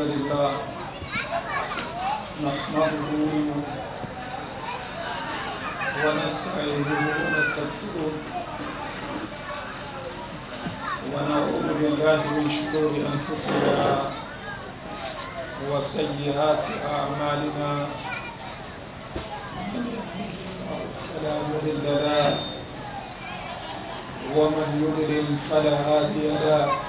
الحمد لله نحمده ونستعينه ونستغفره ونعوذ بالله من شرور انفسنا وسيئات اعمالنا من يهده الله فلا مضل له ومن يضلل فلا هادي له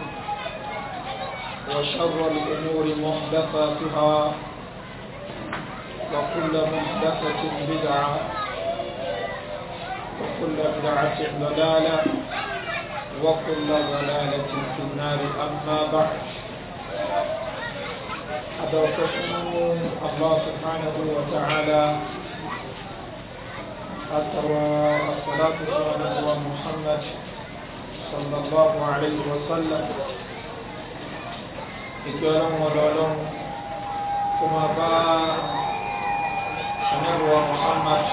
وشر الأمور محدثاتها وكل محدثة بدعة وكل بدعة ضلالة وكل ضلالة في النار أما بعد أدركتم الله سبحانه وتعالى أترى الصلاة على محمد صلى الله عليه وسلم ìkí ọlọ́run ọlọ́run kó máa bá anábọ̀wá Muhammad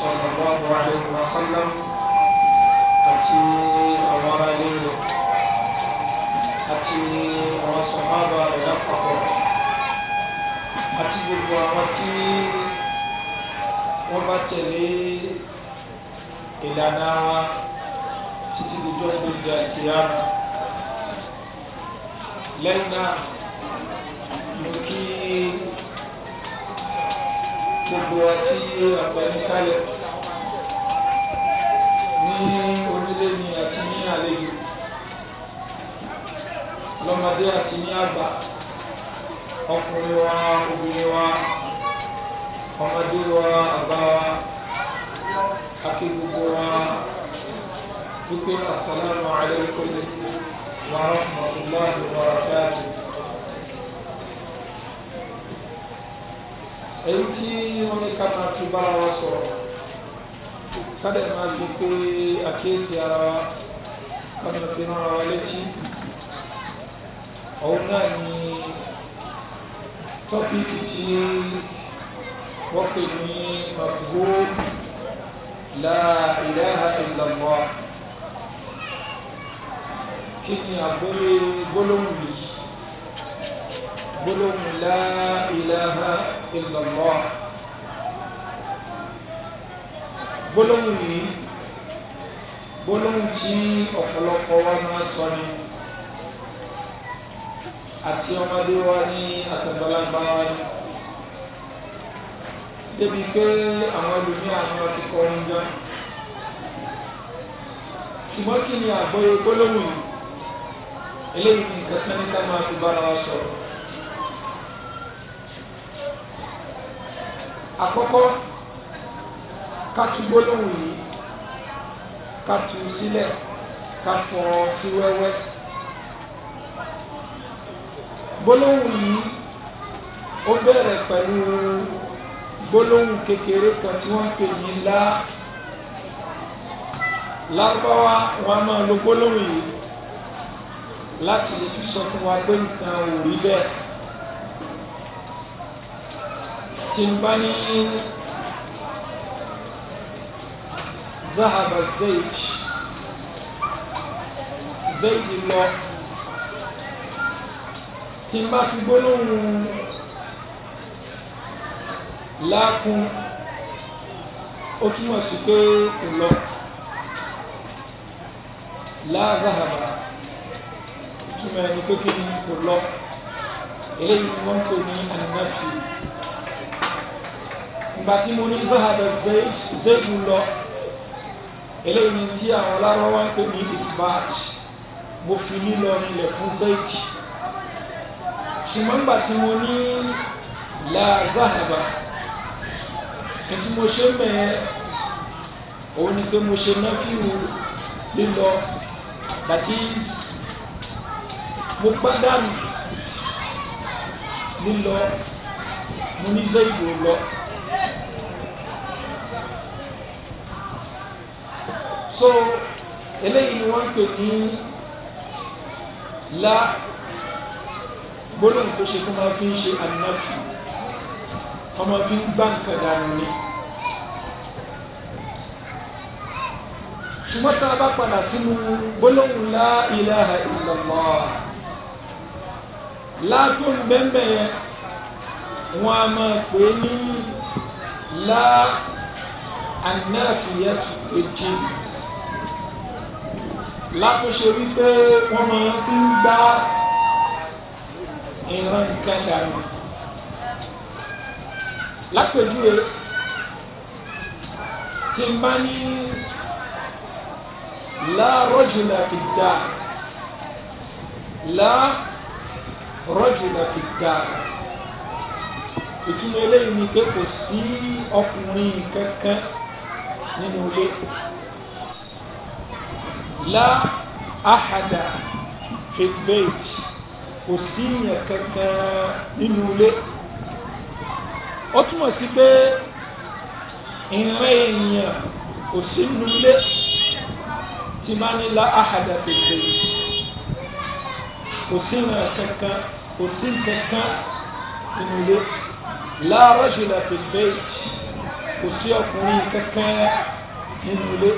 sallallahu alaihi wa sallam àti àwọn ará ilé rẹ̀ àti àwọn sàhábà rẹ̀ lápapọ̀ àti gbogbo àwọn tí wọ́n bá tẹ̀lé ìlànà títí dìjọ́ àti àrùn lẹ́yìn náà mo kí gbogbo wa tí àgbẹ̀ni kálẹ̀ ní onílé ni àti ní àlejò lọ́mọdé àti ní àgbà ọkùnrin wa obìnrin wa ọmọdé wa àgbà wa àti gbogbo wa wípé asalaamu alaykum. ورحمة الله وبركاته èyí tí wọ́n ní ká máa tún bára wa sọ̀rọ̀ kádẹ máa gbé pé àkíyèsí ara wa ká máa fi rán ara wa létí òun náà ni tọ́pìkì tí wọ́n pè ní mafhum la ilaha illallah kí ni àgbóyé gbólóhùn yìí la ilaha illallah gbólóhùn yìí gbólóhùn tí ọ̀pọ̀lọpọ̀ wa máa sọ ni àti ọmọdé wa ní àtàgbàlagbà wa ni débi pé àwọn ẹlòmíràn ni wọ́n ti kọ́ ṣùgbọ́n kí ni àgbọ́yé gbólóhùn eléyìí ni nǹkan tí wọ́n ká máa fi bára wa sọ̀rọ̀. àkọ́kọ́ ká tú gbólóhùn yìí ká tú sílẹ̀ ká fọ̀ sí wẹ́wẹ́. gbólóhùn yìí ó bẹ̀rẹ̀ pẹ̀lú gbólóhùn kékeré kan tí wọ́n pè ní lá lárúbáwá wọn máa lo gbólóhùn yìí láti lè fi sọ fún wa pé nǹkan ò rí bẹ́ẹ̀ tí n bá ní zahaba zayt zayt lọ tí n bá fi gbólóhùn lákun ó túmọ̀ sí pé kò lọ la ìtumọ̀ ẹni pé kí ni kò lọ eléyìí wọ́n ń pè ní ànínáfì ìgbà tí mo ní záhàbẹ̀ zéèkù lọ eléyìí ni tí àwọn lárọ́ wá ń pè ní isbat mo fi lílọ nílẹ̀ fún zéèkì ṣùgbọ́n ìgbà tí mo ní la záhàbà ètí mo ṣe mẹ́ẹ̀ òun ni pé mo ṣe náfíù lílọ that is mo pàdánù lílọ mo ní zaidu lọ so eléyìí ni wọ́n pè ní la gbólóhùn tó ṣe tó máa fi ń ṣe ànínáfì ọmọ fi ń gbá nǹkan dànù ni ṣùgbọ́n tá a bá padà sínú gbólóhùn la ilaha illallah látún bẹ́ẹ̀bẹ̀ yẹn wọ́n a máa pè ní lá anáfíyàtù èjì látúnṣe wípé wọ́n máa fi ń gbá ìran nǹkan dànù lápèjúwe tí n bá ní lá rọ́jùlá ìdá lá rọ́jìlá fi dà ìtumọ̀ eléyìí ni pé kò sí ọkùnrin kankan nínú ilé lá àhàdà fìgbéèjì kò sí ìyẹn kankan nínú ilé ó túmọ̀ sí pé ìran èèyàn kò sí nínú ilé tí máa ní lá àhàdà fìgbéèjì kò sí ìrìn kankan kò sí kankan nínú ilé láàárọ̀ ṣẹlẹ̀ àtẹ̀fẹ́ kò sí ọkùnrin kankan nínú ilé.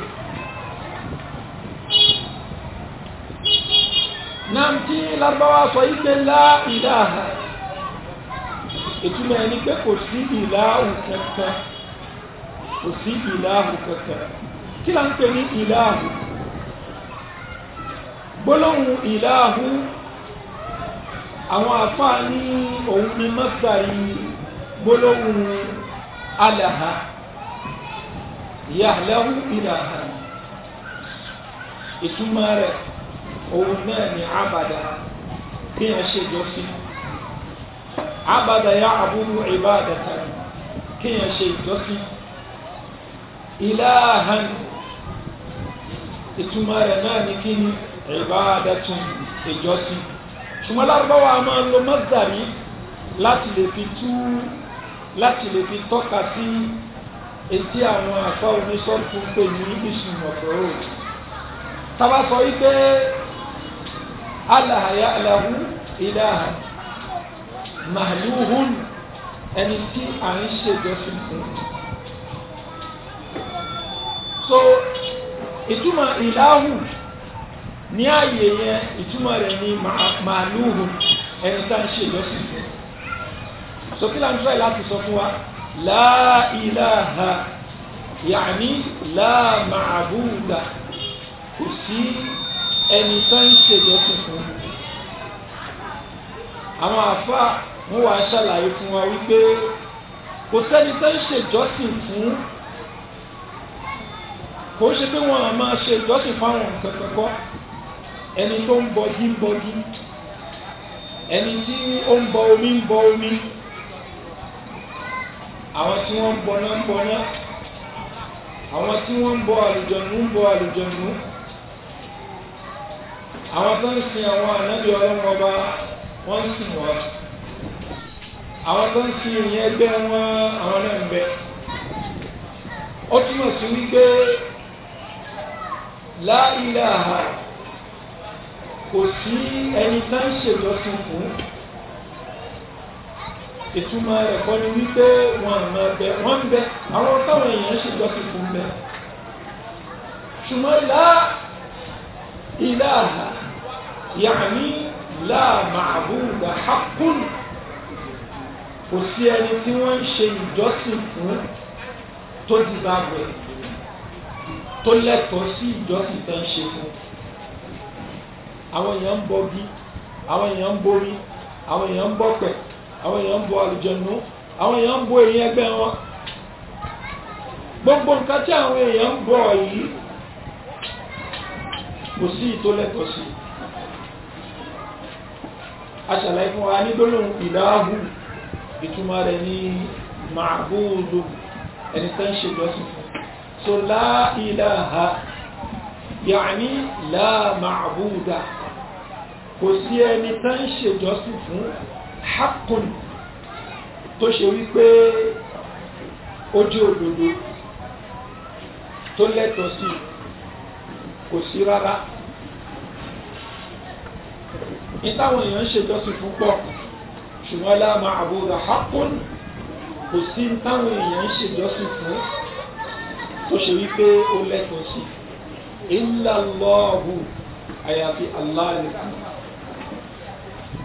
náà tí lárúbáwá sọ yìí pé láìláha ìtumọ̀ ẹni pé kò sí ìláhù kankan kò àwọn àfáà ní òun ni mọ́gbà yìí gbólóhùn aláha yàhláhù ìlàhà ìtumọ̀ rẹ̀ òun náà ni abàdà kí ẹ ṣe jọ́sìn abàdà yà àbúrú ìbádàtà kí ẹ ṣe jọ́sìn ìlàhà ìtumọ̀ rẹ̀ náà ni kí ni ìbádàtún ìjọ́sìn ṣùgbọ́n lárúbáwá a máa lo mọ́sàrí láti lè fi tú láti lè fi tọ́ka sí etí àwọn àfá oníṣọ́ọ̀kù pè ní ìṣùnà fòrò tábà sọ wípé aláhàyà aláhù ìdáhà màlúhùn ẹni tí à ń ṣèjọsìn fún so ìtumọ̀ ìdáhù ní ààyè yẹn ìtumọ̀ rẹ̀ ní màálùhùn ẹni tá ń ṣe ìjọsìn fún sókè là ń tọ́ láti sọ fún wa láà ìlàhà yàní láà màábùdà kò sí ẹni tá ń ṣe ìjọsìn fún àwọn àfa wọn wá ṣàlàyé fún wa wípé kò sẹ́ni tá ń ṣe ìjọsìn fún kò ń ṣe pé wọn máa ṣe ìjọsìn fáwọn nǹkan kankan ẹni tó ń bọjí ń ẹni tí ó ń omi ń omi àwọn tí wọ́n ń bọná ń bọná àwọn tí wọ́n ń bọ àlùjọ̀nù ń bọ àlùjọ̀nù àwọn tó ń sin àwọn ànábì ọlọ́run ọba wọ́n ń sìn wọ́n àwọn tó ń sin ìyẹn ẹgbẹ́ wọn àwọn náà ń bẹ kò sí ẹni tá ń ṣèjọsìn fún ìtumọ̀ ẹ̀kọ́ ni wípé wọn àmọ́ bẹ wọ́n ń bẹ àwọn táwọn èèyàn ṣèjọsìn fún bẹ ṣùgbọ́n lá ilaha yàní lá ma'buda haqqun kò sí ẹni tí wọ́n ń ṣe ìjọsìn fún tó dìbàgbẹ̀ tó lẹ́tọ̀ọ́ sí ìjọsìn tó ń ṣe fún àwọn èèyàn ń bọ bí àwọn èèyàn ń borí àwọn èèyàn ń bọ̀pẹ̀ àwọn èèyàn ń bọ àlùjẹ̀nú àwọn èèyàn ń bọ èyí ẹgbẹ́ wọn gbogbo nǹkan tí àwọn èèyàn ń bọ yìí kò sí ìtólẹ́tọ̀ aṣàlàyé fún wa nígbólóhùn ìdáhù ìtumọ̀ rẹ̀ ní màbúùdù ẹni tẹ́ ń ṣe lọ́sìn fún so la yàní la kò sí ẹni tán ń ṣèjọ́sìn fún hakun tó ṣe wípé ó jẹ́ òdodo tó lẹ́tọ̀ọ́ sí kò sí rárá ní táwọn èèyàn ń ṣèjọ́sìn fún pọ̀ ṣùgbọ́n láàmà àbúrò hakun kò sí táwọn èèyàn ń ṣèjọ́sìn fún tó ṣe wípé ó lẹ́tọ̀ọ́ sí illallahu àyàfi Allah nìkan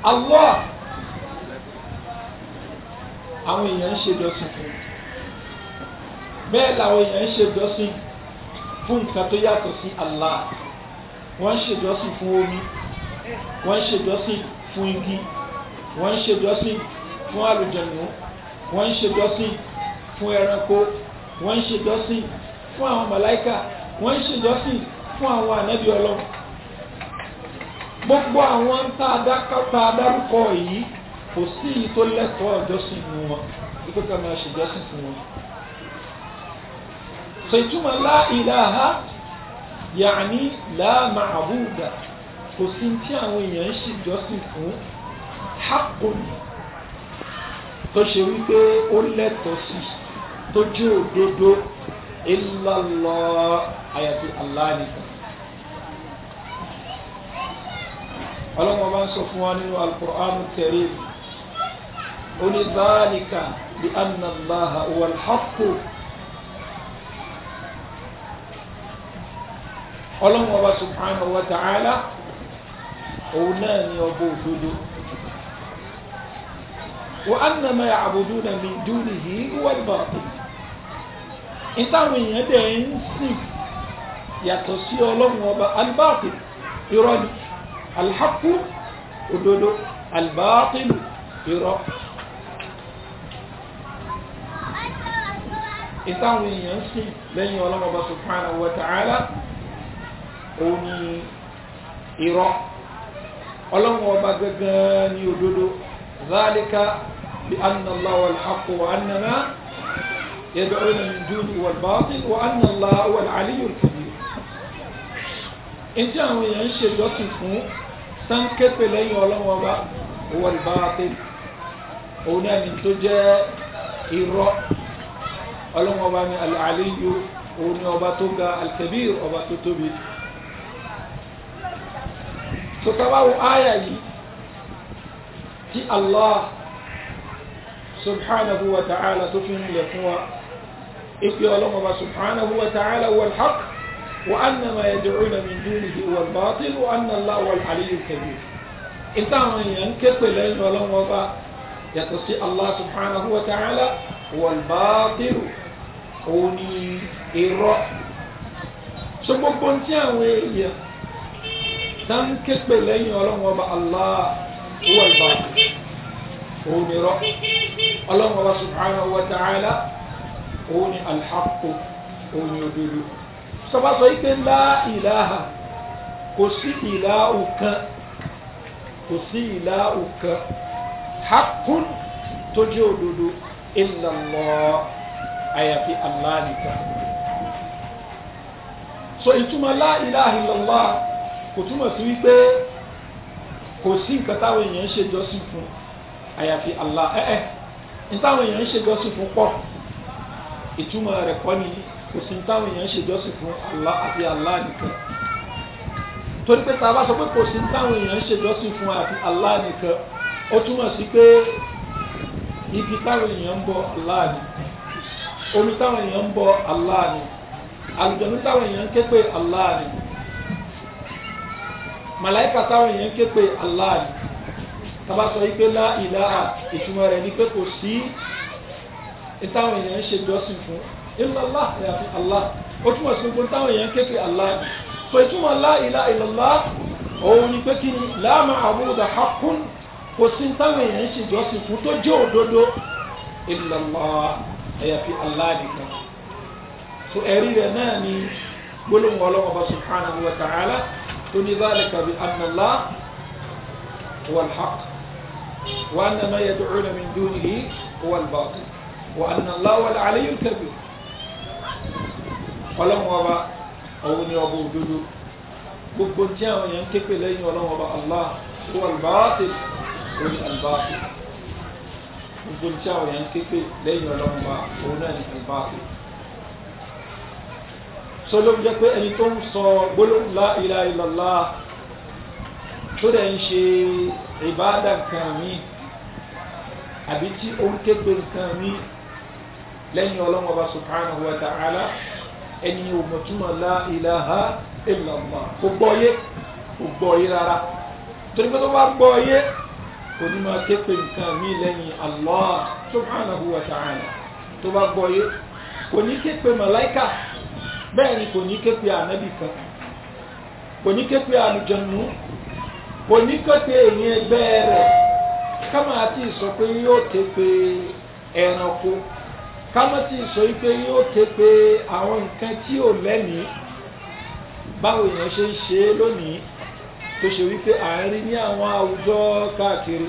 Allah àwọn èèyàn ń ṣe dọ́sìn fún bẹ́ẹ̀ làwọn èèyàn ń ṣe dọ́sìn fún nǹkan tó yàtọ̀ sí Allah wọ́n ń ṣe dọ́sìn fún omi wọ́n ń ṣe dọ́sìn fún igi wọ́n ń ṣe dọ́sìn fún àlùjànnú wọ́n ń ṣe dọ́sìn fún ẹranko wọ́n ń ṣe dọ́sìn fún àwọn màláíkà wọ́n ń ṣe dọ́sìn fún àwọn ànábì Ọlọ́run gbogbo àwọn tá a dárúkọ yìí kò sí iye tó lẹ́tọ̀ọ́ ìjọsìn fún wọn ikú ká máa ṣèjọsìn fún wọn. sọ ìtumọ̀ la ilaha yàní la ma'buda kò sí tí àwọn èèyàn ń ṣèjọsìn fún haqqun tó ṣe wípé ó lẹ́tọ̀ọ́ sí tó jẹ́ òdodo illallah àyàfi Allah ọlọ́wọ́n bá ń sọ fún wa nínú alkùránù karim ó ní záàlìkà bí annallaha wal haqqu ọlọ́wọ́n bá subhanahu wa ta'ala òun náà ni ọba òdodo wa annama ya'buduna min dunihi wal batil ìtàwọn èèyàn dẹ̀ ń sìn yàtọ̀ sí ọlọ́wọ́n ọba al batil irọ́ ni alhaku òdodo albaatilu irọ́ ìtàwọn èèyàn sì lẹ́yìn ọlọ́mọba subhanahu wa ta'ala òun ni irọ́ ọlọ́mọba gẹ́gẹ́ ní òdodo zálíkà bí annalá wà alhaku wa annana yad'una min duni wal baatil wa annalá wà aliyul kabir ìjẹ́ àwọn èèyàn ń ṣèjọ́sìn fún tán képe lẹ́yìn ọlọ́run ọba owó ìbáwáté òun náà ní tó jẹ́ irọ́ ọlọ́run ọba ní al-Aliyyu òun ní ọba tó ga al-Kabir ọba tó tóbi sọtabawo aya yìí tí Allah subhanahu wa ta'ala tó fi ń lẹ̀ fún wa ìpè ọlọ́run ọba subhanahu wa ta'ala wal haqq وأن ما يدعون من دونه هو الباطل وأن الله هو العلي الكبير إنتهى ينكت لين ولم وضع يتصي الله سبحانه وتعالى هو الباطل أوني إراء سبقون تياوي تنكت لين ولم وضع الله هو الباطل أوني إراء الله سبحانه وتعالى أوني الحق أوني دلوه sọba sọ yìí pé ńlá ìlàhà kò sí ìlà òkan kò sí ìlà òkan hakun tó jẹ́ òdodo illallah àyàfi Allah so ìtumọ̀ la ilaha illallah kò túmọ̀ sí wípé kò sí nǹkan táwọn èèyàn ń ṣèjọsìn fún àyàfi Allah ẹ̀ẹ́ ní táwọn èèyàn ń ṣèjọsìn fún pọ̀ ìtumọ̀ rẹ̀ kọ́ nìyí kò sí táwọn èèyàn ṣèjọ́sìn fún Allah àti Allah nìkan torí pé tá a bá sọ pé kò sí táwọn èèyàn ṣèjọ́sìn fún àti Allah nìkan ó túmọ̀ sí pé ibi táwọn èèyàn ń bọ Allah ni omi táwọn èèyàn ń bọ Allah ni àlùjọ̀nú táwọn èèyàn ń ké pè Allah ni màláìkà táwọn èèyàn ń ké pè Allah ni tá a bá sọ yìí pé lá ìlà ìtumọ̀ rẹ̀ ni pé kò sí táwọn èèyàn ń ṣèjọ́sìn fún ìlàlá àyàfi Allah ó túmọ̀ sí gbogbo táwọn èèyàn ké pé Allah so ìtumọ̀ la ilaha illallah òun ni pé kí ni láàmú àbúrúdà hakun kò sí táwọn èèyàn ń ṣèjọsìn fún tó jẹ́ òdodo ìlàlá àyàfi Allah nìkan so ẹ̀rí rẹ̀ náà ni gbólóhùn ọlọ́wọ́ bá subhanahu wa ta'ala tó ní zalika bi anna Allah huwa al-haq wa anna ma yad'una min dunihi huwa al-batil wa anna Allah huwa ọlọ́run ọba òun ni ọba òdodo gbogbo tí àwọn èèyàn ń képe lẹ́yìn ọlọ́run ọba allah ó albáàtì òun ni albáàtì gbogbo tí àwọn èèyàn ń képe lẹ́yìn ọlọ́run ọba òun náà ni albáàtì so ló jẹ́ pé ẹni tó ń sọ gbólóhùn la ilaha illallah tó dẹ̀ ń ṣe ìbáàdà nǹkan mi àbí tí ó ń képe nǹkan mi lẹ́yìn ọlọ́run ọba subhanahu wa ala ẹni ò mọ̀ túmọ̀ la ilaha illallah kò gbọ́ yé kò gbọ́ yé rárá torí pé tó bá gbọ́ yé kò ní máa ké pe nǹkan mí lẹ́yìn Allah subhanahu wa ta'ala tó bá gbọ́ yé kò ní ké pe màláìkà bẹ́ẹ̀ ni kò ní ké pe ànábì kan kò ní ké pe àlùjànnú kò ní ké pe èèyàn ẹgbẹ́ rẹ̀ ká máa ti yóò ké pe ẹranko kámẹ́tì sọ wípé yóò ké pe àwọn nǹkan tí ò lẹ́nìí báwo èèyàn ṣe ń ṣe é lónìí tó ṣe wípé à ń rí ní àwọn àwùjọ káàkiri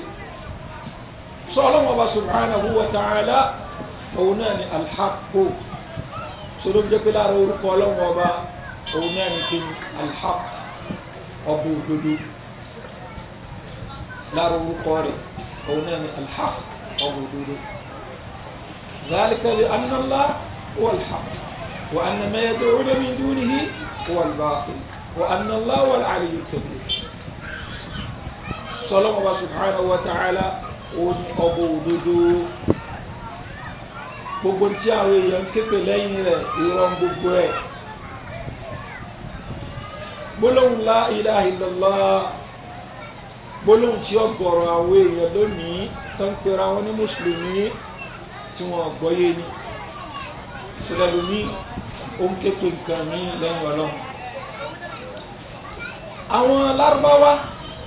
sọ ọlọ́wọ́n ọba subhanahu wa ta'ala òun náà ni alhaqo sọ ló jẹ́ pé lára orúkọ ọlọ́wọ́n ọba òun náà ni kíni alhaq ọba òdodo lára orúkọ rẹ̀ òun náà ni alhaq ọba òdodo. ذلك لأن الله هو الحق وأن ما يدعون من دونه هو الباطل وأن الله هو العلي الكبير صلى الله سبحانه وتعالى òní ọba òdodo gbogbo tí àwọn èèyàn képe lẹ́yìn rẹ̀ irọ́ gbogbo ẹ̀ gbólóhùn la ilaha illallah gbólóhùn tí ọ̀gọ̀rọ̀ àwọn èèyàn lónìí tó ń pera wọn ní mùsùlùmí tí wọ́n gbọ́yé ni sọlẹ́lu ní ó ń ké pé nǹkan ní lẹ́yìn ọlọ́run àwọn lárúbáwá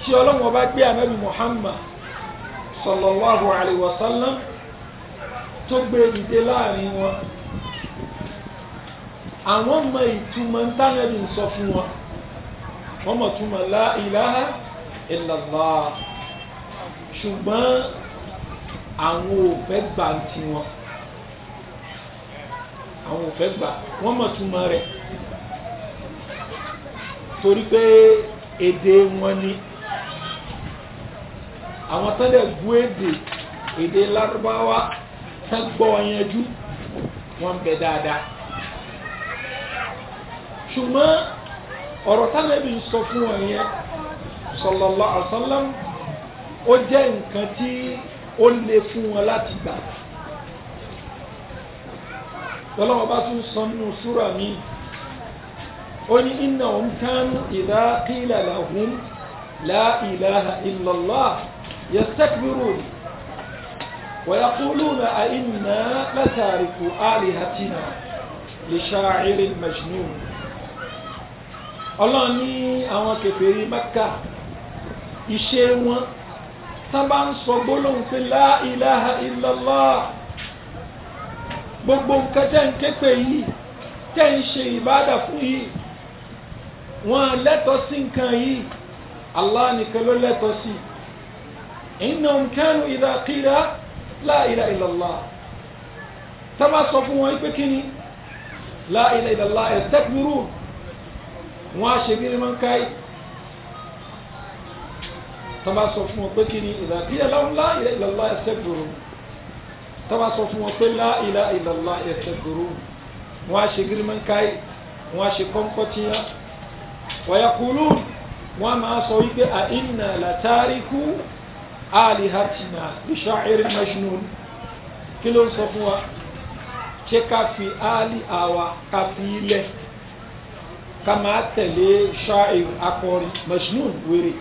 tí ọlọ́run ọba gbé ànábì Muhammad sallallahu alayhi wa sallam tó gbé ìdè láàrin wọn àwọn mọ ìtumọ̀ ntánẹ́bì ń sọ fún wọn wọ́n mọ̀ túmọ̀ la ilaha ṣùgbọ́n àwọn ò fẹ́ gbà ń ti wọn àwọn ò fẹ́ gbà wọ́n mọ̀ túmọ̀ rẹ̀ torí pé èdè wọn ni àwọn tán lẹ̀ gún èdè èdè lárúbáwá tán gbọ́ yanjú wọ́n bẹ dáadáa ṣùgbọ́n ọ̀rọ̀ tánàbí ń sọ fún wọn yẹn sallallahu alaihi wasallam ó jẹ́ nǹkan tí ó lè fún wọn láti gbà lọ́lọ́wọ́ bá tún sọ nínú súrà mi ó ní innahum kanu idha qila lahum la ilaha illallah yastakbirun wa yaquluna a inna latariku alihatina li sha'irin majnun ọlọ́ni àwọn kèfèrí Makka iṣẹ́ wọn tán bá ń sọ gbólóhùn pé la ilaha illallah gbogbo nǹkan tẹ́ ń képe yìí tẹ́ ń ṣe ìbádà fún yìí wọn lẹ́tọ̀ọ́ sí nǹkan yìí Allah nìkan ló lẹ́tọ̀ọ́ sí innahum kanu idha qila la ilaha illallah sọ fún wọn pé kí ni la ilaha illallah yastakbirun wọn á ṣe bí ní mọ́ ń káyìí tán bá sọ fún wọn pé kí ni ìlàkíyà láńlá ìlàlá ẹsẹ̀ gbòòrò tán bá sọ fún wọn pé lá ìlà ìlàlá ẹsẹ̀ gbòòrò wọn á ṣe gírímọ̀ káyì wọn á ṣe kọ́ńkọ́ tiyan wọ́yà kúlù wọn a máa sọ wípé à ìnà látàríkù àlìhàtìnà ìṣàìrì majnun kí ló ń sọ fún wa ṣé ká fi áàlì àwa ká fi ilẹ̀ ká máa tẹ̀lé ṣàìrì akọrin majnun wèrè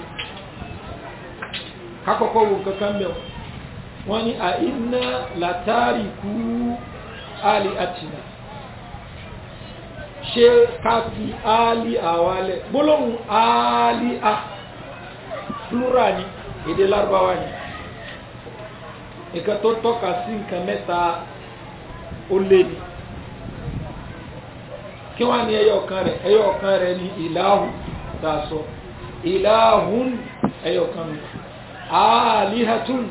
kakọ́kọ́ wo kankan mẹ́wọ̀ wọ́n ní àìná látàrí kú ali àtìnà ṣe ká fi àlè àwálẹ̀ gbólóhùn àlè à plural ni èdè lárúbáwá ni nǹkan tó tọ́ka sí nǹkan mẹ́ta ó lé ni kí wọ́n ní ẹyọ kan rẹ̀ ẹyọ kan rẹ̀ ni ìlàhùn tàṣọ ìlàhùn ẹyọ kan rẹ̀ alihatun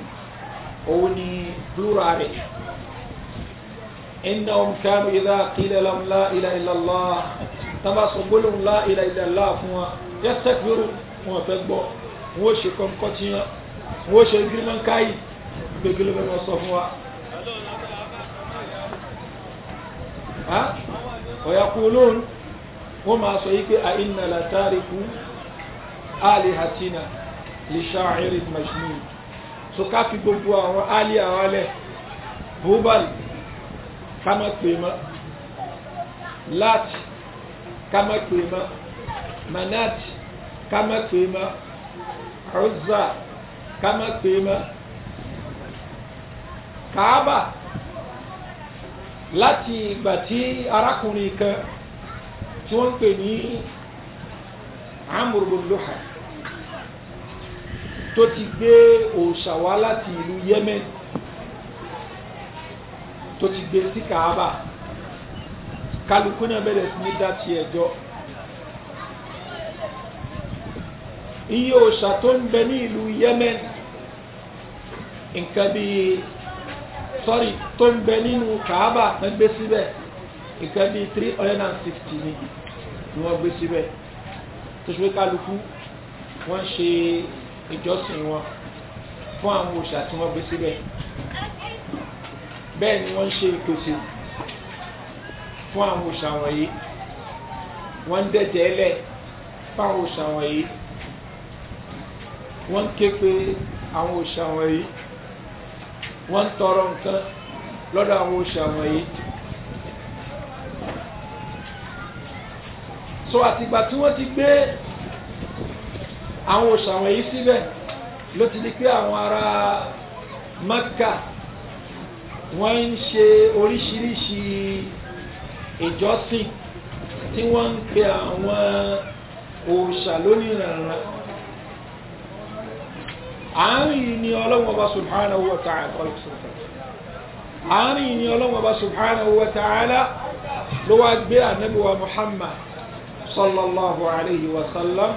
òun ni plural rẹ̀ innahum kanu idha qila lahum la ilaha illallah tábà sọ gbólóhùn la ilaha illallah fún wa yastakbiru wọn fẹ́ gbọ́ wọn ó ṣe kọ́ńkọ́ tí wọn wọn ó ṣe gírímọ̀ káyì gbẹgbẹlẹ bẹ wọn sọ fún wa. ويقولون وما سيكي أئنا لتاركو آلهتنا lè ṣáàrin majnun so ká fi gbogbo àwọn alì àwọn alẹ́ hubal ká má pè mọ́ lat ká má pè mọ́ manat ká má pè mọ́ uzza ká má kaaba láti ìgbà tí arákùnrin kan tí wọ́n ń pè ní amúrúbùn lóhàá tó ti gbé òòṣà wá láti ìlú Yemen tó ti gbé sí Kaaba kálukú náà bẹ̀rẹ̀ sí ní dá tiẹ̀ jọ iye òòṣà tó ń bẹ ní ìlú Yemen nǹkan bíi sọ́rí tó ń bẹ nínú Kaaba ló gbé síbẹ̀ nǹkan bíi three ni wọ́n gbé síbẹ̀ tó ṣe pé kálukú wọ́n ṣe ìjọsìn wọn fún àwọn òòṣà tí wọ́n gbé síbẹ̀ bẹ́ẹ̀ ni wọ́n ń ṣe ìpèsè fún àwọn òòṣà wọ̀nyí wọ́n ń dẹ̀jẹ̀ ẹlẹ̀ fún àwọn òòṣà wọ̀nyí wọ́n ń ké pe àwọn òòṣà wọ̀nyí wọ́n ń tọrọ nǹkan lọ́dọ̀ àwọn òòṣà wọ̀nyí. so àtìgbà tí wọ́n ti gbé àwọn òòṣà àwọn yìí síbẹ̀ ló ti di pé àwọn ará Mẹ́kà wọ́n ń ṣe oríṣiríṣi ìjọsìn tí wọ́n ń pe àwọn òòṣà lónìrànrà àárín ni ọlọ́wọ́ bá subhanahu wa ta'ala àárín ni ọlọ́wọ́ bá subhanahu wa ta'ala ló wá gbé ànábì Muhammad sallallahu alayhi wa sallam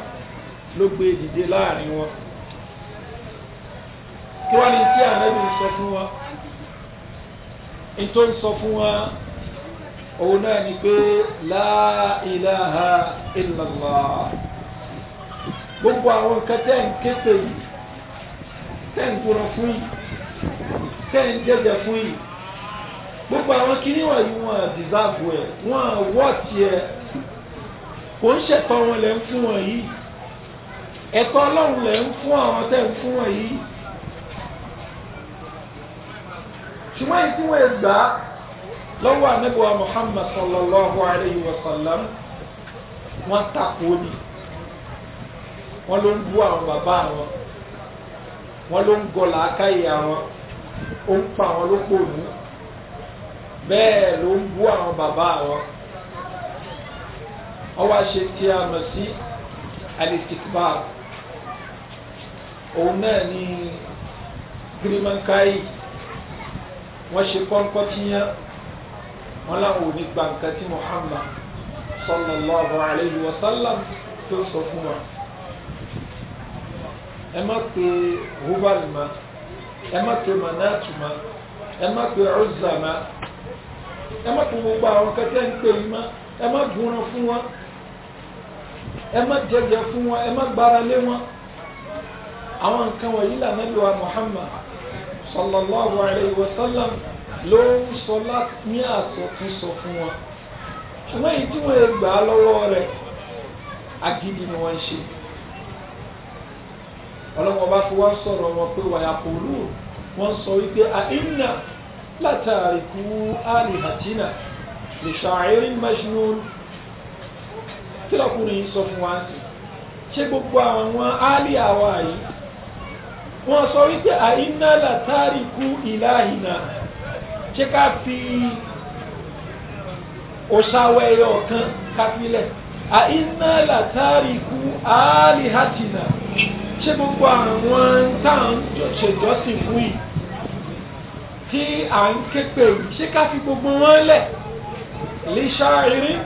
ló gbé dìde láàrin wọn kí wọ́n ní tí ànábì ń sọ fún wa ní tó ń sọ fún wa òun náà ni pé la ilaha illallah gbogbo àwọn nǹkan tẹ́ ń ké pè yìí tẹ́ ń gbóná fún yìí tẹ́ ń jẹ́jẹ́ fún yìí gbogbo àwọn kíní wọ̀nyí wọn dìsáàbù ẹ̀ wọn wọ́ọ̀tì ẹ̀ kò ń ṣẹ̀tọ́ wọn lẹ́ ń fún wọn yìí ẹ̀tọ́ ọlọ́run lẹ̀ ń fún àwọn tẹ́ ń fún wọn yìí ṣùgbọ́n èyí tí wọ́n gbà lọ́wọ́ anábíwá Muhammad sallallahu alayhi wa sallam wọ́n tako ni wọ́n ló ń bú àwọn bàbá àwọn wọ́n ló ń gọlà ákáyè àwọn ó ń pa àwọn lópònú bẹ́ẹ̀ ló ń bú àwọn bàbá àwọn wọ́n wá ṣe sí alistikbar òun náà ni girimankai wọ́n ṣe pọ́npọ́ tíyán wọ́n láwọn òní gba nǹkan tí Muhammad sallallahu alayhi wa sallam tó sọ fún wa ẹ má pe hubal ma ẹ má pe manatu ma ẹ má pe Uzza ma ẹ má pe gbogbo àwọn kẹtẹ́ ń pè yìí ma ẹ má dúnra fún wa ẹ má jẹjẹ fún wa ẹ má gbára lé wọn àwọn nǹkan wọ̀nyí lànà bí wa Muhammad sallallahu alayhi wa sallam ló ń sọ ní àsọtúnsọ fún wa ṣùgbọ́n èyí tí wọ́n gbà á lọ́wọ́ rẹ̀ agídí ni wọ́n ń ṣe ọlọ́wọ́n bá fi wá sọ̀rọ̀ wọn pé wàyà pòlú wọ́n sọ wípé àìnà látàrí kú alihatina lè ṣàárín majnun kí lọ́kùnrin sọ fún wa ṣé gbogbo àwọn alihawa yìí wọ́n sọ wípé àìná látàrí kú ìláhìnà ṣé ká fi òṣàwẹ̀ ẹyọ kan kápílẹ̀ àìná látàrí kú àálìhàtìnà ṣé gbogbo àwọn táwọn ṣèjọ́sìn fún yìí tí à ń ké pè yìí ṣé ká fi gbogbo wọn lẹ̀ lè ṣáàrin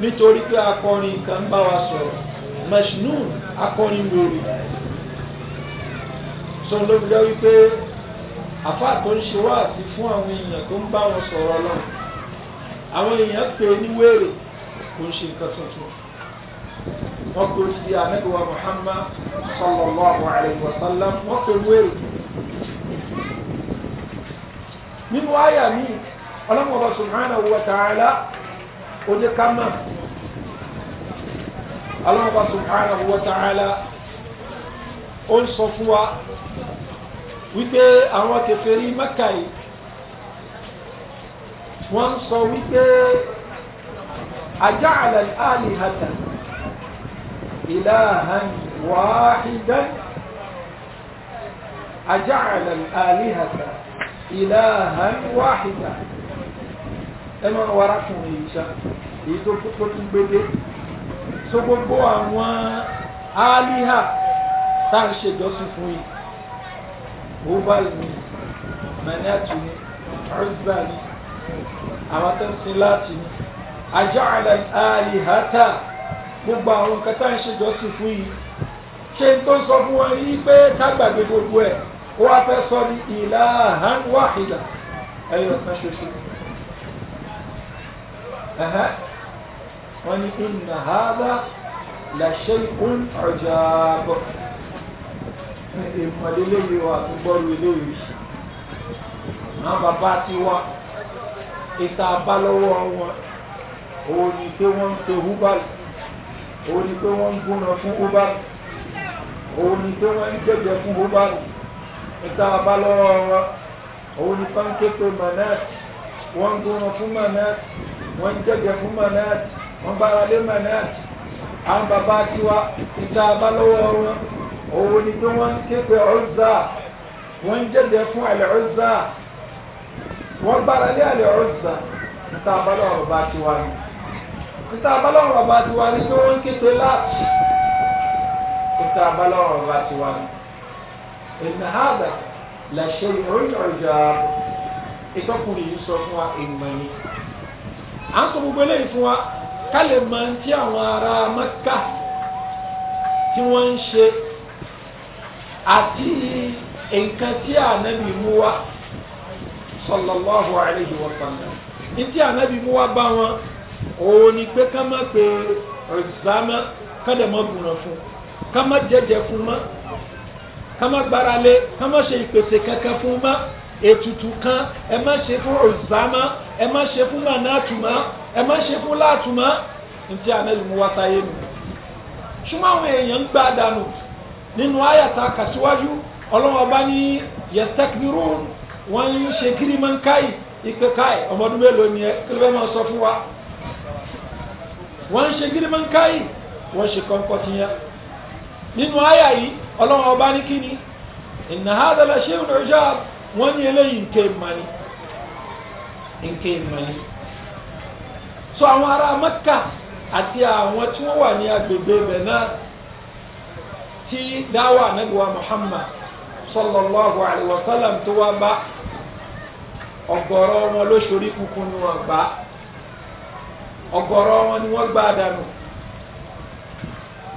nítorí pé akọrin kan bá wa sọ̀rọ̀ majnun akọrin lórí sọ ló fi jẹ́ wípé àfa tó ń ṣe wáàsí fún àwọn èèyàn tó ń bá wọn sọ̀rọ̀ lọ àwọn èèyàn pè ní wéèrè kò ń ṣe nǹkan tuntun wọ́n pè sí anábìwá Muhammad sallallahu alayhi wa sallam wọ́n pè wéèrè nínú àyà mi ọlọ́mọba subhanahu wa ta'ala ó ká mọ̀ ọlọ́mọba subhanahu wa ta'ala ó ń sọ fún wa wípé àwọn kèfèrí Mẹ́kà yìí wọ́n sọ wípé aja'ala al-alihata ilahan wahidan aja'ala al-alihata ilahan wahidan ẹmọ warakùnrin ìṣà èyí tó kúkú tó gbédé so gbogbo àwọn alíhà tá à ń fún yìí hubal ni manatu ni uzba ni àwọn tó ń sin láti ni aja'ala al-alihata gbogbo àwọn nǹkan tá à ń ṣèjọsìn fún yìí ṣe tó ń sọ fún wọn yìí pé kágbàgbé gbogbo ẹ̀ ó wá fẹ́ sọ ní ilahan wahida ẹyọ kan ṣoṣo wọ́n ní inna hadha la shay'un ajab ìmọ̀lélẹ́yìn wa tó gbọ́rù eléyìí àwọn bàbá ti wá ìta bá lọ́wọ́ wọn òun ni pé wọ́n ń ṣe húbàlì òun ni pé wọ́n ń gúnra fún húbàlì òun ni pé wọ́n ń jẹ́jẹ́ fún húbàlì ìta bá lọ́wọ́ wọn òun ni pé képe manat wọ́n ń gúnra fún manat wọ́n ń jẹ́jẹ́ fún manat wọ́n bára lé manat àwọn bàbá ti wá ìta bá wọn òun ni pé wọ́n ń képe ọ̀zà wọ́n ń jẹ́jẹ́ fún àlẹ́ ọ̀zà wọ́n gbára lé àlẹ́ ọ̀zà níta abala ọ̀rọ̀ bá ti wá ní níta abala ọ̀rọ̀ bá ti wá ní pé wọ́n képe láti níta abala ọ̀rọ̀ ti wá ní. ìnà hàdà làṣẹ ìròyìn ọ̀jà ààbò ìtọ́kùnrin yìí sọ fún wa èèmọ̀ ni à ń sọ gbogbo eléyìí fún wa ká lè mọ ti àwọn ará Mẹ́kà tí wọ́n ń ṣe àti nǹkan tí ànábì mú wá sallallahu alayhi wa sallam ní tí ànábì mú wá bá wọn òun ni pé ká má pe ọ̀sámá ká dẹ̀ mọ́ gùnà fún ká má jẹ́jẹ́ fún mọ́ ká má gbára lé ká má ṣe ìpèsè kankan fún mọ́ ètùtù kan ẹ má ṣe fún ọ̀sámá ẹ má ṣe fún mànátùmá ẹ má ṣe fún látùmá ní tí ànábì mú wá sáyé nù ṣùgbọ́n àwọn èèyàn ń gbá dànù nínú ayàtà kàṣíwájú ọlọ́run ọba ní yastakbirun wọ́n ń ṣe kiri máa ń káyì ipe káyì ọmọdún mélòó ni ẹ kí ló fẹ́ máa sọ fún wa wọ́n ń ṣe kiri máa ń káyì wọ́n ṣe kọ́ńkọ́ ti yẹn nínú ayà yìí ọlọ́run ọba ní kíni inna hadha la shay'un ujab wọ́n ní eléyìí nǹkan ìmọ̀ ni nǹkan so àwọn ará Mẹ́kà àti àwọn tí wọ́n wà ní agbègbè ibẹ̀ náà tí dáwà anábìwá Muhammad sallallahu alayhi wa sallam tó wá bá ọ̀gọ̀rọ̀ wọn ló ṣorí kunkun ni wọ́n gbà ọ̀gọ̀rọ̀ wọn ni wọ́n gbà dànù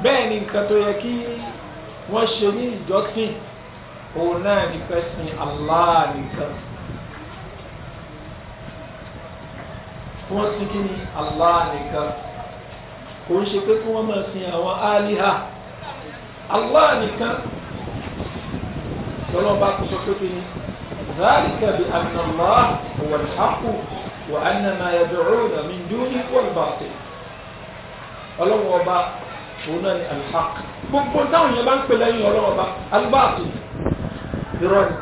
bẹ́ẹ̀ ni nǹkan tó yẹ kí wọ́n ṣe ní ìjọsìn òun náà ní fẹ́ sin Allah nìkan wọ́n sin kí ni Allah nìkan kò ń ṣe pé kí wọ́n máa sin àwọn aliha. Allah nìkan lọ́lọ́ba kò sọ pé kí ni ذلك بأن الله هو الحق وأن ما يدعون من دونه هو الباطل ọlọ́wọ́ ọba òun náà ni alhaq gbogbo táwọn yẹn bá ń pè lẹ́yìn ọlọ́wọ́ ọba albáàtì irọ́ ni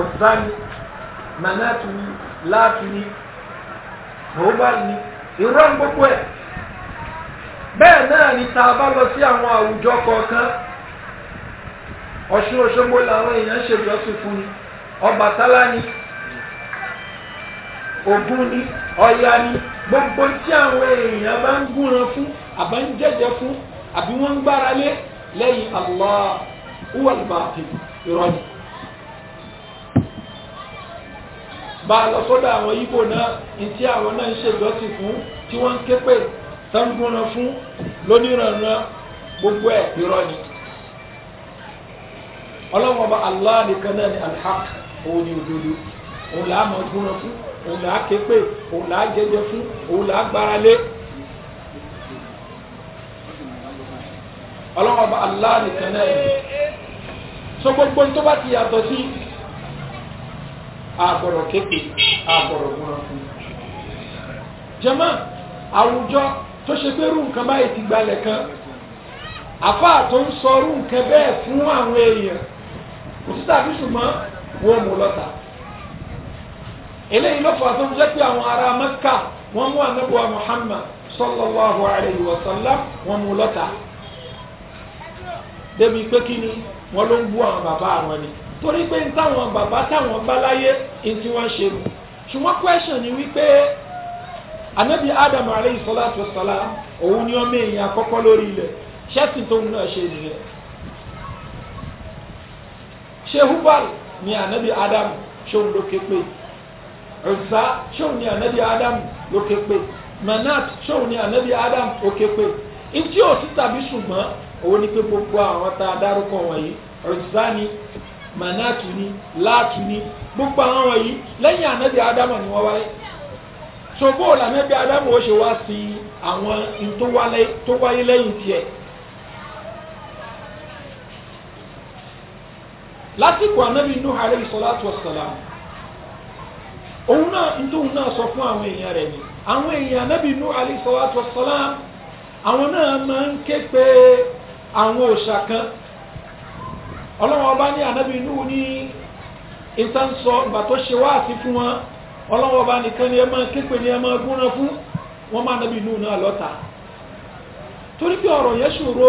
ọ̀sán manatu ni láàtú ni ọba ni irọ́ gbogbo ẹ̀ bẹ́ẹ̀ náà náà ni tá a bá lọ sí àwọn àwùjọ kọ̀ọ̀kan Ọ̀ṣun Òṣogbo làwọn èèyàn ṣèjọsìn fún ni Ọbàtálá ni Ògún ni Ọya ni gbogbo tí àwọn èèyàn bá ń gúnran fún àbá ń jẹjẹ fún àbí wọ́n ń gbára lé lẹ́yìn Allah huwa al-batil irọ́ ni. bá a lọ sọ́dọ̀ àwọn Ìgbò náà ní tí àwọn náà ń ṣèjọsìn fún tí wọ́n ń ké pè é sangunna fún lóníranran gbogbo ẹ̀ irọ́ ni ọlọ́wọ́n bá Allah nìkan náà ni alhaq òun ni òdodo òun là á mọ̀ gúnra fún òun là á ké pè òun là á jẹjẹ fún òun là á gbára lé ọlọ́wọ́n bá Allah nìkan náà ni sọ gbogbo tó bá ti yàtọ̀ sí àgbọ̀rọ̀ kéèké àgbọ̀rọ̀ gúnra fún jàmá àwùjọ tó ṣe pé rú nǹkan báyìí ti gbalẹ̀ kan àfáà tó ń sọ rú nǹkan bẹ́ẹ̀ fún àwọn èèyàn kò sí tàbí ṣùgbọ́n wọ́n mú lọ́tà eléyìí ló fà tó ń jẹ́ pé àwọn ará Mẹ́kà wọ́n mú anábùwà Muhammad sallallahu alayhi wa sallam wọ́n mú lọ́tà débi pé kí ni wọ́n ló ń bú àwọn bàbá àwọn ni torí pé ń táwọn bàbá táwọn bá láyé ń tí wọ́n ṣe ṣùgbọ́n question ni wípé anabi adam aleyhi salatu wa salam òun ni ọmọ èèyàn àkọ́kọ́ lórí ilẹ̀ ṣẹ́sìn tóun náà ṣe nìyẹn ṣe hubal ni anabi adam ṣóun ló ké pé Uzza ṣóun ni anabi adam ló ké pé manat ṣóun ni anabi adam ó ké pé ntí ò sí tàbí ṣùgbọ́n òun ni pé gbogbo àwọn tá a dárúkọ wọ̀nyí Uzza ni manat ni láàtú ni gbogbo àwọn wọ̀nyí lẹ́yìn anabi adam ni wọ́n wáyé. so la làmẹ́bí adamu ó ṣe wá sí àwọn tó wáyé lẹ́yìn tiẹ̀ lásìkò anábì nuh alayhi salatu wassalam òun náà ntòun náà sọ fún àwọn èèyàn rẹ̀ ni àwọn èèyàn anábì nuh alayhi salatu wassalam àwọn náà máa ń ké pé àwọn òòṣà kan ọlọ́wọ́n ọba ní anábì nuh ní ìtàn sọ ìgbà tó ṣe wá sí fún wọn. ọlọ́wọ́ bá nìkan ni ẹ máa képe ni ẹ máa gúnra fún wọ́n máa nábì nù náà lọ́ta torí pé ọ̀rọ̀ yẹn ṣòro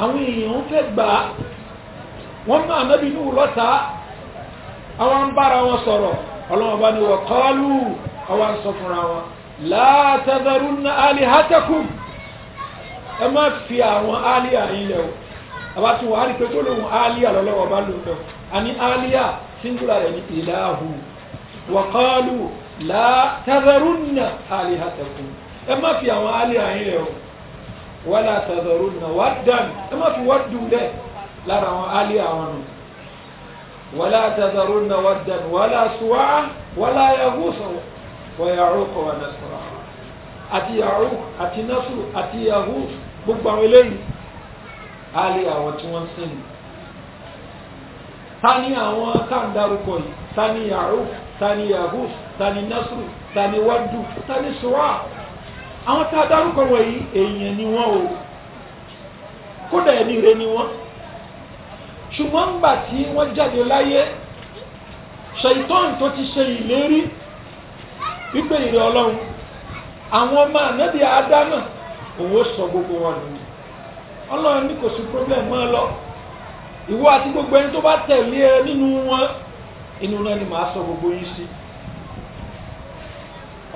àwọn èèyàn fẹ́ gbà á wọ́n máa nábì nù lọ́ta àwọn ń bára wọn sọ̀rọ̀ ọlọ́wọ́ bá ní wọ́n kọ́lù àwọn sọ fúnra wọn látàdàrú ní alihatakum ẹ má fi àwọn aliya yín o àbátí wàá pé tó lóun aliya lọ́lọ́wọ́ bá lò lọ àní aliya singular rẹ̀ ní ìlàhùn وقالوا لا تذرن آلهتكم اما في اوالي عينه ولا تذرن ودا اما في ود له لا اوالي عونه ولا تذرن ودا ولا سواعا ولا يغوص ويعوق ونسرا اتي يعوق اتي نسر اتي يغوص gbogbo إليه آلي àwọn tí wọ́n sìn ta ni àwọn tá tani yahus tani nasru tani wadu tani suwa àwọn tá a dárúkọ wọ̀nyí èèyàn ni wọ́n o kódà ẹni rẹ ni wọ́n ṣùgbọ́n ńgbà tí wọ́n jáde láyé ṣèitán tó ti ṣe ìlérí wípé ìrẹ ọlọ́run àwọn ọmọ ànábì ádámà òun ó sọ gbogbo wọn nù ọlọ́run ní kò sí problem ẹ lọ ìwọ àti gbogbo ẹni tó bá tẹ̀lé ẹ nínú wọn inú náà ni màá sọ gbogbo yín sí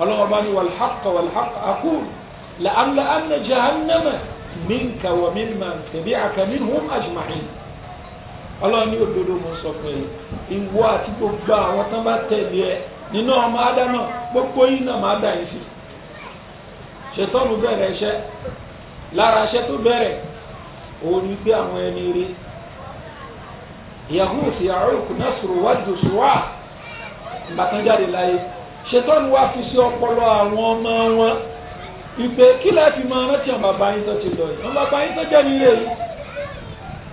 ọlọ́wọ́ bá ní wàlhàkà wàlhàkà akúl la'alla anna jahannama minka wa min man tabi'aka minhum ajma'in ọlọ́wọ́ ní òdodo mo sọ pé ìwọ àti gbogbo àwọn tán bá tẹ̀lé ẹ nínú ọmọ adá náà gbogbo yín náà máa dà yín sí ṣètọ́nù bẹ̀rẹ̀ iṣẹ́ lára iṣẹ́ tó bẹ̀rẹ̀ òun ni pé àwọn ẹni rí Yaghūth Yaʿūq Nasr Wadd Suwā ìbátan jáde láyé ṣetán wá fi sí ọpọlọ àwọn ọmọ wọn ìpè kí lẹ́ẹ̀ fi máa rántí àwọn bàbá yín tó ti lọ yìí àwọn bàbá yín tó jẹ́ nílé yìí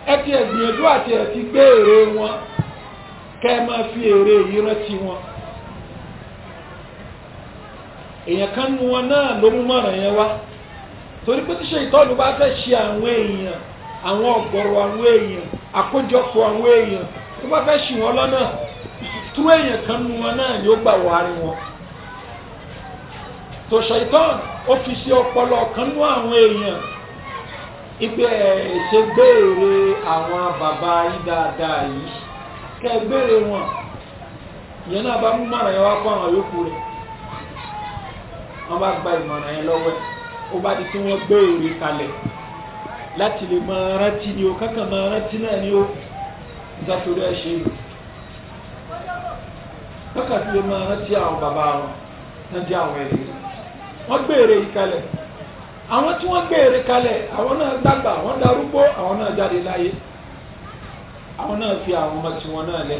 ẹ ti ẹ̀ gbìyànjú àti ẹ̀ ti gbé èrè wọn kẹ́ ẹ máa fi èrè yìí rántí wọn èèyàn kan nu wọn náà ló mú mọ̀ràn yẹn wá torí pé tíṣe ìtọ́jú bá fẹ́ ṣe àwọn èèyàn àwọn ọ̀gọ̀rọ̀ àwọn èèyàn àkójọpọ̀ àwọn èèyàn tó bá fẹ́ ṣì wọ́n lọ́nà tú èèyàn kan nu wọn náà ni ó gbà wọ àárín wọn tó ṣàìtàn ó fi sí ọpọlọ kan nú àwọn èèyàn ipe ẹ̀ṣẹ̀ béèrè àwọn bàbá yín dáadáa yìí kẹ́ ẹ béèrè wọn ìyẹn náà bá mú mọ̀ràn yẹn wá fún àwọn yòókù rẹ̀ wọ́n bá gba ìmọ̀ràn yẹn lọ́wọ́ ẹ̀ ó bá di tí wọ́n gbé kalẹ̀ láti lè máa rántí ni o kákan máa rántí náà ni o nítorí ẹ ṣe kákan tí lè máa rántí àwọn bàbá wọn náà jẹ́ àwọn ẹ̀rí wọ́n gbèrè ìkalẹ̀ àwọn tí wọ́n gbèrè kalẹ̀ àwọn náà dàgbà wọ́n darúgbó àwọn náà jáde láyé àwọn náà fi àwọn ọmọ tiwọn náà lẹ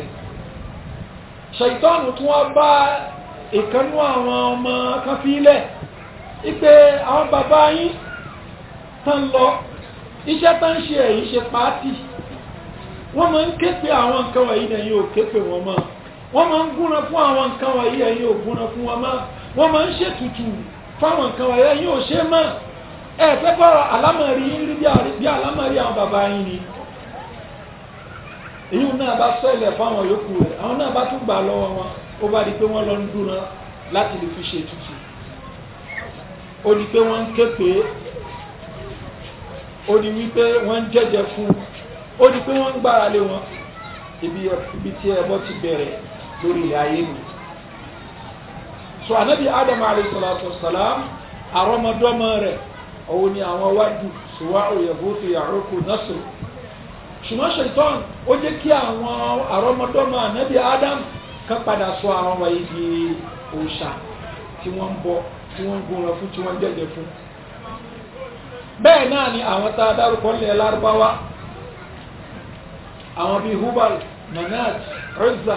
ṣèitọ́nù tí wọ́n bá ìkanú àwọn ọmọ kan fi lẹ̀ ipe àwọn bàbá yín tán lọ iṣẹ́ tán ṣe ẹ̀yìn ṣe pàátì wọ́n máa ń képe àwọn nǹkan wọ̀nyí ẹ̀yin ò képe wọn mọ́ wọ́n máa ń gúnra fún àwọn nǹkan wọ̀nyí ẹ̀yin ò gúnra fún wọn mọ́ wọ́n máa ń ṣètùtù fáwọn nǹkan wọ̀nyí ẹ̀yin ò ṣe mọ́ ẹ fẹ́ bọ́rọ̀ ń rí bí àlámọ̀rí àwọn bàbá yín ni èyí náà bá sọ̀lẹ̀ fáwọn yòókù rẹ̀ àwọn náà bá tún gbà lọ́wọ́ wọn ó bá di pé wọ́n lọ ń dúnra láti lè fi ṣètùtù ó di pé wọ́n ń képe ó ní wípé wọ́n ń jẹ́jẹ́ fún ó ní pé wọ́n ń gbára lé wọn ibi tí ẹbọ ti bẹ̀rẹ̀ lórí ayé mi so anabi adam alayhi salatu wa salam àrọmọdọ́mọ rẹ̀ òun ni àwọn wájú ṣùwá òyẹ̀bùtù yàrókù nọ́sù ṣùgbọ́n ṣètọ́n ó jẹ́ kí àwọn àrọ́mọdọ́mọ ànábì adam kan padà sọ àwọn wáyé di òòṣà tí wọ́n ń bọ tí wọ́n ń gúnra fún tí wọ́n ń jẹ́jẹ́ fún bẹ́ẹ̀ náà ni àwọn tá a dárúkọ nílẹ̀ lárúbáwá àwọn bíi hubal manat rizza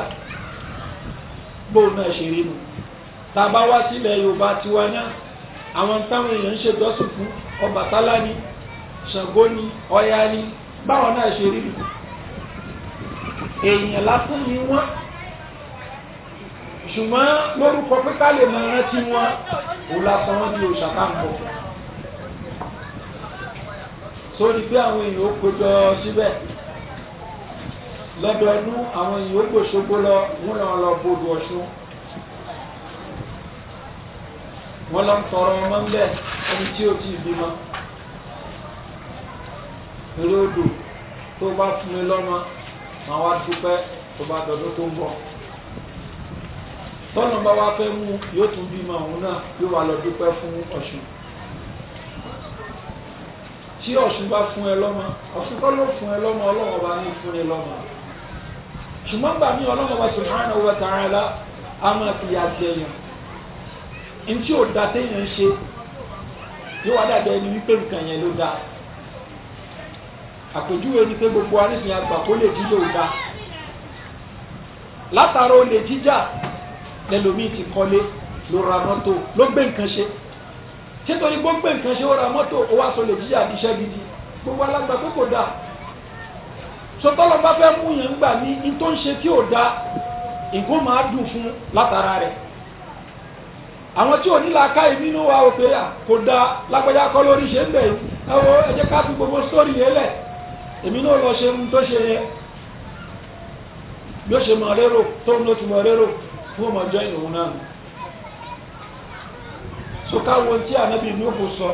bóun náà ṣe rí nu tá a bá wá sílẹ̀ yorùbá tiwa náà àwọn táwọn èèyàn ń ṣe dọ́sùn fún ọbàtálá ni ṣàngó ni ọya ni báwọn náà ṣe rí nu èèyàn lásán ni wọ́n ṣùgbọ́n lórúkọ pé ká lè máa rántí wọn òun lásán wọn ni òṣàkà sórí pé àwọn èèyàn ó péjọ síbẹ̀ lọ́dọọdún àwọn èèyàn ó gbòṣogbo lọ wọ́n lọ lọ bodò ọ̀ṣun wọ́n lọ ń tọrọ ọmọ ńlẹ̀ ẹni tí ó ti bímọ eré odò tó bá fún mi lọ́mọ màá wá dúpẹ́ tó bá dọ̀dọ̀ tó ń bọ̀ tọ́nà bá wá fẹ́ mú yóò tún bímọ òun náà yóò wá lọ dúpẹ́ fún ọ̀ṣun tí ọ̀ṣun bá fún ẹ lọ́mọ ọ̀ṣun kọ́ ló fún ẹ lọ́mọ ọlọ́run ọba ní fún ẹ lọ́mọ ṣùgbọ́n gbà mí ọlọ́run ọba subhanahu wa ta'ala á máa fi ya ti ẹ̀yàn ní tí ò da téèyàn ń ṣe yóò wá dàgbà ẹni wípé nǹkan yẹn ló da àpèjúwe ni pé gbogbo arísìn àgbà kó lè jí yóò da látara olè jíjà lẹ́lòmíì ti kọ́lé ló ra mọ́tò ló gbé nǹkan ṣe ṣé torí gbogbo nǹkan ṣe ó ra mọ́tò ó wá sọ lè jíjà àti iṣẹ́ gidi gbogbo alágbà pé kò dáa sọtọ́lọ́ bá fẹ́ mú yẹn gbà ní in tó ń ṣe tí ò dáa nǹkan máa dùn fún látara rẹ̀ àwọn tí ò ní làákà yìí nínú wa ò pé à kò dáa lágbàjá kọ́ lórí ṣe ń bẹ̀ yìí ẹ wo ẹ jẹ́ ká fi gbogbo sórí yẹn lẹ̀ èmi náà lọ ṣe ohun tó ṣe yẹn bí ó ṣe mọ̀ rérò tóun ló ti mọ̀ rérò fún ọmọ ọjọ́ ìrùn náà so káwọn tí ànábì ní òfò sọ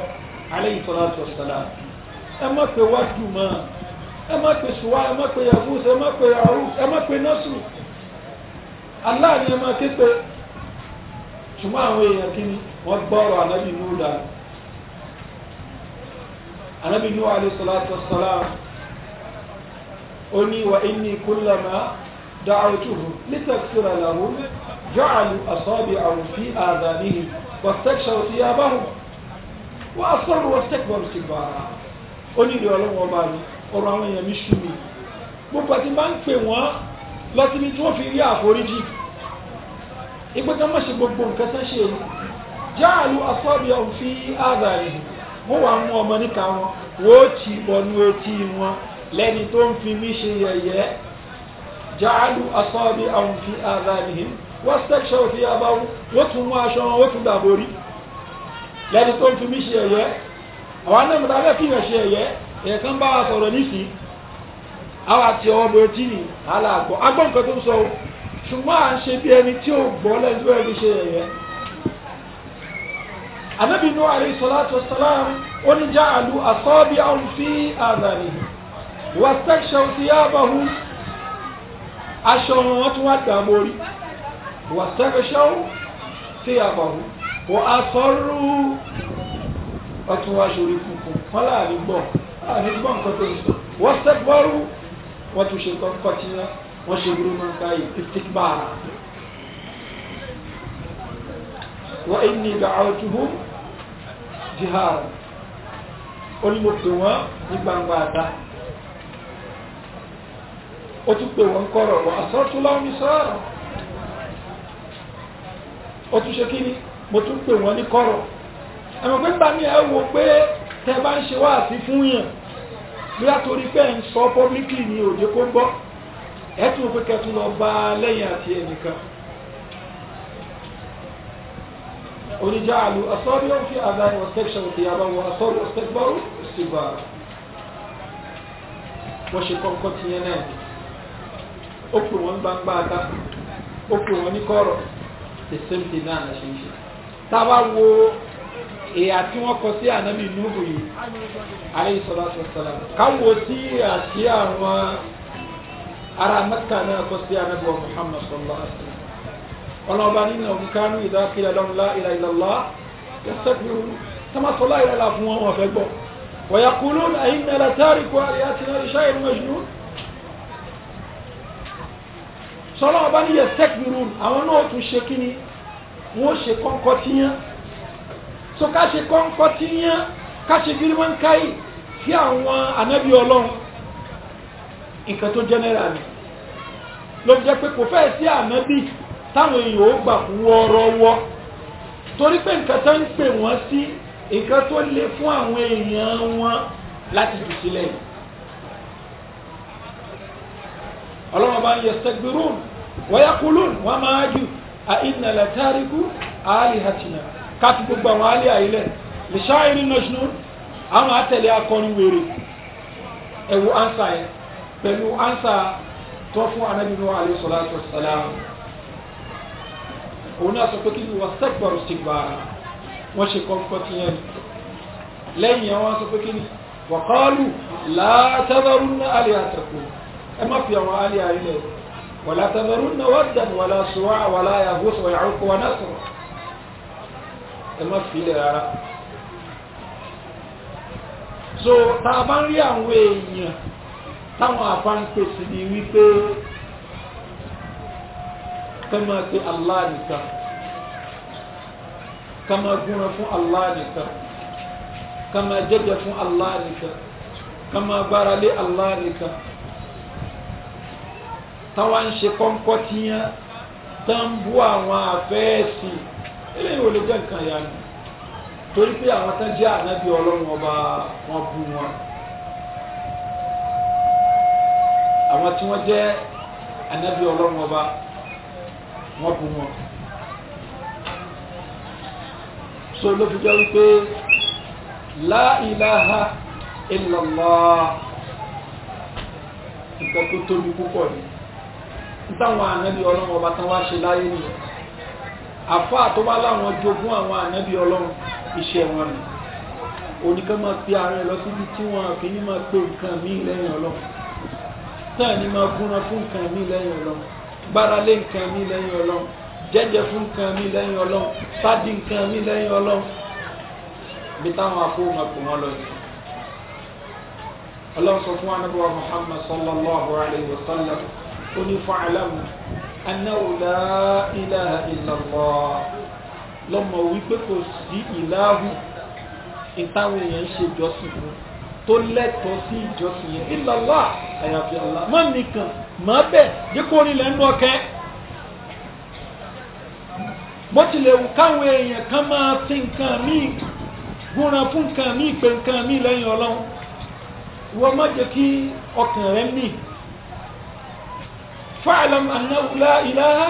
alayhi salatu wassalam ẹ má pe wájú mọ́ ẹ má pe ṣùwá ẹ má pe yahoo ẹ má pe yahoo ẹ má pe nọ́ọ̀sù aláàrin ẹ má ké pe ṣùgbọ́n àwọn èèyàn kí ni wọ́n gbọ́rọ̀ ànábì ní òdà ànábì ní alayhi salatu wassalam ó ní wa inni kullama da'awtuhu litaghfira lahu جعلوا أصابعهم في آذانهم واستكشروا ثيابهم وأصروا واستكبروا استكبارا onílé ọlọ́wọ́ ọba mi ọ̀rọ̀ àwọn èèyàn mi ṣú mi gbogbo àti máa ń pè wọ́n lọ síbi tí wọ́n fi rí fi mú ọmọ níka wọn wọ́n ó ti etí wọn lẹ́ni tó ń fi mí ṣe wọ́n stẹ́kṣọ́ fi yá bá wọ́n tún mú aṣọ wọn wọ́n tún dàbò rí lẹ́ni tó ń fi mí ṣe ẹ̀yẹ àwọn anẹ́mọ̀tà fẹ́ fi hàn ṣe ẹ̀yẹ ẹ̀yẹ kan bá wa sọ̀rọ̀ nísì àwọn àti ọwọ́ bẹ̀rẹ̀ tí ní àlà agbọ́ nǹkan tó ń sọ ṣùgbọ́n à ń ṣe bí ẹni tí ó gbọ́ lẹ́ni tó ẹni ṣe ẹ̀yẹ anabi nuhu alayhi salatu wa salam ó àlù asọ́bí àwọn fi àdàrí wọ́n stẹ́kṣọ́ fi yá bá hu aṣọ wọn tún wá dàbò rí wàstẹ́gẹ́ṣẹ́wò tí àbàwò wọ́n asọ́rú ọtún wá ṣorí funfun wọ́n láàrin gbọ́ láàrin gbọ́ nǹkan tó ń sọ wọ́n sẹ́gbọ́rú wọ́n tún ṣe kọ́kọ́ tí wọ́n ṣe burú máa ń ká yìí fifteen bar wọ́n ẹni ìgbà àwọn jihar ó ní mo pè wọ́n ní gbangba àdá ó tún pè wọ́n kọ́rọ̀ wọ́n asọ́tún láwọn ní sọ́ọ̀rọ̀ ó tún ṣe kí ni mo tún pè wọ́n ní kọ́rọ̀ ẹ̀mọ̀ pé gbà ní ẹ wo pé tẹ bá ń ṣe wá àti fún yàn bí látòrí pé ń sọ pọ́blíkì ní òde kó gbọ́ ẹ tún pé kẹtù lọ bá lẹ́yìn àti ẹnìkan oníjàálù asọ́rí ó fi àdá ìwọ̀n section yàrá wọn asọ́rí ọ̀sẹ̀gbọ́rù ìsìgbà wọ́n ṣe kọ́kọ́ ti yẹn náà ó pè wọ́n gbangba àdá ó pè wọ́n ní kọ́rọ̀ tẹsẹmtẹ náà la ṣe ń ṣe táwa wo èyà tí wọ́n kọ sí ànábì nuhu yìí alayhi salatu wassalam káwo sí àti àwọn ará mẹ́ta náà kọ sí ànábì wa muhammad sallallahu alaihi wasallam ọlọ́ọ̀bá nínú ọ̀gbìn kánú idha qila lahum la ilaha illallah yastakbiru tọ́másọ la ilaha illallah fún wọn wọ́n fẹ́ gbọ́ wa yaquluna inna la tariku alihatina li shay'in majnun sọlá ọba ní yẹsẹkìrù àwọn náà tún ṣe kí ni wọn ó ṣe kọ́ńkọ́ tíyán so ká ṣe kọ́ńkọ́ tíyán ká ṣe gírímọ̀ káyì sí àwọn anábì ọlọ́run nǹkan tó jẹ́nẹ́rà ni ló jẹ́ pé kò fẹ́ sí ànábì táwọn èèyàn ó gbà wọ́ọ́rọ́wọ́ torí pé nǹkan tó ń pè wọ́n sí nǹkan tó le fún àwọn èèyàn wọn láti jù sílẹ̀ yìí ọlọ́wọ́n bá ń yastakbirun wa yaqulun wọ́n máa jù a inna la tariku alihatina káfí gbogbo àwọn alẹ́ àìlẹ̀ lè ṣáàrin national àwọn àtẹ̀lé akọrin wèrè ẹ̀wọ̀ ansa yẹn pẹ̀lú ansa tó fún anabi nuhu alayhi òun náà sọ pé kí ni wọ́n sẹ́gbọ̀rọ̀ sí gbàrà wọ́n ṣe kọ́ńkọ́ tiẹ̀ lẹ́yìn àwọn sọ pé kí ni wọ́n kọ́ọ́lù ẹ má fi àwọn alẹ́ ayé lẹ̀ wàlá tàbẹ̀rún náà wà dàn wàlá sùwà yàgò sọ̀rọ̀ yàrá wọn náà sọ̀rọ̀ ẹ má fi lẹ̀ rárá. so tá a bá ń rí àwọn èèyàn táwọn àfáǹpẹ̀ sì ni wípé ká máa pe Allah nìkan ká máa gúnra fún Allah nìkan ká jẹ́jẹ́ fún Allah nìkan gbára lé Allah táwa ń ṣe kọ́ńkọ́ tiyan tó ń bú àwọn àfẹ́ẹ̀sì eléyìí ò lè jẹ́ nǹkan ìyanu torí pé àwọn tán jẹ́ ànábì ọlọ́run ọba wọn bú wọn àwọn tí wọ́n jẹ́ ànábì ọlọ́run ọba wọn bú wọn so ló fi jẹ́ wípé la ilaha illallah nǹkan tó tóbi púpọ̀ ni nítawọn ànábì ọlọ́run ọba tán wá ṣe láyé nìyẹn àfa tó bá láwọn jogún àwọn ànábì ọlọ́run iṣẹ́ wọn nù oníkan máa pe ààrẹ lọ síbi tí wọn àfi ní máa pe nǹkan míì lẹ́yìn ọlọ́run náà ní máa gúnra fún nǹkan míì lẹ́yìn ọlọ́run gbára lé nǹkan míì lẹ́yìn ọlọ́run jẹ́jẹ́ fún nǹkan míì lẹ́yìn ọlọ́run sádi nǹkan míì lẹ́yìn ọlọ́run bí táwọn afọ́wọ́n kò wọ́n lọ yìí ọlọ́run sọ fún anábọ̀ Muhammad sallallahu alayhi wa sallam onífàálàmù anáwó la ilaha illallah lọ́mọ wípé kò sí ìlàhù ìtàwọn èèyàn ṣe ìjọsìn fún tó lẹ́tọ̀ọ́ sí ìjọsìn yẹn illallah àyàfi Allah má nìkan má bẹ̀ dípò orílẹ̀ ń lọ́kẹ́ bó tilẹ̀ wù káwọn èèyàn kan máa fi nǹkan míì gúnra fún nǹkan míì pé nǹkan míì lẹ́yìn ọlọ́run wọ́n má jẹ́ kí ọkàn rẹ̀ míì فاعلم أنه لا إله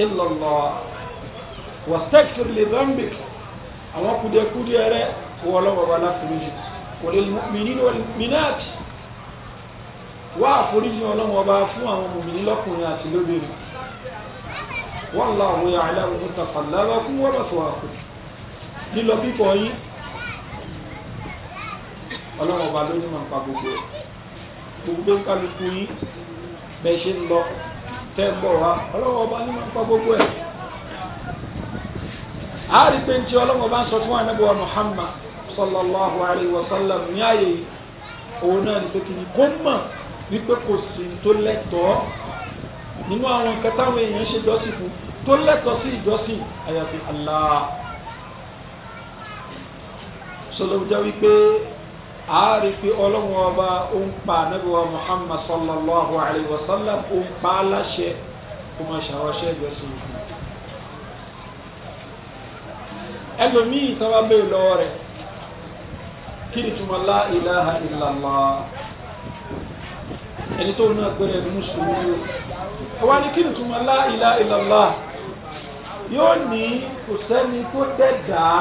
إلا الله واستغفر لذنبك أما قد يكون يرى ولو ولا فرجي وللمؤمنين والمؤمنات wá àforíjì ọlọ́run ọba fún àwọn òmìnir lọ́kùnrin àti lóbìnrin wallahu ya'lamu mutaqallabakum wa mathwaakum lílọ bíbọ̀ yín ọlọ́run ọba ló ní màá pa gbogbo gbogbo kálukú yín bẹ́ẹ̀ ṣe ń lọ tẹ́ ń bọ̀ wá ọlọ́wọ́ ọba ní wọn pa gbogbo ẹ̀ a rí pé tí ọlọ́wọ́ bá ń sọ fún ànábì wa Muhammad sallallahu alayhi wa sallam ní ààyè òun náà ní pé kí kó mọ̀ wípé kò sí tó lẹ́tọ̀ọ́ nínú àwọn nǹkan táwọn èèyàn ṣe jọ́sìn fún tó lẹ́tọ̀ọ́ sí ìjọ́sìn àyàfi Allah sọlọ́wọ́ jẹ́ wípé ààrí pé ọlọ́run ọba ó ń pa ànábì wa muhammad sallallahu alayhi wa sallam ó ń pa á láṣẹ kó máa ṣàwọṣẹ́ ìgbésìn fún un ẹlòmíì tó bá bẹ́ẹ̀ lọ́wọ́ rẹ̀ kí ni túmọ̀ la ilaha illallah ẹni tó náà gbẹ̀rẹ̀ mùsùlùmí o wá ní kí ni túmọ̀ la ilaha illallah yóò ní kò sẹ́ni tó dẹ̀ dáa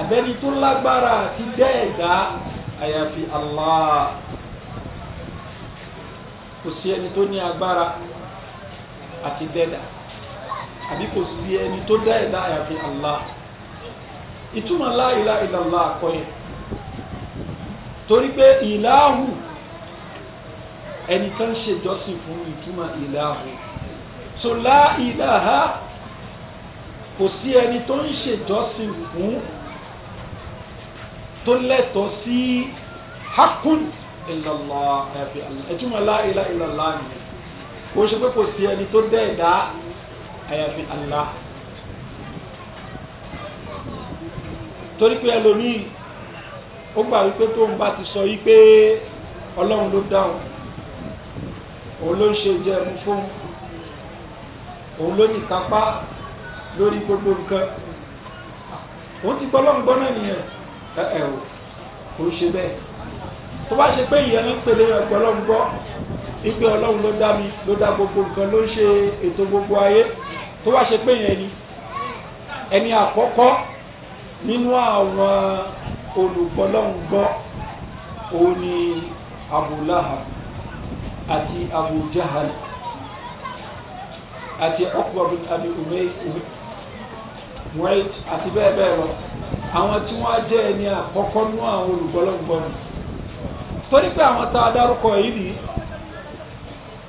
àbẹ́ni tó lágbára àti dẹ́ ẹ̀dá àyàfi Allah kò sí ẹni tó ní agbára àti dẹ́dà àbí kò sí ẹni tó dá ẹ̀dá àyàfi Allah ìtumọ̀ la ilaha illallah àkọyẹ torí pé ìlàhù ẹni kan ṣe jọ́sìn fún ìtumọ̀ ìlàhù so la ilaha kò sí ẹni tó ń ṣe jọ́sìn fún ìlàhù tó lẹ́tọ̀ sí hakun ìlàlá ẹ̀fẹ̀ ẹ̀túnmọ̀ láìlá ìlàlá ni ó ṣe pé kò sí ẹni tó dẹ́ ẹ̀dá àyàfi Allah torí pé ẹlòmíì ó gbà wípé tó ń bá ti sọ wípé ọlọ́run ló dáhùn òun ló ń ṣe jẹ ẹmu fún òun ló ní kápá lórí gbogbo nǹkan òun ti gbọ́ ọlọ́run gbọ́ náà nìyẹn ẹ̀ẹ́ o kò ṣe bẹ́ẹ̀ tó bá ṣe pé ìyẹn ń pèlè ẹ̀pọ̀ ọlọ́run gbọ́ ipe ọlọ́run ló dá mi ló dá gbogbo nǹkan ló ń ṣe ètò gbogbo ayé tó bá ṣe pé ìyẹn ni ẹni àkọ́kọ́ nínú àwọn olùgbọ́lọ́run gbọ́ òun ni Abu Lahab àti Abu Jahal àti Uqba bin Abi Umayr wait àti bẹ́ẹ̀ bẹ́ẹ̀ lọ àwọn tí wọ́n jẹ́ ẹni àkọ́kọ́ nú àwọn olùgbọ́lọ́gbọ́nù torí pé àwọn tá a dárúkọ yìí nìyí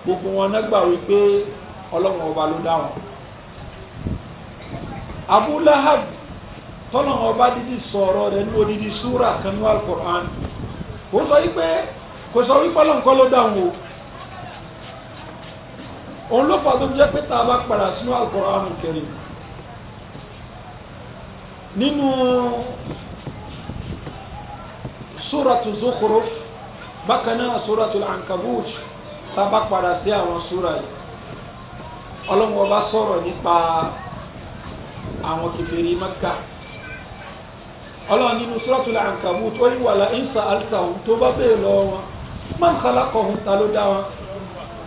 gbogbo wọn náà gbà wípé ọlọ́run ọba ló dá wọn Abu Lahab tọ́lọ́run ọba dídí sọ̀rọ̀ rẹ̀ ní odidi súrà kan ní Al-Qur'an kò sọ wípé kò sọ wípé ọlọ́run kọ́ ló dá wọn o òun ló fà tó jẹ́ pé tá a bá padà sínú Al-Qur'an Karim nínú suratu zukhruf bákan náà suratul ankabut sábà padà sí àwọn sura yìí ọlọ́run ọba sọ̀rọ̀ nípa àwọn kèfèrí Mẹ́kà ọlọ́run nínú suratul ankabut ó ní wàlá ìnsà altahun tó bá bẹ́ẹ̀ lọ wọn man khalaqahum ta ló dá wọn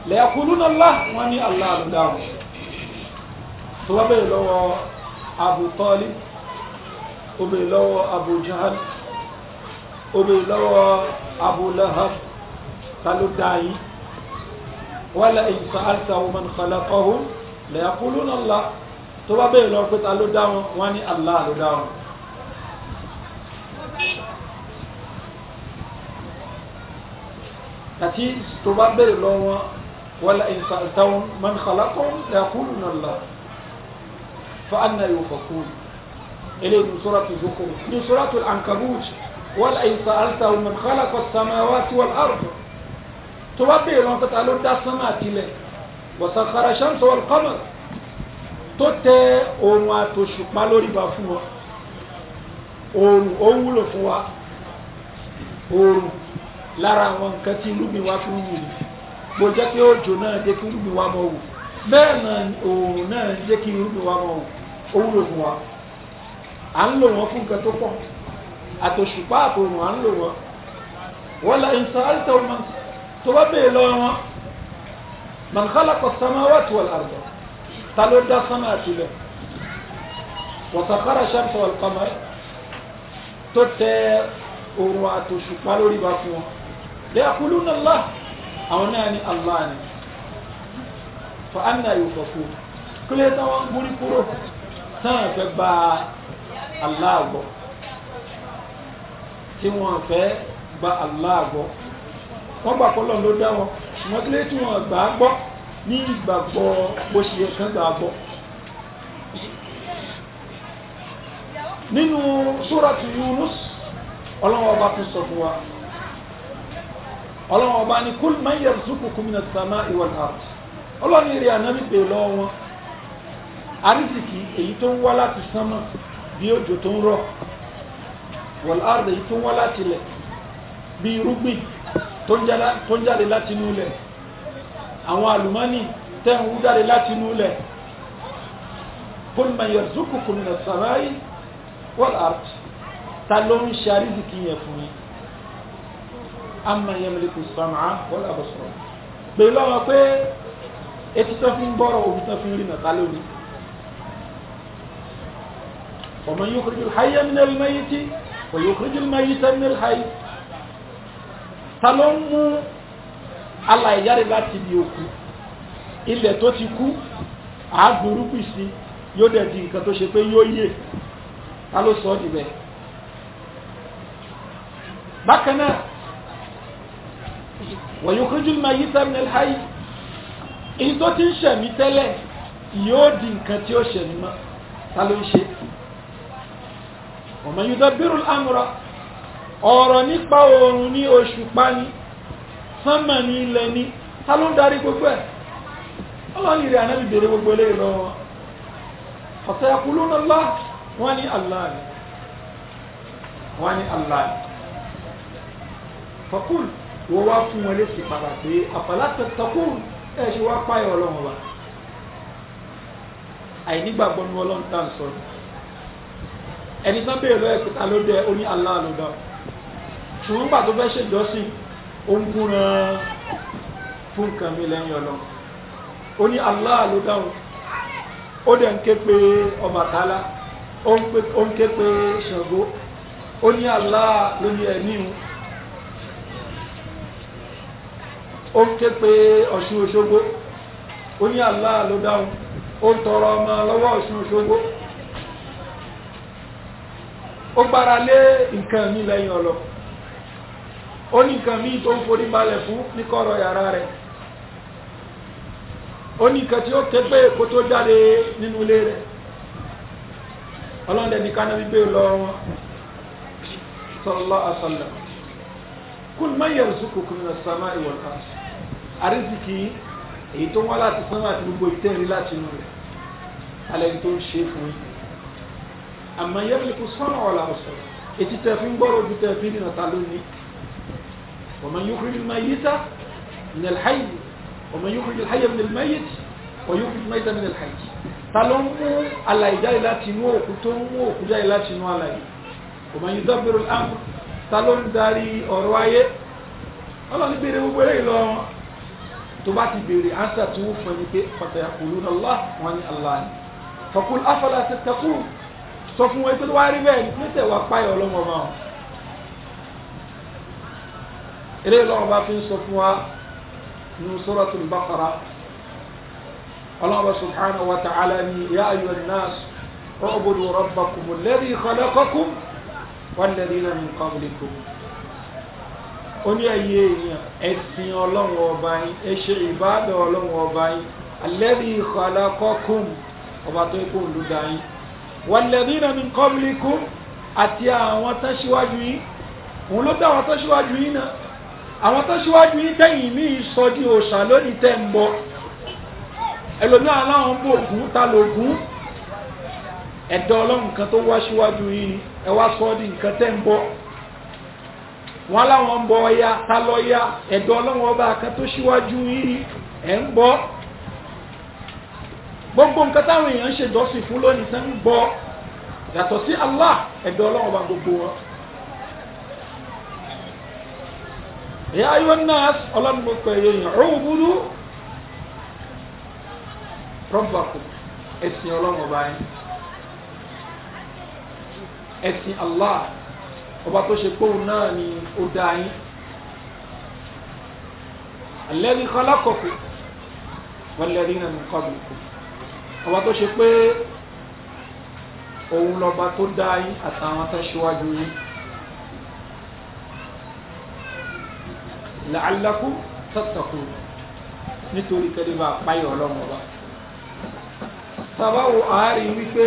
layakuluna Allah wọn ní Allah dá wọn tó bá bẹ́ẹ̀ lọ́wọ́ Abu obìnrin lọ́wọ́ Abu Jahal obìnrin lọ́wọ́ Abu Lahab ta ló dá yín wala in sa'altahu man khalaqahum la yaquluna Allah tó bá bẹ́ẹ̀ lọ pé ta ló dá wọn wọ́n ní Allah ló dá àti tó bá bẹ́ẹ̀ lọ wọn wala in sa'altahum man khalaqahum la yaquluna Allah fa anna eléyìí suratul Zukhruf ní suratul Ankabut wal in sa'altahum man khalaqa as-samawati wal ard tó bá bèèrè wọn pẹ́ta ló dá sánmà àtìlẹ̀ wa sakhkhara ash-shamsa wal qamar tó tẹ oòrùn àtòṣùpá lórí bá fún wọn oòrùn ó wúlò fún wa oòrùn lára àwọn nǹkan tí wa fi ń wù bó jẹ́ pé òjò náà jẹ́ kí irúgbìn wa mọ̀ wù bẹ́ẹ̀ náà oòrùn náà jẹ́ kí irúgbìn wa mọ̀ wù ó wúlò fún wa à ń lò wọ́n fún nǹkan tó pọ̀ àtòṣùpá àtòrùn à ń lò wọ́n wọ́n la ìsàlítà wọn tó bá bèè lọ wọn man khalaqa samawati wal arda ta ló dá sánmà àtìlẹ̀ wa sakhara shamsa wal qamar tó tẹ òrùn àtòṣùpá lórí bá fún wọn lè àkúlù náà àwọn náà ní allah ni fa anna yóò fọ́fú kílẹ̀ táwọn gúrí kúrò táwọn fẹ́ gba aláàgbọ́ tí wọ́n fẹ́ gba aláàgbọ́ wọ́n gbà pọ́lọ̀ ló dá wọn ṣùgbọ́n kí lè tí wọ́n gbà á gbọ́ ní ìgbàgbọ́ bó ṣe yẹ kán gbà á gbọ́ nínú súratu Yunus ọlọ́wọ́ bá tún sọ fún wa ọlọ́wọ́ bá ní kul man yarzuqukum minas sama'i ọlọ́ni rí ànábì lọ́wọ́ wọn èyí tó ń wá láti sánmà bí òjò tó ń rọ̀ wọ̀láàrùn èyí tó ń wá láti ilẹ̀ bí irúgbìn tó ń jáde láti inú ilẹ̀ àwọn àlùmọ́nì tẹ́ ń wú jáde láti inú ilẹ̀ qul man yarzuqukum minas samai wal ard ta ló ń ṣe àrízìkì yẹn fún yín amma yamliku sam'a wal absara pẹ̀lú àwọn pé etí tó fi ń gbọ́rọ̀ òbí tó fi ń rí nàta lónìí ومن يخرج الحي من الميت ويخرج الميت من الحي ta ló ń mú alàìjáde láti ibi òkú ilẹ̀ tó ti kú àágbòrúgbì sí yóò dẹ̀ di nǹkan tó ṣe pé yóò yè ta ló sọ ọ́ dìbẹ̀ bákan náà ويخرج الميت من الحي èyí tó ti ń ṣẹ̀mí tẹ́lẹ̀ yóò di nǹkan tí ó ṣẹ̀mí mọ́ ta ló ń ṣe ọmọ yudabbiru al-amra ọ̀rọ̀ nípa oòrùn ní òṣùpá ni sánmà ní ilẹ̀ ní ta ló ń darí gbogbo ẹ̀ ọlọ́run ìrìn àná ìbèrè gbogbo eléyìí lọ fatayaquluna Allah wọ́n ní Allah ni wọ́n ní Allah ni fakul wá fún wọn lẹ́sìn padà pé àpàlà tẹ̀tẹ̀kùn ẹ̀ wá páyọ̀ ọlọ́run wa àìnígbàgbọ́nu ọlọ́run ẹni tán bèèrè lọ́yẹ̀ kíta ló dẹ ó ní Allah ló dá ṣùgbọ́n gbà tó fẹ́ ṣèjọ́sìn ó ń kúnra fún nǹkan mi lẹ́yìn ọlọ́run ó ní Allah ló dáhùn ó dẹ̀ ń ké pe Ọbàtálá ó ń ké pe Ṣàngó ó ní Allah ló ní ẹ̀mí hun ó ń ké pe Ọ̀ṣun Òṣogbo ó ní Allah ló dáhùn ó ń tọrọ ọmọ lọ́wọ́ Ọ̀ṣun Òṣogbo ó gbára lé nǹkan mi lẹ́yìn ọlọ ó ní nǹkan mi tó ń forí balẹ̀ fún ní kọ̀rọ̀ yàrá rẹ̀ ó ní nǹkan tí ó ké pé kó tó jáde nínú ilé rẹ̀ ọlọ́dẹ ní ká náà gbé lọ wọn sallallahu alaihi wasallam kul man yarzuqukum minas samai wal ardh èyí tó wá láti sánmà àti gbogbo ìtẹ́rí láti inú rẹ̀ alẹ́ tó ń ṣe fún yìí àmọ́ yẹ́mìlìkù sọ́nà ọ̀la ọ̀sọ̀ etí tẹ́ fi ń gbọ́rọ̀ ojú tẹ́ fi nínú ta lónìí ọmọ yókùnrin ní mayíta ní alhayi ọmọ yókùnrin ní alhayi ní mayíti ọmọ yókùnrin ní mayíta ní alhayi ta ló ń mú alàyè jáde láti inú òkú tó ń mú òkú jáde láti inú alàyè ọmọ yìí dábìrò láàmú ta ló ń darí ọ̀rọ̀ ayé ọlọ́ni béèrè gbogbo eléyìí lọ tó bá ti béèrè ansa tí wọ́n fún ẹni pé pàtàkì olùdó allah wọn ni allah ni fakul afala tẹtẹkùn sọ fún wọn pé tó wá rí bẹ́ẹ̀ ní tẹ̀ wá páyà ọlọ́mọ ọba wọn eré ọlọ́mọ bá fi ń sọ fún wa nínú Suratul Baqara ọlọ́mọ subhanahu wa ta'ala ni ya ayyuhan nas u'budu rabbakum alladhi khalaqakum walladhina min qablikum ó ní ẹ̀yẹ èèyàn ẹ̀sìn ọlọ́run ọba yín ẹ ṣe ìbádọ̀ ọba yín alladhi khalaqakum ọba tó ń kó òǹdúdà yín wàlẹ́dínà min qablikum àti àwọn tán síwájú yín òun ló dá àwọn tán síwájú yín náà àwọn tán síwájú yín tẹ̀yìn mí sọ di òòṣà lónìí tẹ́ ń bọ ẹlòmíràn aláwọn bò ògún ta lògún ẹ̀dọ́ ọlọ́run kan tó wá síwájú yín ẹ wá sọ di nǹkan tẹ́ ń bọ wọn láwọn bọ ọya ta lọ ya ẹ̀dọ́ ọlọ́run ọba kan tó síwájú yín ẹ̀ ń bọ gbogbo nǹkan táwọn èèyàn ń ṣe jọ́sìn fún lónìí tán ń bọ yàtọ̀ sí Allah ẹ̀dọ̀ ọlọ́run ọba gbogbo wọn. ìyá ayọ́ náà ọlọ́run ló pẹ̀ yẹn òun burú rọ́bàkù ẹ̀sìn ọlọ́run ọba yẹn ẹ̀sìn Allah ọba tó ṣe póun náà ni ó dá yín alladhi khalaqakum walladhina min qablikum ọba tó ṣe pé òun lọba tó dá yín àtàwọn tó ṣíwájú yín làálàkú tọ́tàkù nítorí kẹlẹ́bà páyọ̀ ọlọ́run ọba tàbáwò àárín wípé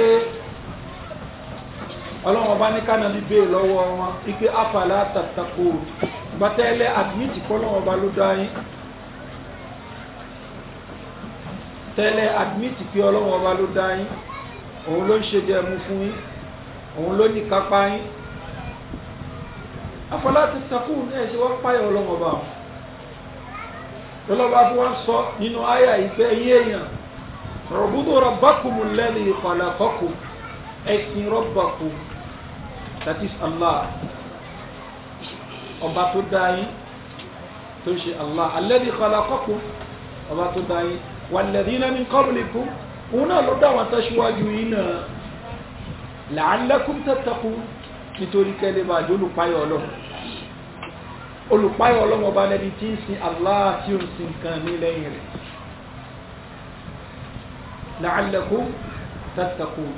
ọlọ́run ọba ní kánàlì bẹ́ẹ̀ lọ́wọ́ wọn wípé àfàlà tọ́tàkù gbàtẹ́lẹ̀ àdìmítì kọ́lọ́run ọba ló dá yín tẹ́lẹ̀ admit pé ọlọ́run ọba ló dá yín òun ló ń ṣe jẹ mú fún yín òun ló ní kápá yín afọlá ti takùn ẹ ṣe wọ́n páyà ọlọ́run ọba lọ́lọ́ba fún wọn sọ nínú àyà ìgbẹ́ yín èèyàn rọ̀bùdó rọ̀bákùmù lẹ́nu ìpàlà kọ́kù ẹ̀sìn rọ̀bàkù that is Allah ọba tó dá yín tó ṣe Allah alẹ́ ní ìpàlà kọ́kù ọba tó dá yín walladhina min qablikum òun náà ló dá àwọn atáṣíwájú yìí náà la'allakum tattaqun nítorí kẹ́lẹ́ bá jẹ́ olùpáyọ̀ ọlọ́run olùpáyọ̀ ọlọ́run ọba lẹ́ni tí ń sin Allah tí ó ń sin nǹkan ní lẹ́yìn rẹ̀ la'allakum tattaqun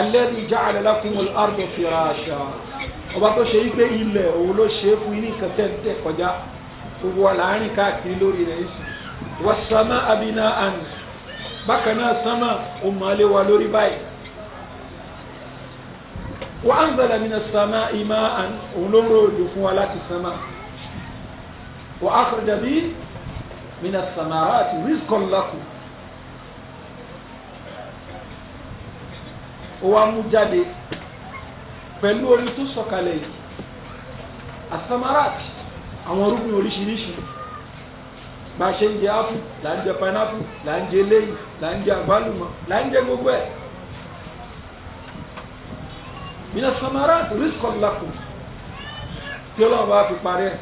alladhi ja'ala lakumul arda firasha wàsánà abiná àn bákan náà sánmà ó máa lé wa lórí báyìí wà á ń zàlà mí na sánmà ìmá àn òun ló ń rò òjò fún wa láti sánmà wà á kọjá bí mí na sàmàrà àti rìskọ̀n lákùn ó jáde pẹ̀lú orin tó sọ̀kalẹ̀ yìí àsàmàrà àwọn orúkún oríṣiríṣi bá ṣe ń jẹ ápù là ń jẹ pineapple là ń jẹ eléyìí là ń jẹ àgbálùmọ̀ là ń jẹ gbogbo ẹ̀ mina samarat rizqan lakum tí ọlọ́run bá fi parí ẹ̀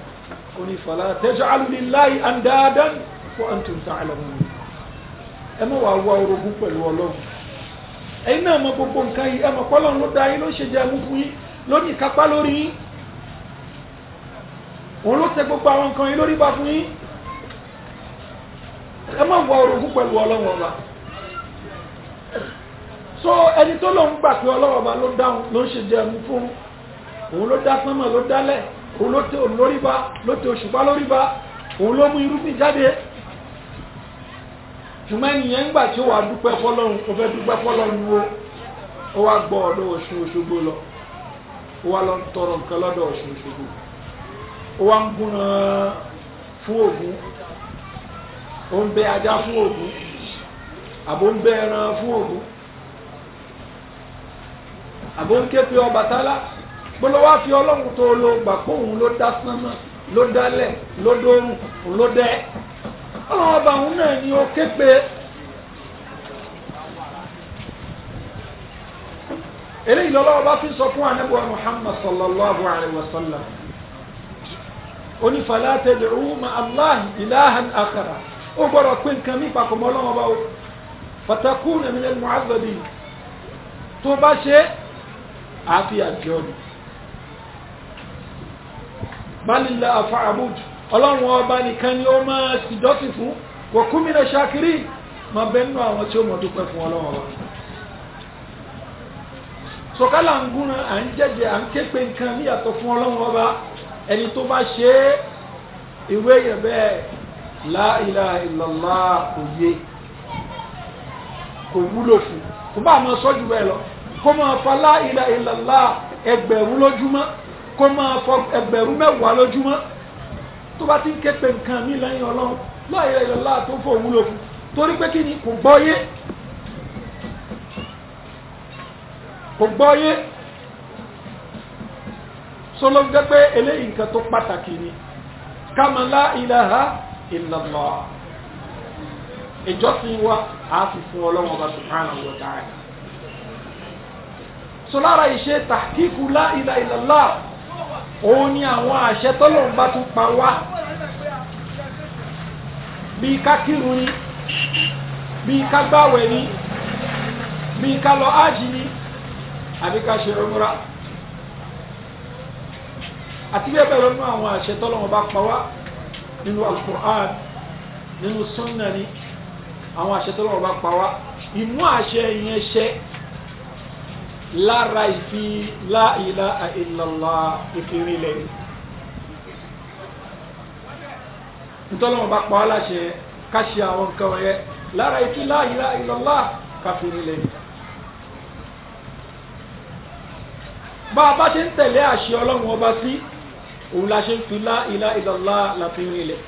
ó ní fala taj'alu lillahi andadan wa antum ta'lamun ẹ má wàá wá orogún pẹ̀lú ọlọ́run ẹ̀yin náà mọ gbogbo nǹkan yìí ẹ mọ̀ pọ́lọ́run ló dá yín ló ṣe jẹ ẹmu fún yín ló ní lórí yín òun ló tẹ gbogbo àwọn nǹkan yìí lórí bá fún yín ẹ má wọ orogún pẹ̀lú ọlọ́run ọba so ẹni tó lòun gbà pé ọlọ́run ọba ló dáhùn ló ń ṣe jẹun fún òun ló dá sánmọ̀ ló dálẹ̀ òun ló tẹ òun lórí ba ló tẹ òṣùpá lórí ba òun ló mú irúgbìn jáde ṣùgbọ́n ènìyàn ń gbà tí ó wà dúpẹ́ fọlọ́run ó fẹ́ dúpẹ́ fọlọ́run wo ó wá gbọ́ ọ̀dọ̀ Ọ̀ṣun Òṣogbo lọ ó wá lọ tọrọ nǹkan lọ́dọ̀ Ọ̀ṣun Òṣogbo ó wá ń gúnra fún Ògún ó ń bẹ ajá fún Ògún àbó ń bẹ ẹran fún Ògún àbó ń ké pe Ọbàtálá gbọ́dọ̀ wá fi ọlọ́run tó lo gbà pé òun ló dá sánmà ló dálẹ̀ ló dórùn ló dẹ́ ọlọ́run ọba òun náà ni ó ké pe eléyìí lọ́lọ́wọ́ bá fi sọ fún anábọ̀ Muhammad sallallahu alayhi wa sallam onífàlá tẹ̀lé ọ̀hún ma Allah ilahan akhara ó gbọ́dọ̀ pé nǹkan mí papọ̀ mọ́ ọlọ́wọ́ bá o fatakuna min al-mu'azzabin tó bá ṣe àfi àjọ ni balila afa'abud ọlọ́run ọba nìkan ni ó máa sì dọ́sìn fún wa kun mina shakirin ma bẹ́nu àwọn tí ó mọ̀ dúpẹ́ fún ọlọ́run ọba sọ̀kálà ń gúnran à ń jẹ́jẹ́ à ń ké pé nǹkan níyàtọ̀ fún ọlọ́run ọba ẹni tó bá ṣe ìwé yẹn bẹ́ẹ̀ la ilaha illallah kò yé kò wúlò fún kò bá máa sọ jù bẹ́ẹ̀ lọ kó máa fa la ilaha illallah ẹgbẹ̀rún lójúmọ́ kó máa fọ ẹgbẹ̀rún mẹ́wàá lójúmọ́ tó bá ti ń ké pe nǹkan mi lẹ́yìn ọlọ́run la ilaha illallah tó fò wúlò fún torí pé kí ni kò gbọ́ yé kò gbọ́ yé sọlọ́gbẹ́ eléyìí nǹkan tó pàtàkì ni kama la ilaha illallah ìjọsìn wa á fi fún ọlọ́run ọba subhanahu wa ta'ala so lára ìṣe tahqiqu la ilaha illallah òun ni àwọn àṣẹ tọ́lọ́run bá tún pa wá bíi ká kírun ni bíi ká ni bíi ká ájì ni àbí ká ṣe rọmúra àti bẹ́ẹ̀ bẹ́ẹ̀ lọ́nà àwọn àṣẹ tọ́lọ́run bá pa wá nínú alukur'an nínú sunna ni àwọn àṣẹ tọ́lọ́wọ́ bá pa wá ìmú àṣẹ yẹn ṣẹ lára ìfi la ilaha illallah ìfìrí lẹ́yìn ntọ́lọ́wọ́ bá pa wá láṣẹ káṣí àwọn nǹkan wọ̀nyẹn lára ìfi la ilaha illallah káfìrí lẹ́yìn. bá a bá ṣe ń tẹ̀lé àṣẹ ọlọ́run ọba sí òun la ṣe ń fi lá ilá ìlọ́lá láfihàn ilẹ̀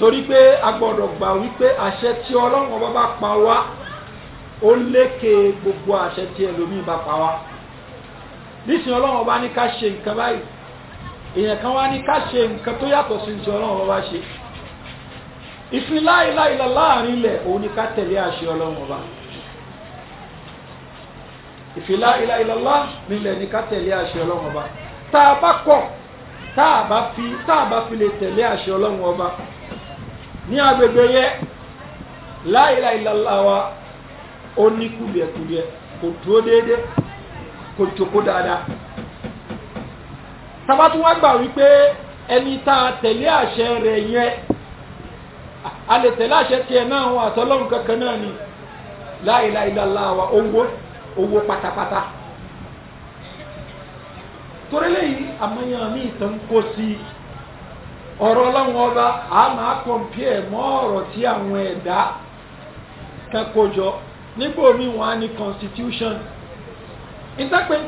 torí pé a gbọ́dọ̀ gbà wípé àṣẹ tí ọlọ́run ọba bá pa wá ó lékè gbogbo àṣẹ tí ẹlòmíín bá pa wá nísìnyí ọlọ́run ọba ní ká ṣe nǹkan báyìí èèyàn kan wá ní ká ṣe nǹkan tó yàtọ̀ sí ti ọlọ́run ọba ṣe ìfin lá ilẹ̀ òun ni ká tẹ̀lé àṣẹ ọlọ́run ọba ìfìlà ìlàìlọ́lá nílẹ̀ ní ká tẹ̀lé àṣẹ ọlọ́run ọba tá a bá kọ̀ tá a bá fi tá a bá fi lè tẹ̀lé àṣẹ ọlọ́run ọba ní agbègbè yẹ láìláìlọ́lá wa ó ní kùdìẹ̀kùdìẹ̀ kò dúró déédéé kò jòkó dáadáa tábà tún wá gbà wípé ẹni tá a tẹ̀lé àṣẹ rẹ̀ yẹn a lè tẹ̀lé àṣẹ tiẹ̀ náà wọn àtọ́lọ́run kankan náà ni láìláìlọ́lá wa ó wó. owó pátápátá torí lẹ́yìn àmọ́yàn mi itan kó sí ọ̀rọ̀ ọlọ́run ọba a máa kọ̀m̀pìẹ̀ mọ́ ọ̀rọ̀ tí àwọn ẹ̀dá kẹ́kọ̀ọ́jọ nígbò mi wọ́n á ní constitution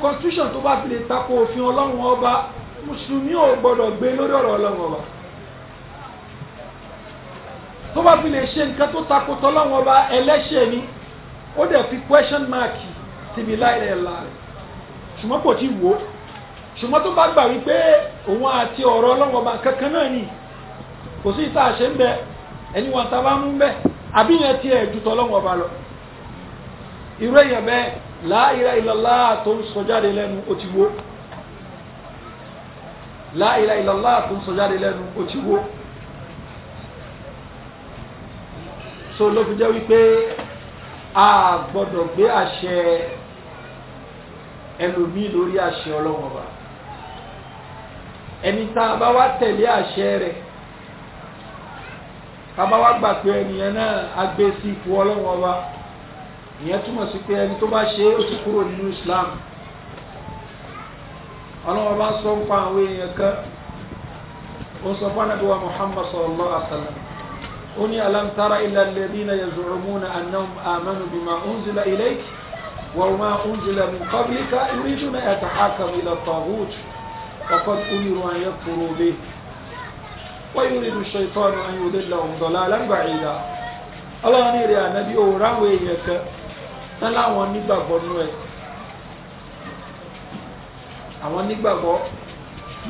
constitution tó bá fi lè tako òfin ọlọ́run ọba mùsùlùmí ò gbọ́dọ̀ gbé lórí ọ̀rọ̀ ọlọ́run ọba tó bá fi lè ṣe nǹkan tó tako tọ́lọ́run ọba ẹlẹ́ṣẹ̀ ni ó dẹ̀ fi question mark síbi láìrẹ̀ ẹ̀la rẹ̀ ṣùgbọ́n kò tí wò ó ṣùgbọ́n tó bá gbà wípé òun àti ọ̀rọ̀ ọlọ́wọ́ bá kankan náà ni kò sí ìta àṣẹ ń bẹ ẹni wọn ta bá mú ń bẹ àbí yẹn tiẹ̀ ju tọ́lọ́wọ́ bá lọ irú èèyàn bẹ́ẹ̀ láìra ìlọ́lá tó ń sọ jáde lẹ́nu ó ti wò láìra ìlọ́lá tó ń sọ jáde lẹ́nu ó ti wò so ló fi jẹ́ wípé a gbọ́dọ̀ gbé àṣẹ ẹlòmíì lórí àṣẹ ọlọ́wọ́n ọba ẹni tá a bá wá tẹ̀lé àṣẹ rẹ̀ tá a bá wá gbà pé ẹnìyẹn náà agbé sí ipò ọlọ́wọ́n ọba ìyẹn túmọ̀ sí pé ẹni tó bá ṣe é ó ti kúrò nínú Islam ọlọ́wọ́n bá sọ ń pa àwọn èèyàn kan ó sọ fún anábíwá Muhammad sallallahu alaihi wa sallam ó ní alam tara ila alladhina yaz'umuna annahum amanu bima unzila ilayk. وما أنزل من قبلك يريدون أن يتحاكموا إلى الطاغوت وقد أمروا أن يكفروا به ويريد الشيطان أن يضلهم ضلالا بعيدا الله نير يا نبي أوران ويهك نلا ونبا بنوه àwọn nígbàgbọ́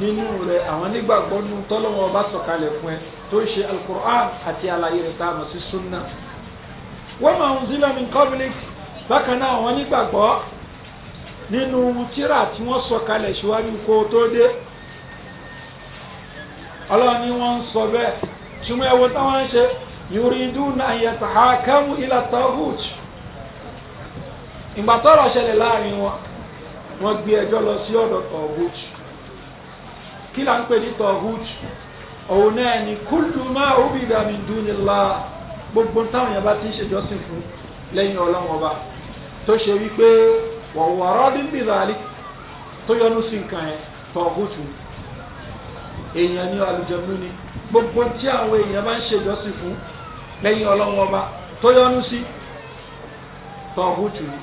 nínú rẹ̀ àwọn nígbàgbọ́ nínú tọ́lọ́wọ́ bá sọ̀kalẹ̀ fún ẹ tó ṣe alukur'an àti àlàyé rẹ̀ tá sí sunna wọ́n máa ń zílẹ̀ min qablika bákan náà àwọn onígbàgbọ́ nínú tíra tí wọ́n sọ kalẹ̀ ṣíwájú kó tó dé ọlọ́run ni wọ́n ń sọ bẹ́ẹ̀ ṣùgbọ́n ẹ̀wọ̀n táwọn ń ṣe yuriduna ila taghut ìgbà tọ́rọ̀ ṣẹlẹ̀ láàrin wọn wọ́n gbé ẹjọ́ lọ sí ọ̀dọ̀ taghut kí là ń pè ní òun náà ni kullu ma ubida min dunillah gbogbo táwọn yẹn ti ń ṣèjọ́sìn fún lẹ́yìn ọlọ́run ọba tó ṣe wípé wọ̀wọ̀rọ̀ bí bìlálì tó yọnu sí nǹkan ẹ̀ tọ̀gùtù èèyàn gbogbo tí àwọn èèyàn bá ń ṣe fún lẹ́yìn ọlọ́run ọba tó yọnu sí tọ̀gùtù ni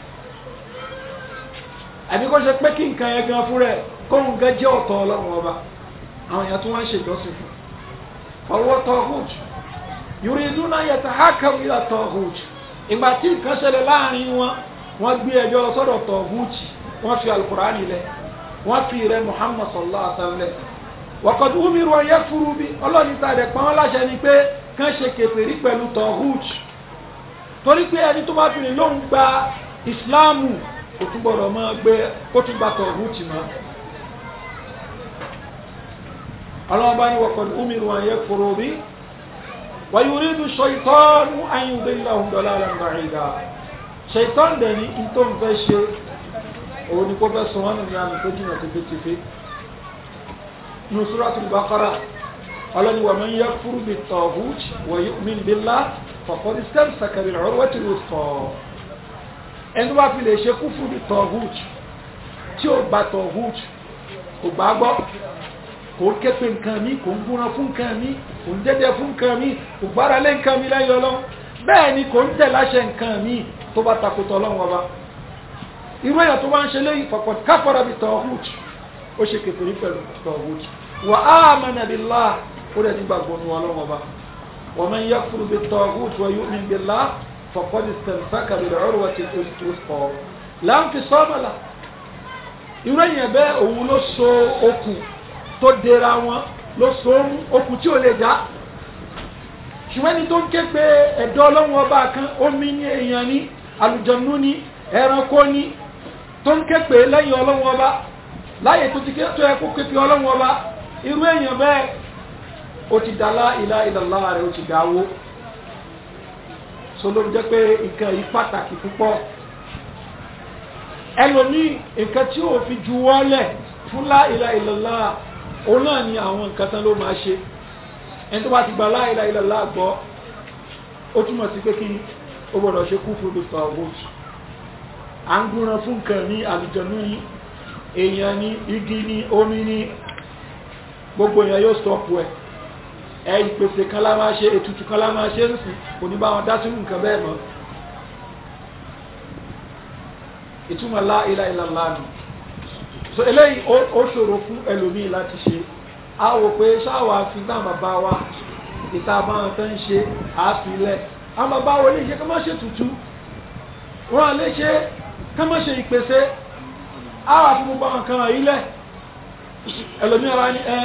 àbí kó ṣe pé kí nǹkan yẹn gan fúnra ẹ̀ kóhun gan jẹ́ ọ̀tọ̀ ọlọ́run ọba àwọn èèyàn tó wá ń fún ọwọ́ yorùdúnà yẹtà wọ́n gbé ẹjọ́ lọ sọ́dọ̀ tọ̀gúùtì wọ́n fi alukur'an lẹ̀ wọ́n fi rẹ̀ muhammad sallallahu alaihi wa sallam wọ́kọ̀tù furu bí ọlọ́ọ̀ni ta rẹ̀ pọ́n láṣẹ ni pé kán ṣe kèfèrí pẹ̀lú tọ̀gúùtì torí pé ẹni tó bá fi lè lóun gba ìsìláàmù kò tún mọ́ gbé kó tún gba mọ́ wọ́kọ̀tù ọ̀yẹ́ furu bí ṣètọ́n dẹ̀ ní in tó ń fẹ́ ṣe òun ni kó fẹ́ sọ wọn nìyà mi tó jìnà tìfetìfe ní Suratul Baqara ọlọ́ni wa man yakfur bit-taghut wa yu'min billah faqad istamsaka bil-'urwatil wuthqa ẹni wá fi lè ṣe kúfùrù bit-taghut tí ó gba taghut kò gbàgbọ́ kò ń képe nǹkan mi kò ń gúnra fún nǹkan mi kò ń dẹ́dẹ́ fún nǹkan mi kò gbára lé nǹkan mi lẹ́yìn ọlọ́run bẹ́ẹ̀ ni kò ń tẹ̀ láṣẹ nǹkan mi tó bá takòtò ọlọ́run ọba irú èèyàn tó bá ń ṣe léyìn fọ̀pọ̀ káfọ́ra bíi tọ̀húùt ó ṣe kèfèrí pẹ̀lú tọ̀húùt wà á amana billah ó rẹ̀ nígbàgbọ́ nu ọlọ́run ọba wa man yakfur bíi tọ̀húùt wa yu'min billah faqad istamsaka bil urwati al-wuthqa la infisama lah irú èèyàn bẹ́ẹ̀ òun ló so okùn tó dera wọn ló so okùn tí ò lè já ṣùgbọ́n ẹni tó ń ké àlùjọ̀nú ni ẹranko ni tó ń képe lẹ́yìn ọlọ́run ọba láyè tó ti tó ẹkú képe ọlọ́run ọba irú èèyàn bẹ́ẹ̀ ó ti dá lá ilaha illallah rẹ̀ ó ti dáwó so ló jẹ́ pé nǹkan yìí pàtàkì púpọ̀ ẹlòmíì nǹkan tí ó fi juwọ́lẹ̀ fún lá ilaha illallah òun náà ni àwọn nǹkan tán ló máa ṣe ẹni tó bá ti gba lá gbọ́ ó túmọ̀ sí pé kí ni ó gbọ́dọ̀ ṣe kú fún mr ogoji à ń gúnran fún nǹkan ní àlìjọ̀nú ní èèyàn ní igi ní omi ní gbogbo èèyàn yóò stọ́pù ẹ̀ ẹ ìpèsè kan ṣe ètùtù kan ṣe ń sìn kò dá sínú nǹkan bẹ́ẹ̀ mọ́ ìtumọ̀ lá ilá ilá so eléyìí ó ṣòro fún ẹlòmíì láti ṣe a wò pé ṣáà wà fi gbà bàbá wa ìta bá wọn tán ṣe àáfilẹ̀ àwọn bàbá wọn lè ṣe kọ́ má ṣe tutù wọn lè ṣe ṣe ìpèsè àwọn àti gbogbo àwọn kan ile ẹlòmíràn ni ẹ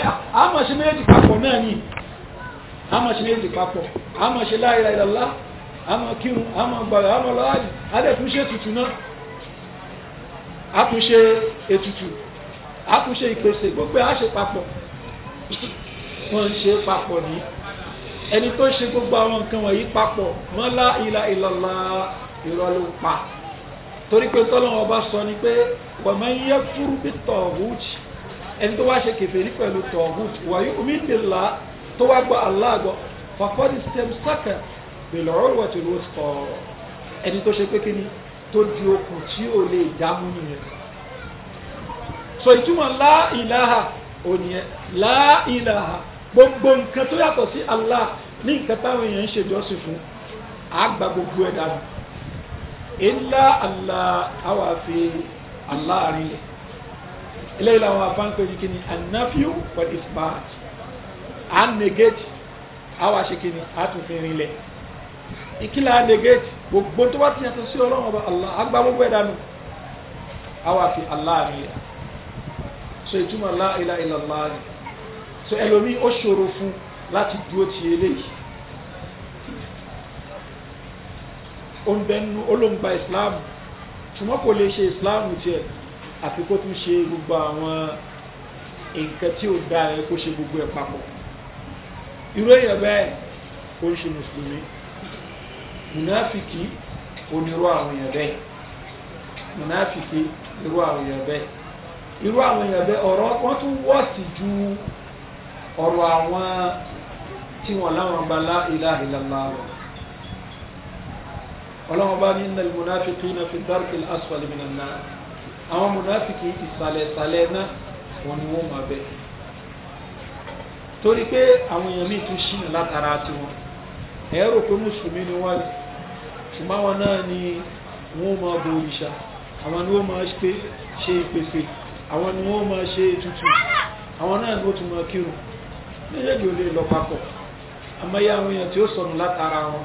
ṣe meji papọ̀ naa ni àmọ̀ ṣe ṣe la ilaha a àmọ̀ kírun àmọ̀ gbàgbà àmọ̀ lọ́wọ́dì adẹ́túnṣe tutù náà àtúnṣe ètùtù àtúnṣe ìpèsè gbogbo ẹni tó ṣe gbogbo àwọn nǹkan wọ̀nyí papọ̀ mọ́lá ilà ìlọ́lá irọ́ ló pa torí pé tọ́lọ́wọ́ bá sọ ni pé wọ̀mọ̀ ń yẹ fúrú bí tọ̀hútì ẹni tó wá ṣe kèfèrí pẹ̀lú tọ̀hútì wàyí omídìlá tó wá gba aláàgọ́ fàkọ́dí stem saka bèlò ọ̀rọ̀ wọ̀tí ló sọ ẹni tó ṣe pé kíni tó di okùn tí ò lè jámú nìyẹn so ìtumọ̀ láìláha ò gbogbo nǹkan tó yàtọ̀ sí Allah ní nǹkan táwọn èèyàn ń ṣèjọ́sìn fún àgbà gbogbo ẹ̀ dànù ilá Allah àwọn àfi Allah àrílẹ̀ eléyìí làwọn afáǹpẹ̀ yìí kí ni anafiu wal isbat à ń negate àwọn àṣekìní àtúnfin rinlẹ̀ ìkílà à ń negate gbogbo tó bá ti yàtọ̀ sí ọlọ́run ọba Allah àgbà gbogbo ẹ̀ dànù àwọn àfi Allah àrílẹ̀ so ìtumọ̀ la ilaha illallah ni so ẹlòmí ó ṣòro fún láti dúró ti eléyìí ó ń bẹnu olóńgbà islam ṣùgbọ́n kò lè ṣe islam tiẹ̀ àfi kó tún ṣe gbogbo àwọn nǹkan tí ó dáa ẹ kó ṣe gbogbo ẹ̀ papọ̀ irú èèyàn bẹ́ẹ̀ ó ń ṣe mùsùlùmí mùnáfìkì onírú àwọn èèyàn bẹ́ẹ̀ mùnáfìkì irú àwọn èèyàn bẹ́ẹ̀ irú àwọn èèyàn bẹ́ẹ̀ ọ̀rọ̀ wọn tún wọ́ọ̀sì ju ọ̀rọ̀ àwọn tí wọ́n láwọn bá la ilaha illallah ọlọ́wọ́n bá ní innal munafiqina fi darkil asfali minan nar àwọn munafiki ìsàlẹ̀sàlẹ̀ náà wọ́n ni wọ́n máa bẹ̀ torí pé àwọn èèyàn míì tún ṣìnà látara tiwọn ẹ̀rọ pé mùsùlùmí ni wọ́n ṣùgbọ́n àwọn náà ni wọ́n máa bo òrìṣà àwọn ni wọ́n máa ṣe ìpèsè àwọn ni wọ́n máa ṣe ètùtù àwọn náà ni wọ́n tún máa kírun méjèèjì ò lè lọ papọ̀ àmọ́ yá àwọn èèyàn tí ó sọnù látara wọn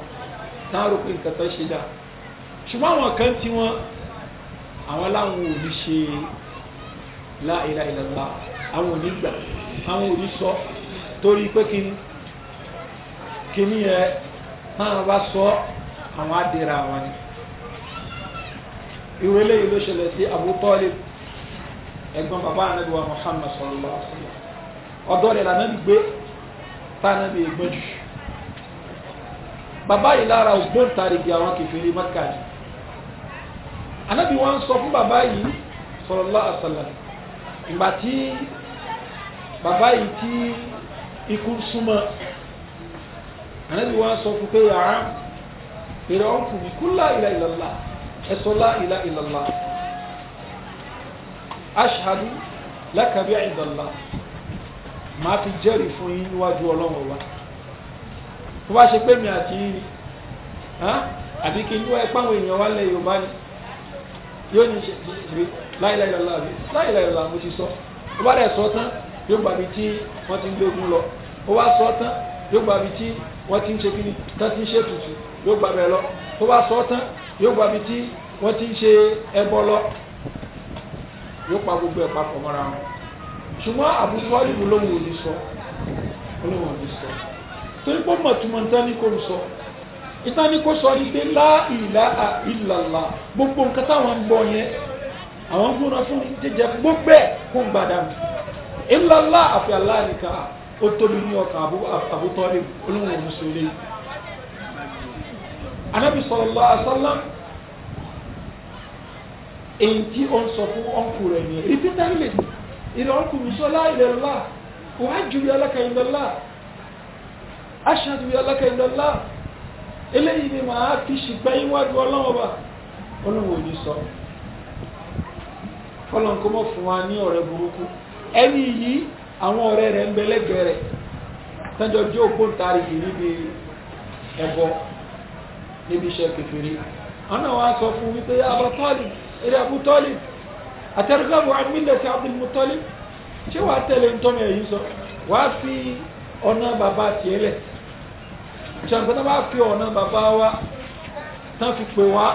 náà rò pé nǹkan tó ṣe dá ṣùgbọ́n àwọn kan tí wọ́n àwọn láwọn ò ní ṣe la ilaha illallah àwọn ò ní gbà àwọn ò ní sọ torí pé kí ni ẹ táwọn bá sọ àwọn á dira ni ìwé eléyìí ló ṣẹlẹ̀ sí Abu Talib ẹ̀gbọ́n bàbá ànábì wa Muhammad sallallahu alaihi wa sallam ọ̀dọ́ rẹ̀ lànà gbé tánà bí egbọ́n jù bàbá yìí lára ògbóǹtarìgì àwọn kèfèrí Mẹ́kà ni anábì wọn sọ fún bàbá yìí sallallahu alaihi wasallam ìgbà tí bàbá yìí tí ikú súnmọ́ anábì wọn sọ fún pé yàrá èrè ọkùnrin kú la ilaha illallah ẹ̀sọ́ la ilaha illallah ashhadu laka máa fi jẹ́rìí fún yín níwájú ọlọ́run ọba tó bá ṣe pé mi àti yín ni àbí kí n yọ ẹ èèyàn wá lẹ yorùbá ni yóò ní ṣe ṣe láìláìlọ́lá mi láìláìlọ́lá mo ti sọ ó bá dẹ̀ sọ tán yóò gbà mí tí wọ́n ti ń gbógun lọ ó bá sọ tán yóò gbà mí tí wọ́n ti ń ṣe kíni tán ti ń ṣe tutù yóò gbà bẹ́ẹ̀ lọ ó bá sọ tán yóò gbà mí tí wọ́n ti ń ṣe ẹbọ lọ yóò pa gbogbo ẹ̀ papọ̀ mọ́ra wọn ṣùgbọ́n àbúkọ́ ìbò lóhùn òní sọ olóhùn òní sọ torí pé mọ̀túmọ̀ ìtàní kò sọ ìtàní kò sọ ní pé la ilaha illallah gbogbo nǹkan táwọn ń gbọ́ yẹn àwọn ń gbóná fún jẹjẹ gbogbo ẹ̀ kó ń gbàdá mi illallah àfi Allah nìkan ó tóbi ní ọkàn àbútọ́ olóhùn òní sọ lé anábì sallallahu alaihi wasallam èyí tí ó ń sọ fún ọ̀nkù rẹ̀ nìyẹn ìdí náà lè إلهكم صلاة إلى الله أعجب لك إلى الله أشهد لك إلى الله eléyìí ni màá fi ṣìgbẹ́ iwájú ọlọ́run ọba olówó ní sọ kọlọ̀n kó mọ̀ fún wa ní ọ̀rẹ́ burúkú ẹni yìí àwọn ọ̀rẹ́ rẹ̀ ń bẹ lẹ́gbẹ̀ẹ́ rẹ̀ tẹ́jọ́ jẹ́ ògbóǹtarìgì níbi ẹ̀bọ níbi iṣẹ́ kékeré àwọn àwọn sọ fún wípé abatọ́lì eré abútọ́lì àtẹrùgbàbù àmìlẹ̀tì abdulmutali ṣé wàá tẹ̀lé ntọ́nà ẹ̀yìn sọ wàá fi ọ̀nà bàbá tiẹ̀ lẹ̀ ṣàǹkó náà bá fi ọ̀nà bàbá wa tán fi pè wá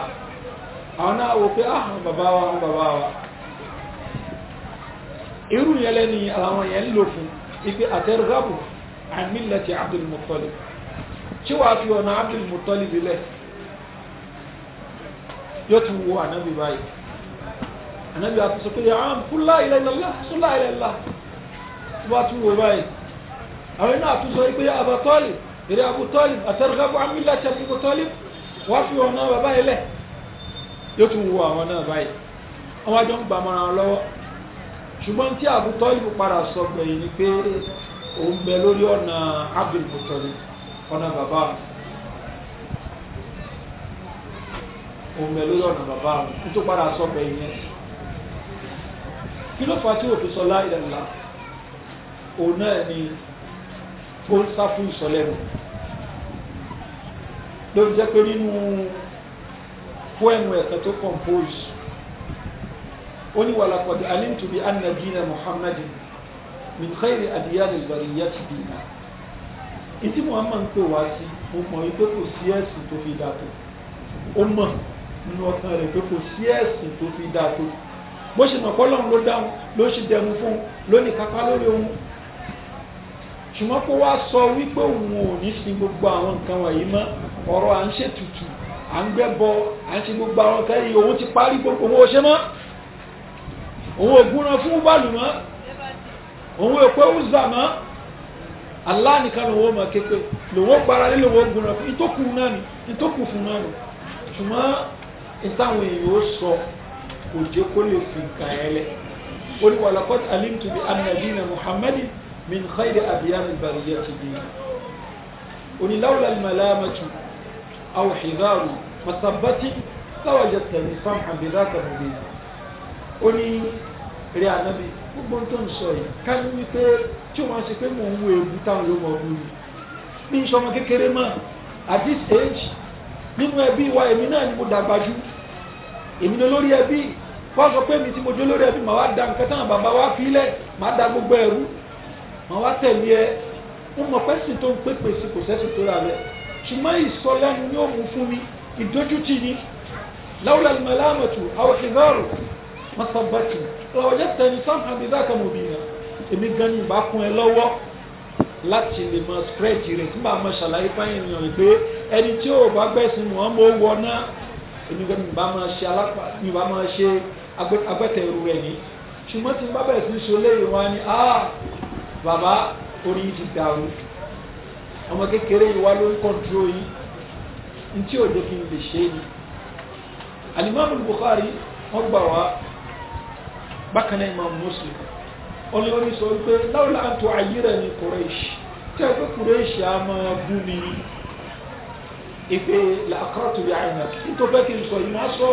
àwọn náà wò pé ah bàbá wa bàbá wa irú yẹn lẹ́ni àwọn yẹn ń lò fún ibi àtẹrùgbàbù àmìlẹ̀tì abdulmutali ṣé wàá fi ọ̀nà abdulmutali lẹ̀ yóò ti wo ànábì báyìí ànábì wa sọ pé àwọn fúnlá ilẹ̀ ìlọ́lá fúnlá ilẹ̀ ìlọ́lá tó bá tún wò báyìí àwọn iná àtúnṣe pé Abu Talib èrè Abu Talib àtẹrùgábù amílẹ̀ àtẹrù Abu Talib wá fi wọn náà bàbá ilẹ̀ yóò tún wo àwọn náà báyìí àwọn àjọ ń gbà mọ́ra wọn lọ́wọ́ ṣùgbọ́n tí Abu Talib padà sọ gbẹ̀yìn ni pé òun bẹ lórí ọ̀nà Abdul Muttalib ọ̀nà bàbá òun bẹ lórí ọ̀nà bàbá òun tó padà sọ gbẹ̀yìn yẹn kí ló fà tí òfin sọ láìlẹ́lá òun náà ni ó ń sá fún ìsọlẹ́nu ló ń jẹ́ pé nínú fóẹ̀mù ẹ̀kan tó compose ó ní wàlàkọ̀dé alimtubi annabina muhammadin min khayri adiyalil bariyati dina ìtí muhammad ń pè wá sí mo mọ̀ wípé kò sí ẹ̀sìn tó fi dàtò ó mọ̀ nínú ọkàn rẹ̀ pé kò sí ẹ̀sìn tó fi dàtò bó ṣe mọ̀ pọ́lọ́run ló dáhùn ló ṣe dẹ̀mú fún un ló ní kápá lórí ohun ṣùgbọ́n kó wá sọ wípé òun ò ní sin gbogbo àwọn nǹkan wọ̀nyí mọ́ ọ̀rọ̀ à ń ṣètùtù à ń gbẹ́bọ à ń ṣe gbogbo àwọn nǹkan yìí òun ti parí gbogbo òun ò ṣe mọ́ òun ò gúnra fún bàlù mọ́ òun ò pé ó zà mọ́ Allah nìkan lòun ò mọ̀ képe lòun ò gbára lé lòun ò gúnra fún ìtókù náà ni ìtókù fún náà ni ṣùgbọ́n ìtàwọn èèyàn ó sọ kò jẹ́ kó lè fi nǹkan ẹ lẹ̀ ó ní walaqad alimtu bi anna dina muhammadin min khayri adiyani al-bariyati dina ó ní lawla al-malamatu aw hidaru masabati lawajadtani samhan bi dhaka mubina ó ní rí ànábì gbogbo tó ń sọ yìí ká ní wípé tí wọ́n ṣe pé mò ń wo ewu táwọn ló mọ̀ ọ́ mi ní sọmọ kékeré mọ́ at this age nínú ẹbí wa èmi náà ni mo dàgbà èmi ni olórí ẹbí wọ́n sọ pé mi tí mo jẹ́ ẹbí màá wá da nǹkan táwọn bàbá wa fi lẹ̀ màá da gbogbo ẹrú màá wá tẹ̀lé ẹ mo mọ̀ pé sì tó ń pépè sí kò sẹ́sì tó rà rẹ̀ ṣùgbọ́n ìsọlẹ́nu yóò mú fún mi ìdójútì ni láwùlà ìmọ̀láàmọ̀tù àwọn ìfìdárò masabati ọ̀rọ̀jẹ́ tẹni sáfà bí dáka mọ̀ bí yàn èmi gan ni ìbá kún ẹ lọ́wọ́ láti lè mọ spread rẹ̀ tí màá mọ ṣàlàyé fáyẹn ènìyàn pé ẹni tí ò bá gbẹ̀sìn wọn mọ̀ wọ náà èmi gbẹ́ mi bá máa ṣe alápá mi bá máa ṣe agbẹ́tẹ̀rù rẹ̀ ní ṣùgbọ́n tí bá bẹ̀rẹ̀ sí ṣe olóyè wa ni ah bàbá orí ti dàrú ọmọ kékeré yìí wá ló ń kọ́ńtró yìí ní tí òde kí n lè ṣe ni alimami Bukhari wọ́n gbà wá bákan náà imam Muslim olórí sọ wípé láwùlá àtò ayé rẹ̀ ní Quraish tí a gbé Quraish a máa bú mi ni ìpè làkọ́tù yà ẹ̀yìn àti tó fẹ́ kí n sọ yìí máa sọ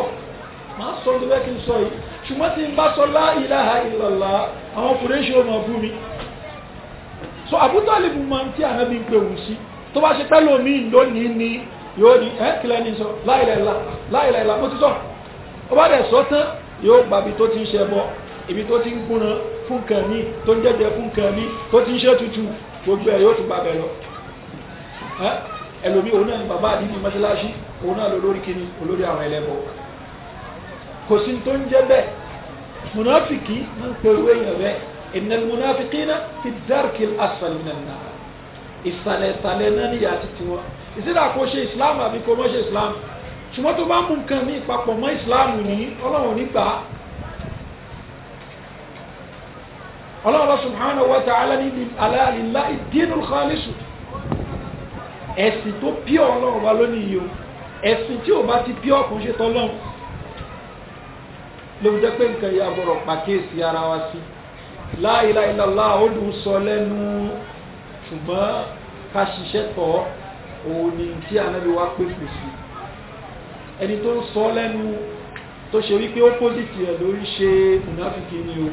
máa sọ tó fẹ́ kí n sọ yìí ṣùgbọ́n tí n bá sọ lá ilaha illallah àwọn kùrẹ́ṣì ọmọ ọ̀bú mi so Abu Talib máa ń tí ànábì ń pè wù sí tó bá ṣe pẹ́lú mi lónìí ni yóò ní ẹ́ kílẹ̀ ní sọ lá ilaha illallah mo ti sọ ó bá dẹ̀ sọ tán yóò gbàbí tó ti ń ṣe bọ́ ibi tó ti ń gbóná fún nǹkan tó ń jẹ́jẹ́ fún nǹkan tó ti ń ṣe tutù gbogbo ẹ̀ yóò tún gbàbẹ̀ lọ ẹlòmí òun náà ni bàbá àdínní mọ́ṣáláṣí òun náà lórí kíni olórí àwọn ẹlẹ́bọ kò sí tó ń jẹ́ bẹ́ẹ̀ munafiki ń pe owó èèyàn bẹ́ẹ̀ innal munafiqina fi darkil asfali minan nar ìsàlẹ̀ ìsàlẹ̀ náà níyà ti tiwọn ìsìlẹ̀ àkóṣe islam àbí kò mọ́ṣe islam ṣùgbọ́n tó bá mú nǹkan ní ìpapọ̀ mọ́ islam ní ọlọ́run nígbà ọlọ́run subhanahu wa ta'ala ní ala lillahi ẹ̀sìn tó pure ọlọ́run wa lónìí yìí o ẹ̀sìn tí ò bá ti pure kò ń ṣe tọ́lọ́run ló ń jẹ́ pé nǹkan yìí agbọ́dọ̀ pàkíyèsí ara wa sí la ilaha illallah ó dùn sọ lẹ́nu ṣùgbọ́n ká ṣiṣẹ́ tọ̀ òun ni tí ànábi wa pè pè sí ẹni tó ń sọ lẹ́nu tó ṣe wípé opposite ẹ̀ ló ṣe mùnáfìkì ni o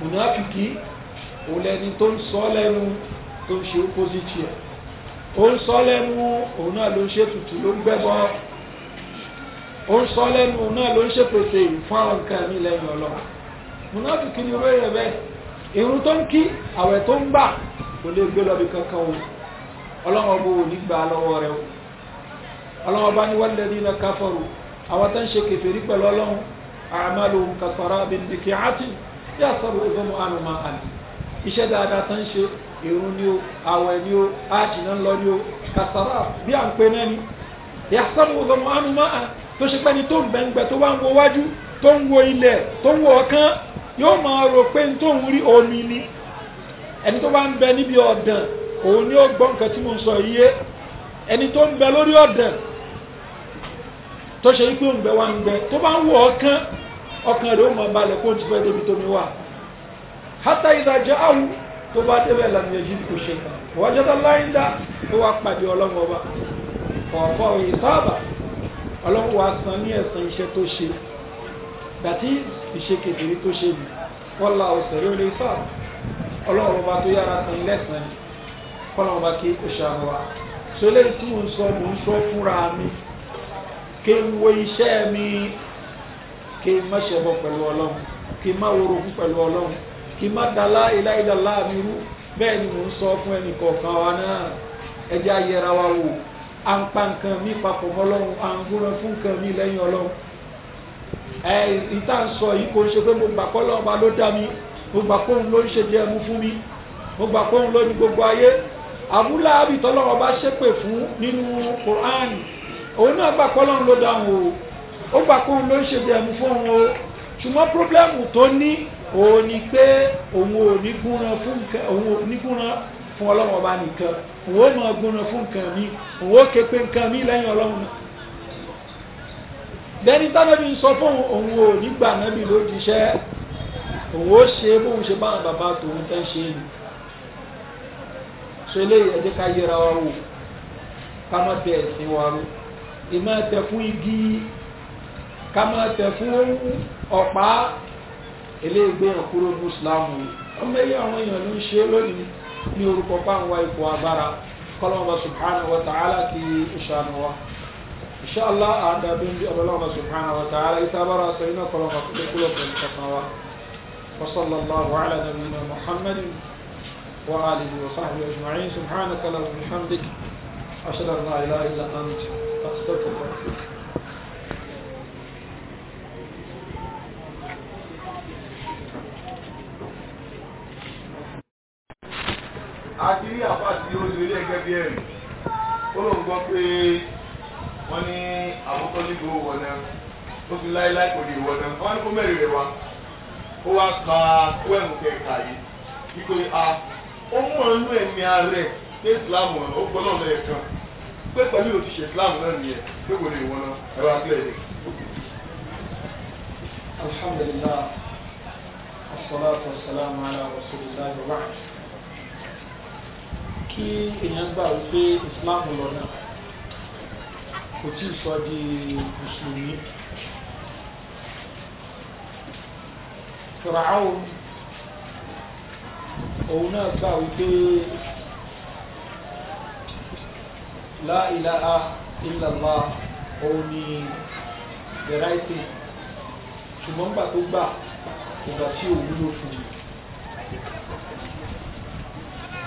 mùnáfìkì òun lẹni tó ń sọ lẹ́nu tó ń ṣe opposite ẹ̀ ó ń sọ lẹ́nu òun náà ló ń ṣètùtù ló ń gbẹ́bọ ó ń sọ lẹ́nu òun náà ló ń ṣèpèsè fún àwọn nǹkan mi lẹ́yìn ọlọ́run munafiki ni irú èèyàn bẹ́ẹ̀ irun tó ń kí àwẹ̀ tó ń gbà kò lè gbé lọ bí kankan o ọlọ́run ọba ò ní lọ́wọ́ rẹ o ọlọ́run ọba ní walladhina kafaru àwọn tó ń ṣe kèfèrí pẹ̀lú ọlọ́run a'maluhum kasarabin biqi'atin yahsabuhu adh-dhama'anu ma'an iṣẹ́ dáadáa tó ń ṣe irun ni o àwẹ̀ ni o ájìnà ń lọ ni o kàsàrà bí à ń pe náà ni ìyàsọ́nù ọ̀gọ́mọ anumá tó ṣe pẹ́ni tó ń bẹ̀ǹgbẹ̀ tó wá ń wo wájú tó ń wo ilẹ̀ tó ń wo ọ̀kan yóò máa rò pé tó ń rí omi ni ẹni tó bá ń bẹ níbi ọ̀dàn òun ni ó gbọ́ nǹkan tí mo ń sọ yìí ẹni tó ń bẹ lórí ọ̀dàn tó ṣe wípé òǹgbẹ wa ń gbẹ tó bá ń wọ ọkàn ọkàn rẹ ó mọ balẹ̀ kó o ti fẹ́ débi tómi wà hátà ìdájọ́ àwù tó bá débẹ̀ lànà yẹjú kò ṣe wọ́n jẹ́ tán láyé dá ó wá pàdé ọlọ́run ọba ọ̀pọ̀ ìsáàbà ọlọ́run wa san ní ẹ̀san iṣẹ́ tó ṣe dàtí ìṣe kékeré tó ṣe nù wọ́n la ọ̀sẹ̀ rí orí ìsáàbà ọlọ́run ọba tó yára san ilẹ̀sàn ni kọ́lọ́run ọba kí kò ṣàánú wa sólè tí mo ń sọ mo ń sọ fúnra mi kí n wo iṣẹ́ mi kí n má ṣẹbọ pẹ̀lú ọlọ́run kí n má worogún pẹ̀lú ọlọ́run kí má dàlá ìláìlàlá mi rú bẹ́ẹ̀ ni mò ń sọ fún ẹnì kọ̀ọ̀kan wa náà ẹjẹ́ ayẹra wa wò à ń pa nǹkan mi papọ̀ mọ́ ọlọ́run à ń gúnra fún nǹkan mi lẹ́yìn ọlọ́run ẹ ìta ń sọ yìí kò ń ṣe pé mo gbà pọ́lọ́ ọba ló dá mi mo gbà pọ́hùn ló ń ṣe jẹ́ mú fún mi mo gbà pọ́hùn ló ní gbogbo ayé àbúlá àbítọ́lọ́ ọba ṣépè fún nínú Quran òun náà gbà pọ́lọ́ ló dáhùn o ó gbà pọ́hùn ló ń ṣe jẹ́ mú fún òun o ṣùgbọ́n pírọ́blẹ́mù tó ní òun ni pé òun ò ní gúnra fún nǹkan òun ò ní gúnra fún ọlọ́run ọba nìkan òun ó máa gúnra fún nǹkan mi òun ó ké pé nǹkan mi lẹ́yìn ọlọ́run náà bẹ́ẹ̀ni tábẹ́bí ń sọ fún òun ò ní gbà nábì ló jíṣẹ́ òun ó ṣe bóun ṣe báwọn bàbá tòun tán ṣe ni ṣe eléyìí ẹ jẹ́ ká yẹra wa wò ká má tẹ ẹ̀sìn wa rú ìmọ̀ tẹ fún igi ká má tẹ fún ọ̀pá eléyìí gbé yàn kúrò ní islam yìí ọmọ ẹ̀yà àwọn èèyàn ló ń ṣe lónìí ní orúkọ páńwá ipò agbára kọ́lọ́mọba subhanahu wa ta'ala kí ìṣàánú wa inṣàlá àdàbí ndí ọlọ́mọba subhanahu wa ta'ala ìtàbára sọ iná kọ́lọ́mọba kúlẹ̀kúlẹ̀ pẹ̀lú kankan wa وصلى الله على نبينا محمد وآله وصحبه أجمعين سبحانك اللهم وبحمدك أشهد أن لا إله إلا أنت أستغفرك àti rí àpá tí ó lè rí ó lóun gbọ́ pé wọ́n ní àkókò nígbò wọ̀ ó fi láéláé kò lè wọ̀ náà ní kó mẹ́rin rẹ̀ wá ó wá ka kúẹ̀mù kẹta yìí wípé a ó mú ọ̀nú ẹ̀mí ààrẹ pé ìsìláàmù ọ̀nà ó gbọ́dọ̀ lọ ẹ̀kan pé pẹ̀lú òtún ṣe ìsìláàmù náà nìyẹn pé kò lè wọ̀ náà ẹ̀rọ abúlé Alhamdulillah, as-salatu was-salamu ala rasulillah wa ba'd kí èèyàn gbà wípé Islam lọ́nà kò tí ì sọ di mùsùlùmí fìràáhùn òun náà gbà wípé la ilaha illallah òun ni the right thing ṣùgbọ́n gbà tó gbà ìgbà tí òwúlò fún un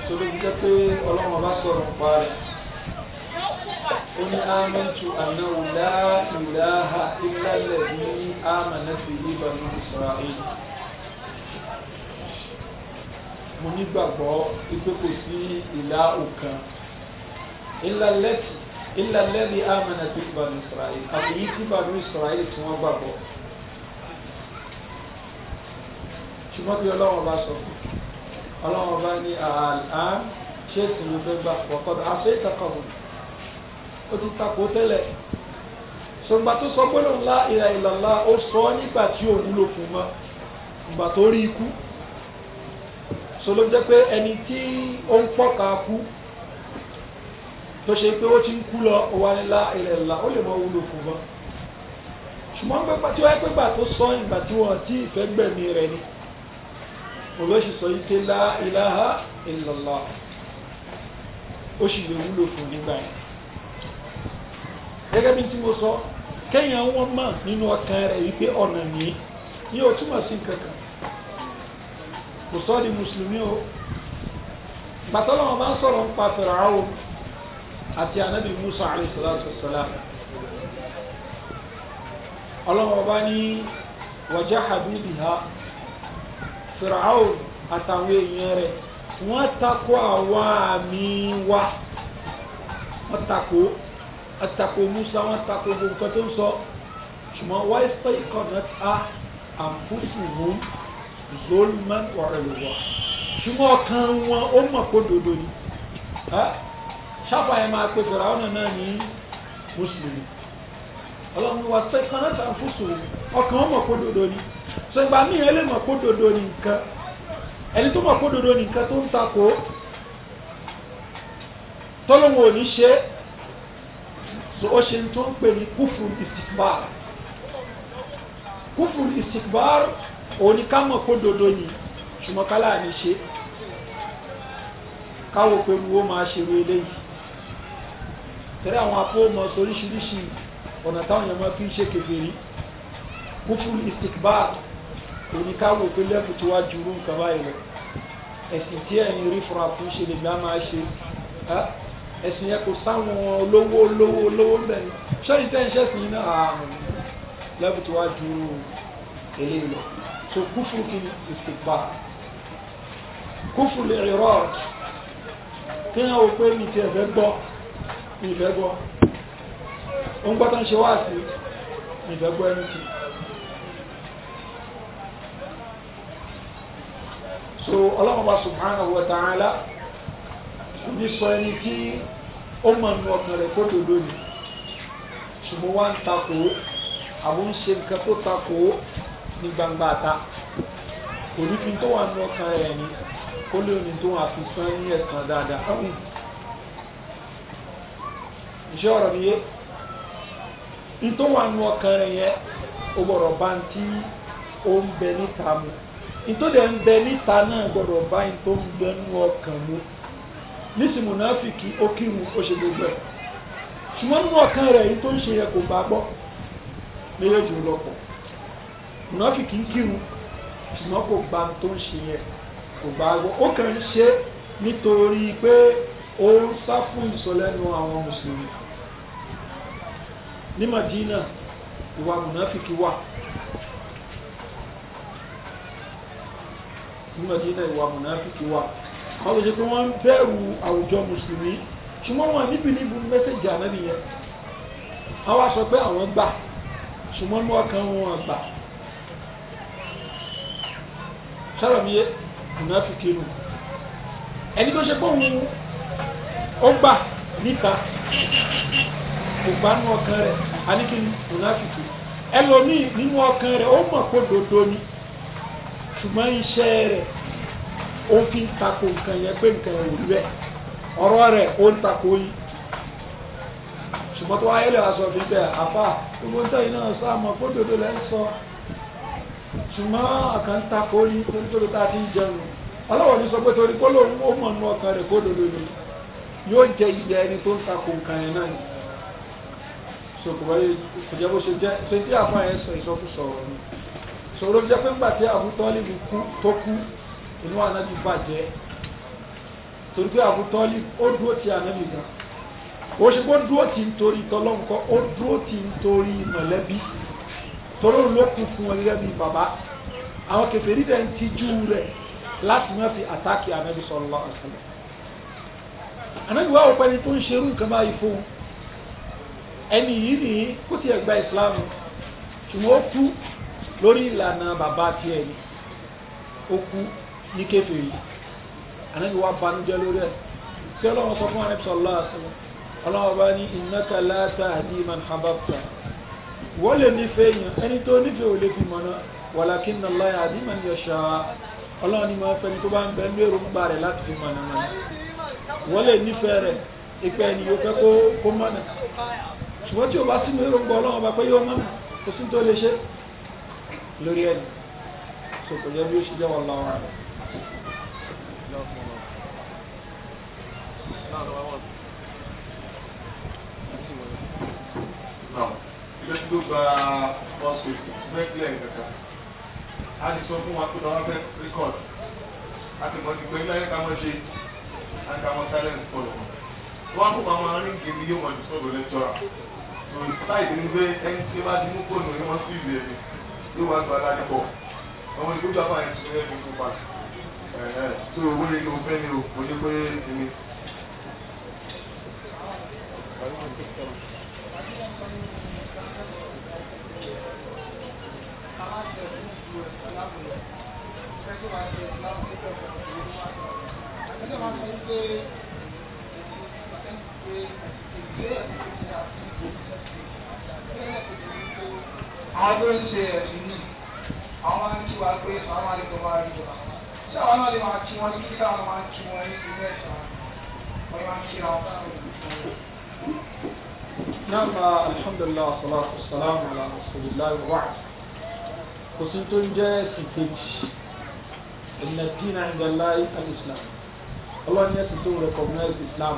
torí jẹ́ pé ọlọ́run bá sọ̀rọ̀ pa rẹ̀ ó ní ámẹ́ntù annahu la ilaha illa alladhi amana bihi banu isra'il mo nígbàgbọ́ wípé kò sí ìlà òkan illa allati illa alladhi amana bihi banu isra'il àbíyí tí banu isra'il tí wọ́n gbàgbọ́ ṣùgbọ́n bí ọlọ́run bá ọlọ́wọ́n bá ní àlán ṣé ìsinmi fẹ́ gbà wọ́kọ́dọ̀ aṣọ ìtàkọ̀mù ó ti takò tẹ́lẹ̀ ṣùgbà tó sọ gbọ́dọ̀ ńlá ìlà ìlàlá ó sọ nígbà tí ò wúlò fún mọ́ ìgbà tó rí ikú so ló jẹ́ pé ẹni tí ó ń pọ́ka kú tó ṣe pé ó ti ń kú lọ wà nílá ilẹ̀ ńlá ó lè mọ wúlò fún mọ́ ṣùgbọ́n pé pàtí wáyé pé gbà tó sọ ìgbà tí wọ́n ti ìfẹ́ gbẹ̀mí rẹ̀ ni olóṣì sọ yí pé la ilaha illallah ó sì lè wúlò fún nígbà yẹn gẹ́gẹ́ bí tí mo sọ kẹ́yìn àwọn mọ̀ nínú ọkàn rẹ̀ wípé ọ̀nà ní ní o túmọ̀ sí kankan kò sọ́ di mùsùlùmí o gbàtọ́lọ́wọ́ bá ń sọ̀rọ̀ ń pa Fáráò àti ànábì Musa alayhi ọlọ́wọ́ bá ní wajahadu biha firaun àtàwọn èèyàn rẹ̀ wọ́n takò àwọn àmì wa wọ́n takò àtakò musa wọ́n takò gbogbo nǹkan tó ń sọ ṣùgbọ́n wáyé sọ́yìn kan náà ta àǹfùsù wọn zolman wàrẹ̀lúwà ṣùgbọ́n ọkàn wọn ó mọ̀ kó dodo ni ṣáfà yẹn máa pe firaun náà ní mùsùlùmí ọlọ́run wa sọ́yìn kan ta àǹfùsù ọkàn ó mọ̀ kó dodo ni so ìgbà míì ẹ lè mọ̀ pé òdodo ní nǹkan ẹni tó mọ̀ pé òdodo ní nǹkan tó ń takò tọ́lọ́wọ́ ò ní ṣe so ó ṣe tó ń pè ní kúfùrù istikbar kúfùrù istikbar òun ni ká mọ̀ pé òdodo ní ṣùgbọ́n kálá ní ṣe káwọ́ pé wo máa ṣe ru eléyìí tẹ́lẹ̀ àwọn afọ́mọ oríṣiríṣi ọ̀nà táwọn èèyàn máa fi ń ṣe kékeré kúfùrù istikbar òní káwò pé lẹ́bù tó wá ju irú nǹkan báyìí lọ ẹ̀sìn tí ẹ̀yin rí fúnra fún ṣe lè gbá máa ṣe ẹ̀sìn yẹn kò sáwọn olówó olówó olówó bẹ́ẹ̀ ni ṣẹ́yìn tẹ́ ń ṣẹ́sìn yìí náà àrùn lẹ́bù tó wá ju eléyìí lọ so kúfùrù kí ni ìsìnkú kúfùrù lè rí rọ́ọ̀tù kéèyàn ò pé mi ti ẹ̀fẹ́ gbọ́ mi ìfẹ́ gbọ́ ó ń ṣe wá sí mi ìfẹ́ gbọ́ ẹni sí i so ọlọ́mọba subhanahu wa ta'ala kò ní sọ ẹni tí ó mọ̀ nù ọkàn rẹ̀ kó dòdò ni ṣùgbọ́n wá ń takò àwọn ń ṣe nǹkan tó takò ní gbangba ta kò ní fi tó wà nù ọkàn rẹ̀ ni kó lè ní tó wà fi sán ní ẹ̀sán dáadáa iṣẹ́ ọ̀rọ̀ mi yé tó wà nù ọkàn rẹ̀ yẹn ó gbọ́dọ̀ bá ń tí ó ń bẹ níta mu. ìtòdẹ̀ ń bẹ níta náà gbọ́dọ̀ bá ní tó ọkàn mú nísì mùnáfíkì ó ó ṣe gbogbo ẹ̀ ṣùgbọ́n nínú ọkàn rẹ̀ ń ṣe yẹ kò bá gbọ́ méjèèjì ò lọ́pọ̀ mùnáfíkì ń kírun ṣùgbọ́n kò bá ń ṣe yẹ kò bá gbọ́ ó kàn ń ṣe nítorí pé ó ń sá fún ìsọlẹ́nu ní Madina ìwà mùnáfíkì wà wọ́n lè ṣe pé wọ́n ń bẹ̀rù àwùjọ mùsùlùmí ṣùgbọ́n wọn níbi níbi mẹ́sẹ̀jì ànábì yẹn wọ́n wá sọ pé àwọn gbà ṣùgbọ́n ní ọkàn wọn gbà sọ́rọ̀míyé mùnáfíkì nù ẹni tó ṣe pé òun ó gbà níta kò bá nú ọkàn rẹ̀ àníkí mùnáfíkì ẹlòmíì nínú ọkàn rẹ̀ ó mọ̀ pé dòdò ni ṣùgbọ́n iṣẹ́ rẹ̀ ó fi ń takò nǹkan yẹn pé nǹkan yẹn ò rí bẹ́ẹ̀ ọ̀rọ̀ rẹ̀ ó ń takò yìí ṣùgbọ́n tó wáyé lè wá sọ fi bẹ́ẹ̀ àfà gbogbo ń tẹ̀yìn náà sá mọ̀ kó dòdò lẹ́ ń sọ ṣùgbọ́n àkàn ń takò ní torítorí tá a ti ń jẹun ọlọ́wọ́ ní sọ pé torí kó lòun ó mọ̀ nù ọkàn rẹ̀ kó dòdò lè yóò jẹ ìyá ẹni tó ń takò nǹkan yẹn náà ni ṣòkòwáyé kò jẹ́ bó ṣe jẹ́ ṣe tí àfà yẹn sọ ìsọkúsọ ọ̀rọ̀ ni sọ̀rọ̀ jẹ́ pé ńgbà tí Abu Talib tó kú inú ànábì bàjẹ́ torí pé Abu Talib ó dúró ti ànábì gan ó ṣe pé ó dúró ti nítorí tọ́lọ́nkọ́ ó dúró ti nítorí mọ̀lẹ́bí tọ́lọ́ ló kú fún wọn gẹ́gẹ́ bí bàbá àwọn kèfèrí dẹ̀ ń tijú rẹ̀ láti má fi àtàkì ànábì sallallahu alaihi wasallam wà ó pẹ́ni tó ń ṣerú nǹkan báyìí fún ẹni yìí nìyí kó tiẹ̀ gba ìsìlámù ṣùgbọ́n ó kú lórí ìlànà bàbá tí ẹni ó kú ní kéfèrí ànábì wá banújẹ́ lórí ẹ̀ tí ọlọ́run sọ fún ànábì sọ̀lá àṣẹlẹ̀ ọlọ́run bá ní innaka la tahdi man ahbabta wọ́n lè nífẹ̀ẹ́ èèyàn ẹni tó nífẹ̀ẹ́ ò lè fi mọ̀nà walakinna Allah yahdi man yasha ọlọ́run ni máa fẹ́ ni tó bá ń bẹ ní èròǹgbà rẹ̀ láti fi mọ̀nà mọ̀nà wọ́n lè nífẹ̀ẹ́ rẹ̀ ìpẹ́ ni yóò fẹ́ kó mọ̀nà ṣùgbọ́n tí o bá sínú èròǹgbà ọlọ́run bá pé yóò mọ̀nà kò sí tó lè ṣe lórí ẹ̀ so kò jẹ́ bí ó ṣe jẹ́ wọn lọ́wọ́ rẹ̀. Lẹ́tọ́ gba ọ̀sùn ìgbẹ́kẹ̀lẹ̀ kankan. A ti sọ fún wa pé lọ́wọ́ fẹ́ rékọ̀dù. A ti mọ̀ ti pé ilé ayé ká mọ̀ ṣe àtàwọn sálẹ̀ ń pọ̀ lọ́wọ́. Wọ́n á kó àwọn arìnkè ní yóò mọ̀ ní sọ̀rọ̀ lẹ́tọ́ra. Tòun láì ní pé ẹni tí ó bá ti mú fóònù ni wọ́n sì rí ẹni yóò wá gbàdá nípọ̀ àwọn ìgbójú àbá yẹn ti fẹ́ gbogbo pa tó owó ní o fẹ́ ní o kò ní pé èmi. Thank you àwọn tó ń ṣe ẹ̀sìn yìí àwọn máa ń kí wa pé àwọn máa lè tó máa rí wa ṣé àwọn náà lè máa kí wọn ní kí káwọn máa kí wọn ní ilé ẹ̀sán wọn máa ń kí àwọn táwọn ò Nàmà alhamdulillah salatu salamu ala rasulillah wa ba'd. Kò sí tó kejì. Inna dina indallahi al-Islam. Allah ní ẹ̀sìn recognize Islam.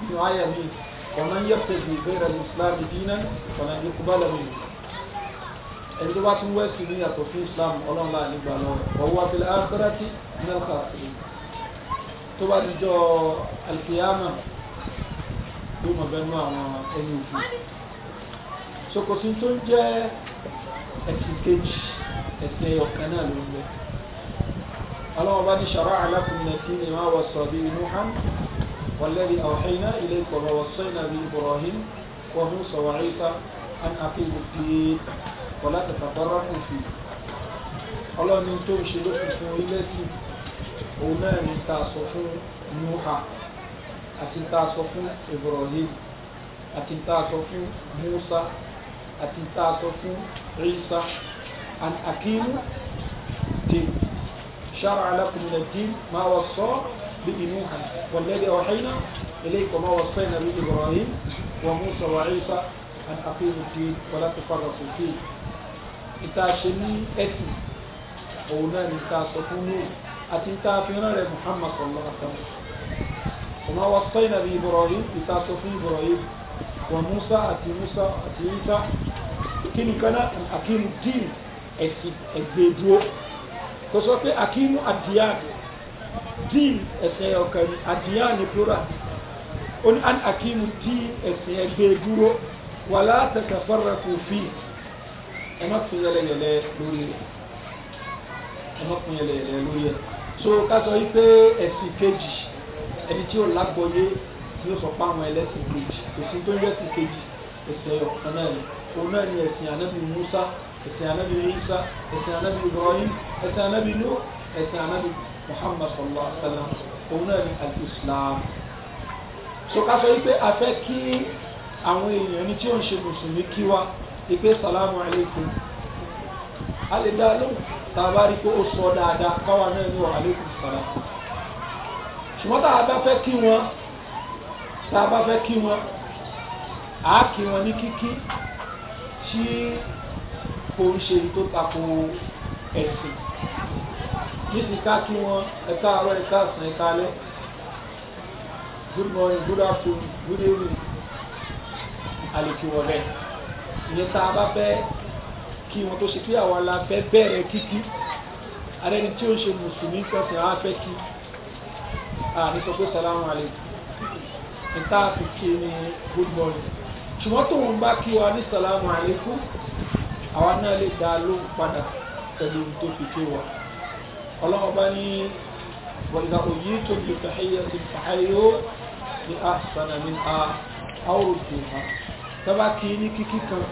Nínú ayà mi, ọ̀nà yẹ́ tẹ̀lé ìbéèrè Islam dínà, ọ̀nà ìkúbálà mi ẹni tó bá tún wẹ́sì ní yàtọ̀ fún islam ọlọ́nlá nígbà lọ́wọ́ ọwọ́ abẹ́lẹ̀ ákírátì ní ọkọ̀ àkìrí tó bá dijọ́ alkiyama ló mọ̀ bẹ́nu àwọn ẹni òfin sokosi tó ń jẹ́ ẹ̀sìn kejì ẹ̀sìn ẹ̀yọ̀ kan náà ló ń bẹ ọlọ́wọ́ bá ní ṣàrọ́ alákùnrin ẹ̀sìn ní máa sọ̀bí nuhan والذي أوحينا إليك وما وصينا به إبراهيم وموسى وعيسى أن أقيموا الدين kọlá tẹ̀tàkọ́rọ́ kò fi ọlọ́ni tó ń ṣe lókùn fún ilé sí òun náà ní ta sọ fún nuha àti ta sọ fún ibrahim àti ta sọ fún musa àti ta sọ fún isa an akimu din شرع لكم من الدين ما وصى به نوحا والذي اوحينا اليكم ما وصينا به ابراهيم وموسى وعيسى an aqimu din wala tafarraqu fi ìta ṣe ní ẹ̀sìn òun náà ní ta sọ fún nù àti ìta àfihàn rẹ̀ Muhammad sallallahu alaihi wa sallam ọmọ wa sọ́yìn àbí Ibrahim ìta sọ fún Ibrahim wa Musa àti Musa àti Isa kí ni kaná an aqimu din ẹ̀sìn ẹ̀gbẹ́ dúró kò sọ pé aqimu ad-diyan din ẹ̀sìn ọ̀kan ni ad-diyan ni plural ó ní an aqimu din ẹ̀sìn ẹ̀gbẹ́ dúró wàlá tatafarraqu fi ẹ má fún yẹlẹyẹlẹ lórí rẹ̀ ẹ má fún yẹlẹyẹlẹ lórí ẹ̀ so ká sọ wípé ẹ̀sìn kejì ẹni tí ò lágbọ́yé tí ó sọ pé àwọn ẹlẹ́sìn kejì ẹ̀sìn tó ń jẹ́ ẹ̀sìn kejì ẹ̀sìn ọ̀kan náà ni òun náà ni ẹ̀sìn anábì Musa ẹ̀sìn anábì Isa ẹ̀sìn anábì Ibrahim ẹ̀sìn anábì Nuh ẹ̀sìn anábì Muhammad sallallahu alaihi wa sallam òun náà ni so ká sọ àwọn èèyàn ní tí ó ń ṣe mùsùlùmí kí wá ìpè sàlámù aleikum a lè dá lóhùn tá a bá rí pé ó sọ dáadáa káwa náà ní aleikum sàlámù ṣùgbọ́n tá a bá fẹ́ kí wọn tá a bá fẹ́ kí wọn á kí wọn ní kíkí tí kò ń ṣe tó tako ẹ̀sìn níbi ká kí wọn ẹ̀ka àárọ̀ ẹ̀ka ọ̀sán ẹ̀ka alẹ́ good morning good afternoon good evening a lè kí wọn bẹ́ẹ̀ ìyẹn tá a bá fẹ́ kí wọn tó ṣe pé àwa la fẹ́ bẹ̀rẹ̀ kíkí adẹ́ni tí ó ṣe mùsùlùmí fẹsẹ̀ á fẹ́ kí a ní sọ pé salamu alaykum níta fi kí ni good morning ṣùgbọ́n tó ń bá kí wa ní salamu alaykum àwa náà lè dá lóhùn padà pẹ̀lú tó fi kí wa ọlọ́run bá ní وإذا أويتم بتحية فحيوا بأحسن منها أو ردوها tọ́ba kí ní kíkí kan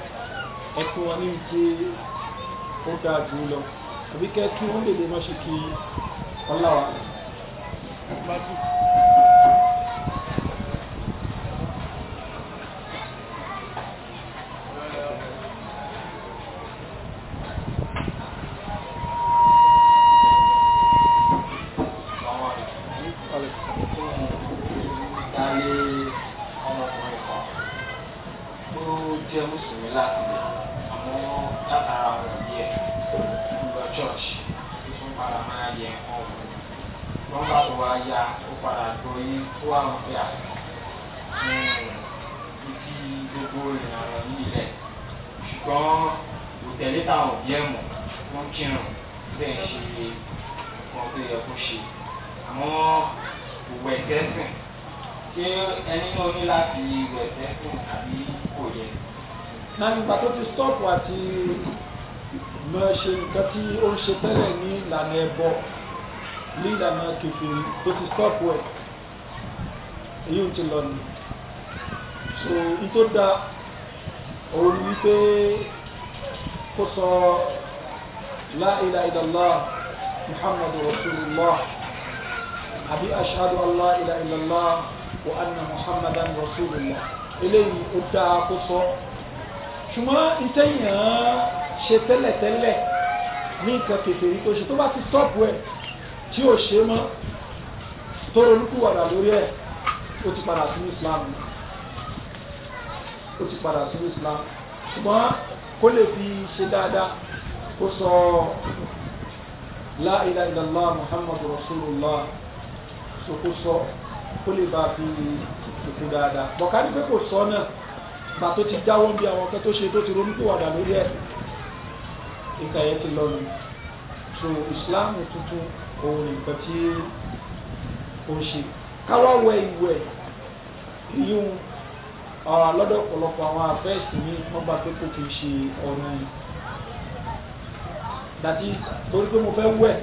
ẹ̀fún wọn ní ti ó dáa jù lọ àbíkẹ́ kí wọ́n lè lè mọ́ ṣe kí ọláwà. náà nígbà tó ti stọ́ọ̀pù àti mọ ṣe nǹkan tí ó ń ṣe tẹ́lẹ̀ ní ìlànà ẹbọ ní ìlànà kẹfìrí tó ti stọ́ọ̀pù ẹ̀ èyí ò ti lọ nù so n tó da òun ni wípé kó sọ la ilaha muhammadu rasulullah àbí ashhadu an la ilaha wa anna muhammadan rasulullah eléyìí ó dáa kó sọ ṣùgbọ́n ìtẹ̀yàn ṣe tẹ́lẹ̀tẹ́lẹ̀ ní nǹkan kèfèrí tó ṣe tó bá ti stọ́pù ẹ̀ tí ò ṣe mọ́ tó ronúkúwàdà lórí ẹ̀ ó ti padà sínú Islam ó ti padà sínú Islam ṣùgbọ́n kó lè fi ṣe dáadáa kó sọ la ilaha illallah muhammadu rasulullah so kó sọ kó lè bá fi ìkú dáadáa bọ̀kárí pé kò sọ náà gbà tó ti jáwọ́ bí àwọn kan tó ṣe tó ti ronú tó wàdà lórí ẹ̀ ìka ti lọ nù so islam tuntun òun nìkan tí ó ń ṣe káwáwẹ̀ ìwẹ̀ yíyún lọ́dọ̀ ọ̀pọ̀lọpọ̀ àwọn afẹ́ẹ̀sì ní wọ́n bá pé kò kìí ṣe ọ̀nà yìí dàtí torí pé mo fẹ́ wẹ̀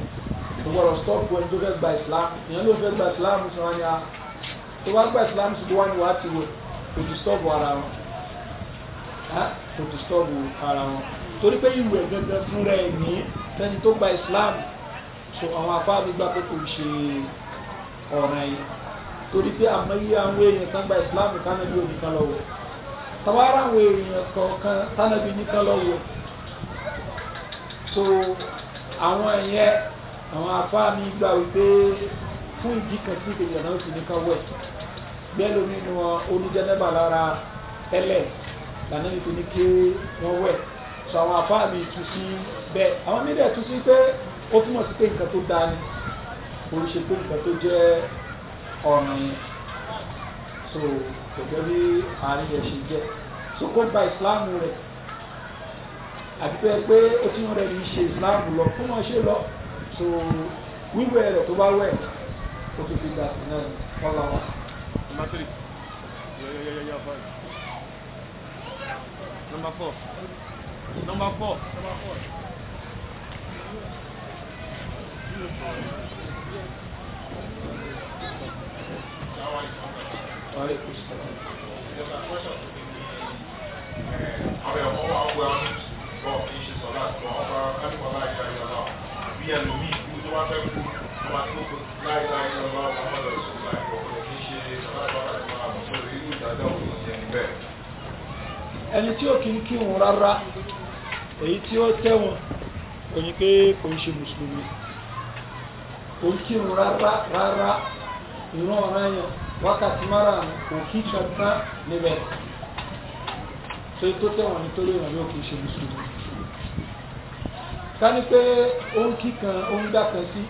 mo gbọ́dọ̀ stọ́ọ̀pù ẹni tó fẹ́ gba islam ìyẹn ló fẹ́ gba islam sọ wá tó bá gba islam sí wá ní wàá ti wẹ̀ kò ti stọ́ọ̀pù ara wọn kò dìstọ́bù ara wọn torí pé ìwẹ̀ gẹ́gẹ́ fúnra ẹ̀ ní tẹni tó gba Islam so àwọn afáàbí gbà pé kò ṣe ọ̀ràn yìí torí pé àmọ́ iye àwọn èèyàn kan gba Islam tánàbí oníkan lọ́wọ́ tàwárà àwọn èèyàn kọ̀ọ̀kan tánàbí oníkan lọ́wọ́ so àwọn ẹ̀yẹn àwọn afáàmì gbà wípé fún ìdí kan sí ìdènà náà sì ní kan wẹ̀ gbẹ́lómi ni wọn oníjẹ́nẹ́bà lára tẹ́lẹ̀ lànà ìfi ní kí wọ́n wẹ̀ so àwọn àfáà mi tú sí bẹ́ẹ̀ àwọn mídẹ̀ tú sí pé ó túmọ̀ sí pé nǹkan tó dáa ni kò ń ṣe pé nǹkan tó jẹ́ ọ̀ràn yẹn so gẹ́gẹ́ bí àárín rẹ̀ ṣe jẹ́ so kó gba ìsìláàmù rẹ̀ àti pé pé ó ti rẹ̀ ní ṣe ìsìláàmù lọ kó máa ṣe lọ so wíwẹ̀ rẹ̀ tó bá wẹ̀ ó tó fi gbà sí náà ni wọ́n lọ́wọ́. Number four. Number four. Number four. Àwọn ọmọ wa wọ àwọn bọ̀ kí n ṣe sọ̀lá àtúnwọ̀n ọba kánìkọ̀lá ìdarí ọ̀la. Bí ẹlòmíì kú tó wá fẹ́ kú, wọ́n máa tó kó láìláì lọ́wọ́ ọmọ ọmọdé ọ̀sùn láì. ẹni tí ó kí ń kírun rárá èyí tí ó tẹ́wọ̀n kò ní pé kò ń ṣe mùsùlùmí kò ń kírun rárá rárá ìran ọ̀ràn yẹn wákàtí márùn-ún kò kí kankan níbẹ̀ tó tó tẹ̀wọ̀n nítorí ìrìn yóò kí ṣe mùsùlùmí ká ní pé ó ń kíkan ó ń gbà kan sí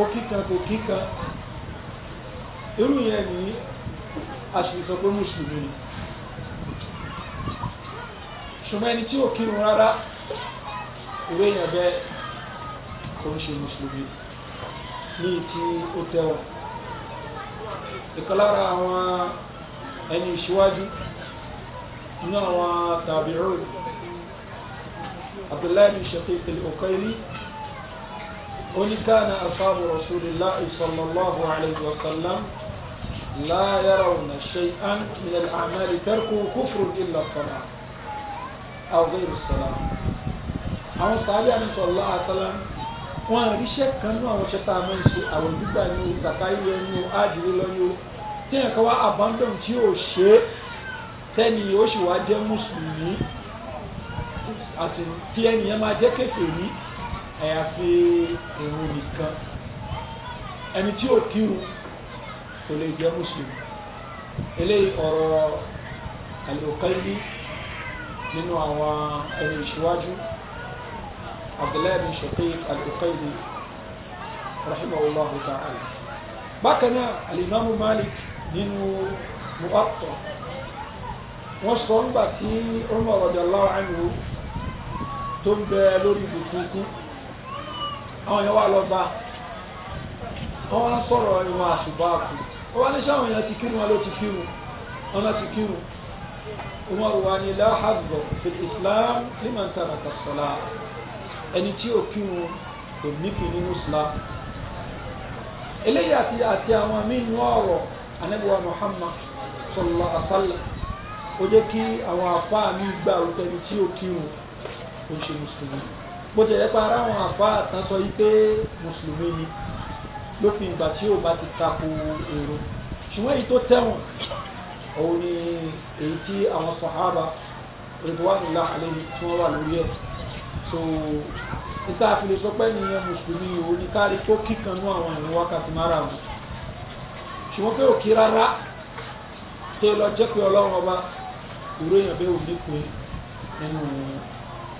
ó kíkan kò kíkan irú yẹn ní a sọ pé mùsùlùmí ni ṣùgbọ́n ẹni tí ò kírun rárá ìwé èèyàn bẹ́ẹ̀ kò ń ṣe mùsùlùmí ní ti ó tẹ́wọ̀n ìkan lára àwọn ẹni ìṣíwájú nínú àwọn tabi'un abdullahi bin shaqiq al-ukaili ó ní kana ashabu rasulillah sallallahu alayhi wa sallam la yarawna shay'an min al-a'mali tarku àwọn ìrùsọ̀lá àwọn sàábì àmìsọ̀lá àtàlá wọn àríṣẹ́ kan ní àwọn ṣẹta àmọ́ ìṣe àwọn gbígbà ní o zàkà yíyọ ní o áàdìrí lọ ní o téèyàn kan wá abandon tí ò ṣe é tẹ́ni ó sì wá jẹ́ mùsùlùmí àti tí ẹnìyẹn máa jẹ́ kèfèrí àyàfi èrò nìkan ẹni tí ò kírun kò lè jẹ́ mùsùlùmí eléyìí ọ̀rọ̀ àlòkálí nínú àwọn ẹni ìṣíwájú abdullahi bin shaqiq al-uqayli rahimahullah ta'ala bákan náà alimamu malik nínú muwatta wọ́n sọ nígbà tí umar radiyallahu anhu tó ń bẹ lórí ibùkúnkún àwọn èèyàn wà lọ bá wọ́n wá sọ̀rọ̀ ìwọ̀n àṣùbà kù ó wá ní sáwọn èèyàn ti kírun wọn ló ti kírun wọn ti kírun umar wa ni la hazzo fil islam liman taraka sọlá ẹni tí ó kírun kò nífin nínú islam eléyìí àti àti àwọn mínú ọ̀rọ̀ anábíwá muhammad sallallahu alaihi wasallam ó jẹ́ kí àwọn àfá mi gbà orúkọ ẹni tí ó kírun kò ṣe mùsùlùmí bó ti rẹ́ para àwọn àfá àtàsọ yìí pé mùsùlùmí ni lópin ìgbà tí ó bá ti tako èrò ṣùgbọ́n èyí tó tẹ̀wọ̀n òun ni èyí tí àwọn sàhábà rẹ̀dùwánilá àlẹ́yìn tí wọ́n wà lórí ẹ̀ so níta fi lè sọ pé nìyẹn mùsùlùmí oníkárí tó kíkanú àwọn ìrìn wákàtí mara wọn ṣùgbọ́n pé òkè rárá tó lọ jẹ́ pé ọlọ́run ọba ìró èèyàn bẹ́ẹ̀ òní pé nínú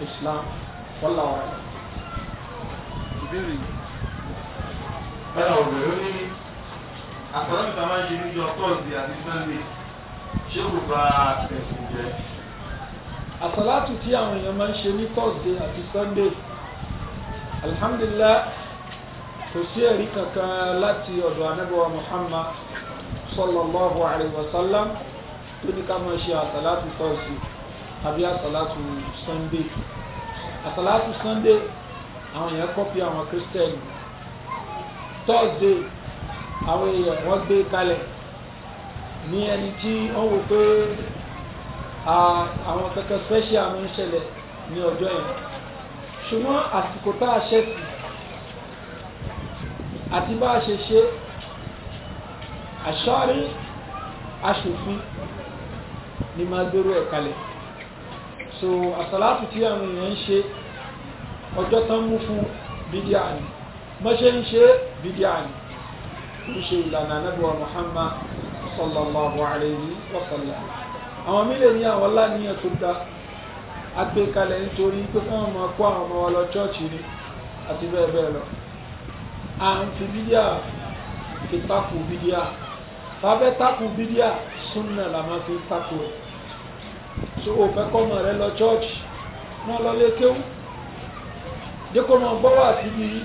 Islam wọ́lá wa rẹ̀. ẹ̀rọ òbèrè ó ní àtọ́lọ́mìta máa ń ṣe níjọ tọ́ọ̀sì àti sẹ́ńdẹ̀ẹ́ ṣé kò bá ẹ̀sìn jẹ́. àsàlátù tí àwọn èèyàn máa ń ṣe ní thursday àti sunday alhamdulillah kò sí ẹ̀rí kankan láti ọ̀dọ̀ anábọ̀wá muhammad sallallahu alayhi wa sallam tó ní ká máa ṣe àsàlátù thursday àbí àsàlátù sunday àsàlátù sunday àwọn èèyàn kọ́pì àwọn kírísítẹ́nì thursday àwọn èèyàn wọ́n gbé kalẹ̀ ní ẹni tí ó wò pé àwọn kankan special máa ń ṣẹlẹ̀ ní ọjọ́ yẹn ṣùgbọ́n àsìkò tá a ṣẹ́ sí àti bá a ṣe ṣe àṣọ́rí aṣòfin ni máa gbérú ẹ̀ kalẹ̀ so àsàlátù tí àwọn èèyàn ń ṣe ọjọ́ tán mú fún bídíà ni mọ́ṣẹ́ ń ṣe bídíà ni ń ṣe ìlànà anábíwá Muhammad sallallahu alayhi wa sallam àwọn mílẹ̀ ní àwọn láníyàn tó dá agbékalẹ̀ nítorí pé káwọn máa kó àwọn ọmọ wa lọ chọ́ọ̀chì ni àti bẹ́ẹ̀ bẹ́ẹ̀ lọ à ń fi bídíà fi takò bídíà tàbẹ́ takò bídíà súnà là máa fi takò rẹ̀ so o fẹ́ kọ́ ọmọ rẹ lọ chọ́ọ̀chì náà lọ lé kéwú jẹ́kọ́ máa gbọ́ wà sí bíi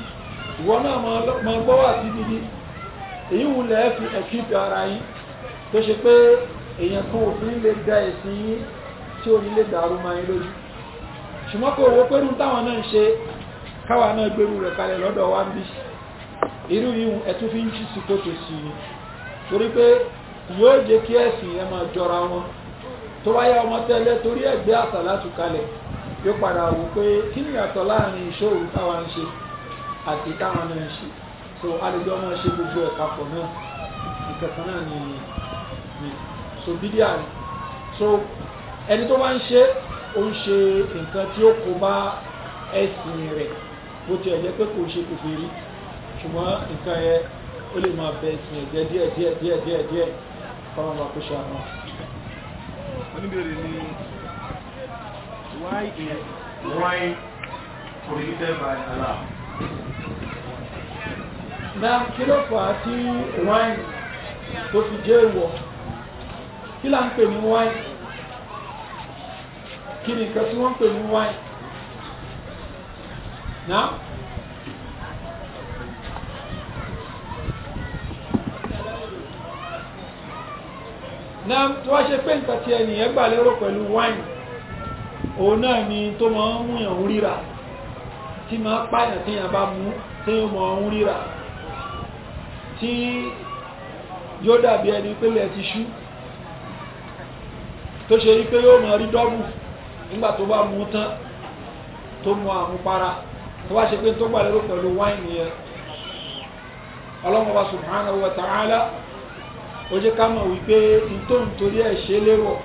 ìwọ náà máa gbọ́ wà sí bíi èyí wù lẹ́ẹ̀ fi ẹ̀kíbi ara yín tó ṣe pé èèyàn kan òfin lè dá ẹ̀sìn yín tí ó nílé dàrú máa yín lójú ṣùgbọ́n kò wọ́n pẹ́rù táwọn náà ń ṣe káwa náà gbèrú rẹ̀ kalẹ̀ lọ́dọ̀ wa ń bí irú yíhun ẹ̀tún fi ń jí sí kòtò sí i torí pé yóò jẹ́ kí ẹ̀sìn ẹ máa jọra wọn tó wáyé ọmọ tẹ́lẹ̀ torí ẹ̀gbẹ́ àṣà láti kalẹ̀ yóò padà wò pé kí ni ìyàtọ̀ láàrin ìṣòro táwa ń ṣe àti táwọn náà ń ṣe so alẹ́jọ́ máa ṣe gbogbo ẹ̀ papọ̀ náà ìkẹ̀kẹ́ náà ni mi so bídíà ni so ẹni tó máa ń ṣe ó ń ṣe nǹkan tí ó kó bá ẹ̀sìn rẹ̀ bó tiẹ̀ jẹ́ pé kò ṣe kèfèrí ṣùgbọ́n nǹkan yẹn ó lè máa bẹ ẹ̀sìn ẹ̀jẹ̀ díẹ̀ díẹ̀ díẹ̀ díẹ̀ díẹ̀ fáwọn ọmọ akóṣe àná. oníbèrè ni why is why prohibited by Allah? na kí ló fà á tí wine tó fi jẹ́ ìwọ̀ kí là ń pè ní wáìn kí ni nǹkan tí wọ́n ń pè ní wáìn náà. náà tó wá ṣe pé nǹkan tí ẹnìyẹn gbà lérò pẹ̀lú wáìn òun náà ni tó máa ń múyàn ń ríra tí máa pààyàn téèyàn bá mú téèyàn máa ń ríra tí yóò dàbí ẹni pé lè ti ṣú tó ṣe wípé yóò mọ̀ rí dọ́bù nígbà tó bá mú tán tó mú àmupara tó bá ṣe pé tó gbàlérò pẹ̀lú wáìnì yẹn ọlọ́mọba subhanahu wa ta'ala ó jẹ́ ká mọ̀ wípé ntòun torí ẹ̀ ṣe léwọ̀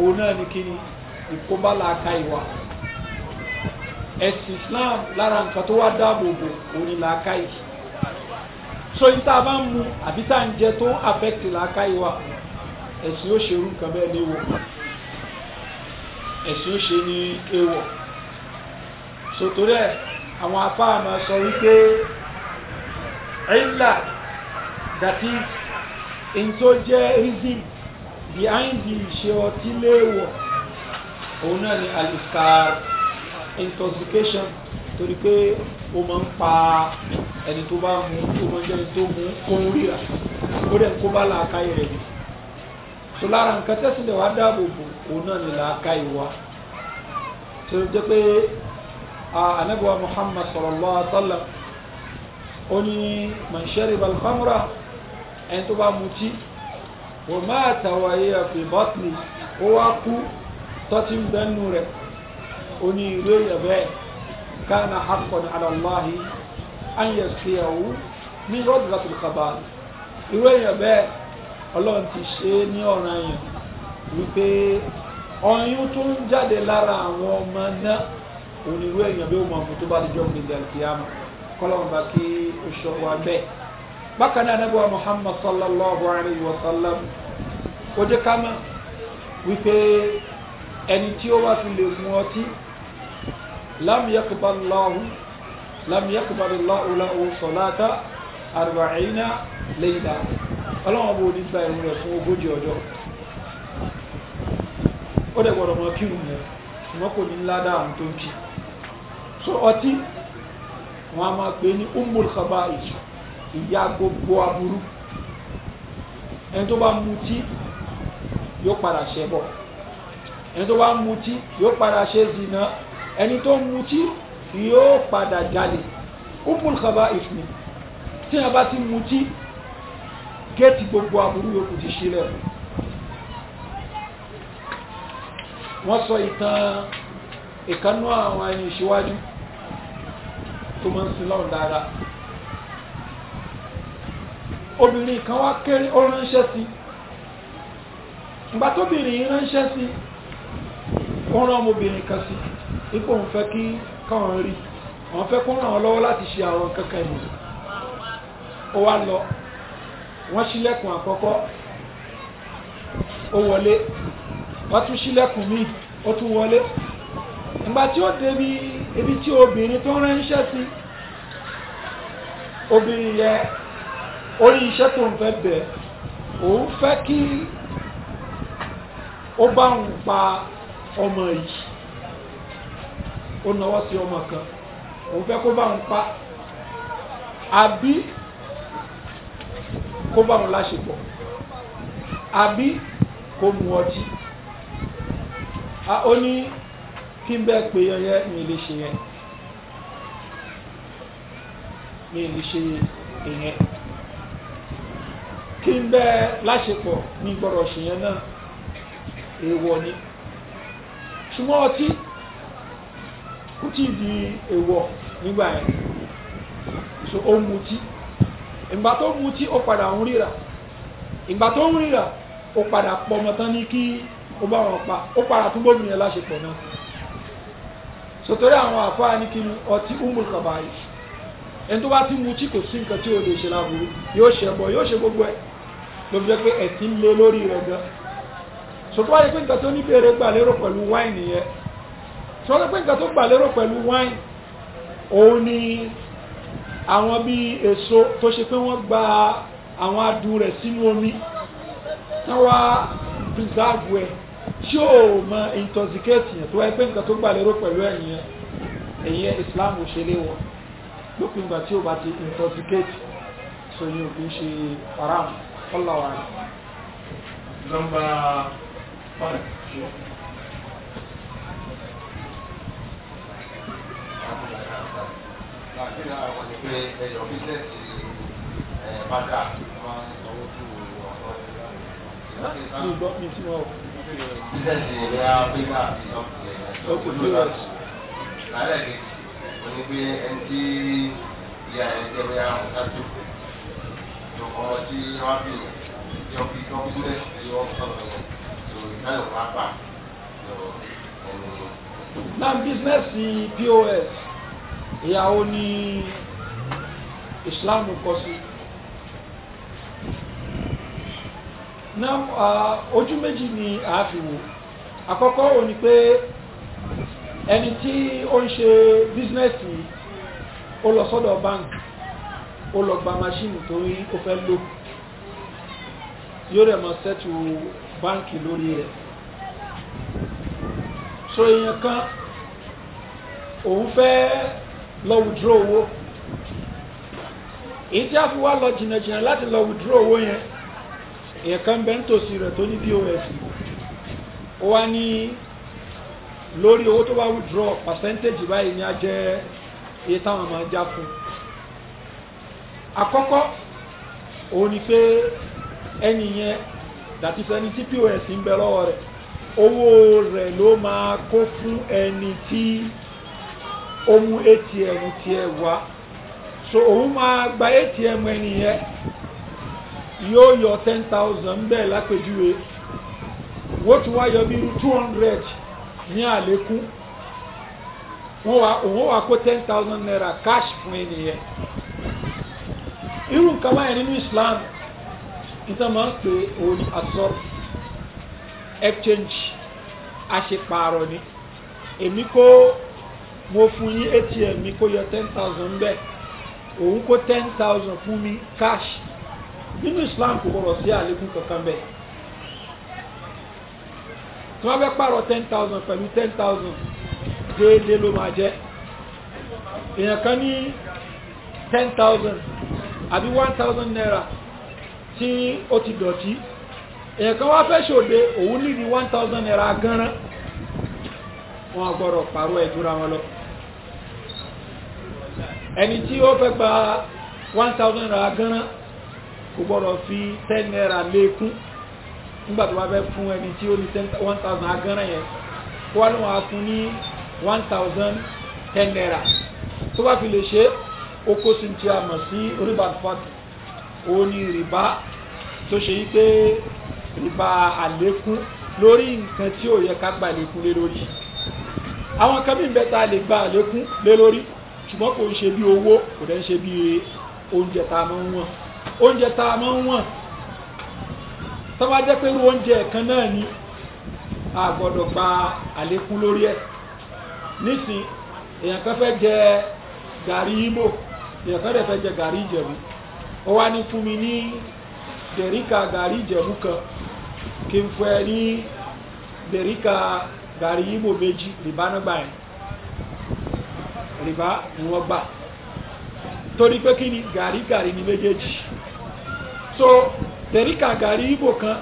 òun náà ní kí ni ìkóbá làákà ìwà ẹ̀sìn Islam lára nǹkan tó wá dáàbò bò òun ni làákà yìí so yìí tá a bá ń mu àbí tá à ń jẹ tó ń affect làákà ìwà ẹ̀sìn ó ṣe irú nǹkan bẹ́ẹ̀ ní wọ̀ ẹ̀sìn ó ṣe ní ewọ̀ sòtòrí ẹ̀ àwọn apá àmọ́ sọ wípé ẹ̀yìnlá that is in tó jẹ́ reason behind the ṣe ọtí léèwọ̀ òun náà ni alistar intoxication torí pé ó máa ń pa ẹni tó bá mú ó máa ń jẹ́ ẹni tó mú kó ń ríra ó dẹ̀ kó bá làákàyè rẹ̀ nìyí so lára nǹkan tẹ́sílẹ̀ wá dáàbò bò òun náà ni làákà ìwà tó jẹ́ pé anabiwa muhammad sallallahu alaihi wa sallam ó ní man shariba al-khamra ẹni tó bá mutí wa mata wa hiya fi batni ó wá kú tọ́tí bẹ́nu rẹ̀ ó ní ìlú èèyàn bẹ́ẹ̀ kana haqqan ala Allahi an yasqiyahu min radratil khabal ìlú èèyàn ọlọ́run ti ṣe é ní ọ̀ràn yẹn wípé ọyún tó ń jáde lára àwọn ọmọ náà onírú èèyàn bí ó mọ̀ tó bá dijọ́ gbèdé àlùkìyàmù kọ́lọ́run bá kí ó ṣọ wa bẹ́ẹ̀. bákan náà anábọ̀ muhammad sallallahu alayhi wa sallam ó jẹ́ ká mọ̀ wípé ẹni tí ó wá fi lè mu ọtí lam yakballahu lam yakballahu lahu salata arba'ina layla ọlọ́wọ́n bó ní gba ìrun rẹ̀ fún ogójì ọjọ́ ó dẹ̀ gbọ́dọ̀ mọ kírun yẹn ṣùgbọ́n kò ní ńlá dáhùn tó ń kí so ọtí wọn a máa pè ní umul khaba'is ìyá gbogbo aburú ẹni tó bá mutí yóò padà ṣẹbọ ẹni tó bá mutí yóò padà ṣe zina ẹni tó mutí yóò padà jalè umul khaba'is ni tí a bá ti mutí géètì gbogbo aburú yòókù ti sílẹ̀ wọ́n sọ ìtàn ìkanú àwọn ẹni ìṣíwájú tó máa ń sin lọ́rùn dáadáa obìnrin kan wá kéré ó ránṣẹ́ sí ìgbà tóbìnrin ránṣẹ́ sí ó rán ọmọbìnrin kan sí ipò òun fẹ́ kí káwọn rí àwọn fẹ́ kó ràn wọ́n lọ́wọ́ láti ṣe àwọn kankan ìmọ̀ ó wá lọ wọ́n ṣílẹ̀kùn àkọ́kọ́ ó wọlé wọ́n tún ṣílẹ̀kùn míì ó tún wọlé ìgbà tí ó débi ibi tí obìnrin tó ránṣẹ́ sí obìnrin yẹn orí iṣẹ́ tó ń fẹ́ bẹ̀ òun fẹ́ kí ó bá òun pa ọmọ yìí ó náwó sí ọmọ kan òun fẹ́ kó bá òun pa àbí kó bá wọn láṣepọ̀ àbí kó mu ọtí ó ní kí n bẹ́ẹ̀ pé yẹn yẹn mi lè ṣe yẹn mi lè ṣe yẹn kí n bẹ́ẹ̀ láṣepọ̀ mi gbọ́dọ̀ ṣe yẹn náà èèwọ̀ ni ṣùgbọ́n ọtí kò tí ì di èèwọ̀ nígbà yẹn so ó mutí. So, ìgbà tó mu tí ó padà ń ríra ìgbà tó ń ríra ó padà pọ̀ ọmọ tán ní kí ó bá wọn pa ó padà tún bómi yẹn náà sòtòrí àwọn àfáà ní kí ọtí umul kàbáyé ẹni tó bá ti mu tí kò sí nǹkan tí ó lè ṣe láburú yóò ṣe ẹbọ yóò ṣe gbogbo ẹ ló fi jẹ pé ẹtí ń lé lórí rẹ gan sòtò wáyé pé nǹkan tó ní béèrè gbà lérò pẹ̀lú wáìnì yẹn sọ́dọ̀ pé nǹkan tó gbà lérò pẹ̀lú wáìnì òun ni àwọn bí èso tó ṣe pé wọ́n gba àwọn adùn rẹ̀ sínú omi wọ́n wá preserve ẹ̀ tí ò mọ intoxicate yẹn tó wáyé pé nǹkan tó gbà lérò pẹ̀lú ẹ̀yìn yẹn ẹ̀yìn Islam ò ṣe léwọ̀ lópin ìgbà tí ó bá ti intoxicate so yóò kì í ṣe haram ọlọ́wà. nọ́mbà five. nàìjíríà business ni pé ẹyọ bísẹ̀sì bàdà máa ń sanwó fún ọ̀rọ̀ ìgbọ́ mi tí wọ́n. bísẹ̀sì ẹ̀yà pípa àti sọ́kùnrin ẹ̀ṣọ́ ìlúwàsì lálẹ́ kejì wọn ni pé ẹni tí ìyá ẹ̀ jẹ́ bẹ́ẹ̀ àwọn sáájú ọ̀rọ̀ tí wọ́n fi yọ fi tọ́ bísẹ̀sì ẹ̀yọ sọ̀rọ̀ ìgbà yóò pápá. náà bísíǹsì pọ́s ìyàwó ní Islam kọ sí náà ojú méjì ni a fi wò àkọ́kọ́ ò ní pé ẹni tí ó ń ṣe bísínẹ́sì ó lọ sọ́dọ̀ bank ó lọ gba maṣíìnì tó rí ó fẹ́ lò yóò rẹ̀ mọ́ sẹ́tù báńkì lórí rẹ̀ so èèyàn kan òun fẹ́ lọ wùdúró owó èyí tí a fi wá lọ jìnnà jìnnà láti lọ wùdúró owó yẹn èyàn kan bẹ nítòsí rẹ̀ tó ní pos ó wá ní lórí owó tó bá wùdúró percentage báyìí ni a jẹ́ iye táwọn máa já fún àkọ́kọ́ òun ni pé ẹni yẹn dàtí sẹni tí pos ń bẹ lọ́wọ́ rẹ̀ owó rẹ̀ ló máa kó fún ẹni tí. ó mú atm tiẹ̀ wá so òun máa gba atm ẹni yẹn yóò yọ ten thousand bẹ́ẹ̀ lápèjúwe wọ́n ti wá yọ bí two hundred ní àlékún wọ́n wá òun wá kó ten thousand naira cash fún ẹni irú nǹkan báyìí nínú Islam níta máa ń pè òun asọ́r exchange ni èmi kó. mo fún yín atm mi kó yọ ten thousand bẹ́ẹ̀ òun kó ten thousand fún mi cash nínú islam kò gbọdọ̀ sí àlékún kankan bẹ́ẹ̀ tí wọ́n fẹ́ pààrọ̀ ten thousand pẹ̀lú ten thousand déédéé ló máa jẹ́ èèyàn kan ní ten thousand àbí one thousand naira tí ó ti dọ̀tí èèyàn kan wá fẹ́ ṣòde òun ní ní one thousand naira gan-an wọn gbọ́dọ̀ pààrọ̀ ẹ̀dúrà wọn lọ ẹni tí ó fẹ́ gba one thousand naira gánran kò gbọ́dọ̀ fi ten naira lékún nígbà tó bá fẹ́ fún ẹni tí ó ní one thousand agánran yẹn kó wá lóun á fún ní one thousand ten naira tó bá fi lè ṣe ó kó sí ti a sí riba fatu ó ní riba tó ṣe yí pé riba àlékún lórí nǹkan tí ò yẹ ká gba àlékún lé lórí àwọn kan bí n bẹ ta lè gba àlékún lé lórí ṣùgbọ́n kò ń ṣe bí owó kò dẹ̀ ń ṣe bí oúnjẹ tá a máa ń wọ̀n oúnjẹ tá a máa ń wọ̀n tó jẹ́ pé irú oúnjẹ kan náà ni a gbọ́dọ̀ gba àlékún lórí ẹ̀ nísìn èèyàn kan fẹ́ jẹ gàrí Ìgbò èèyàn kan dẹ̀ fẹ́ jẹ gàrí Ìjẹ̀bú ó wá ní fún mi ní dẹ̀ríkà gàrí Ìjẹ̀bú kan kí n fún ẹ ní dẹ̀ríkà gàrí Ìgbò méjì rìbánágbà yẹn rìbá ni wọ́n gbà torí pé kí ni gàrí gàrí ni méjèèjì so dẹ̀ríkà gàrí ibò kan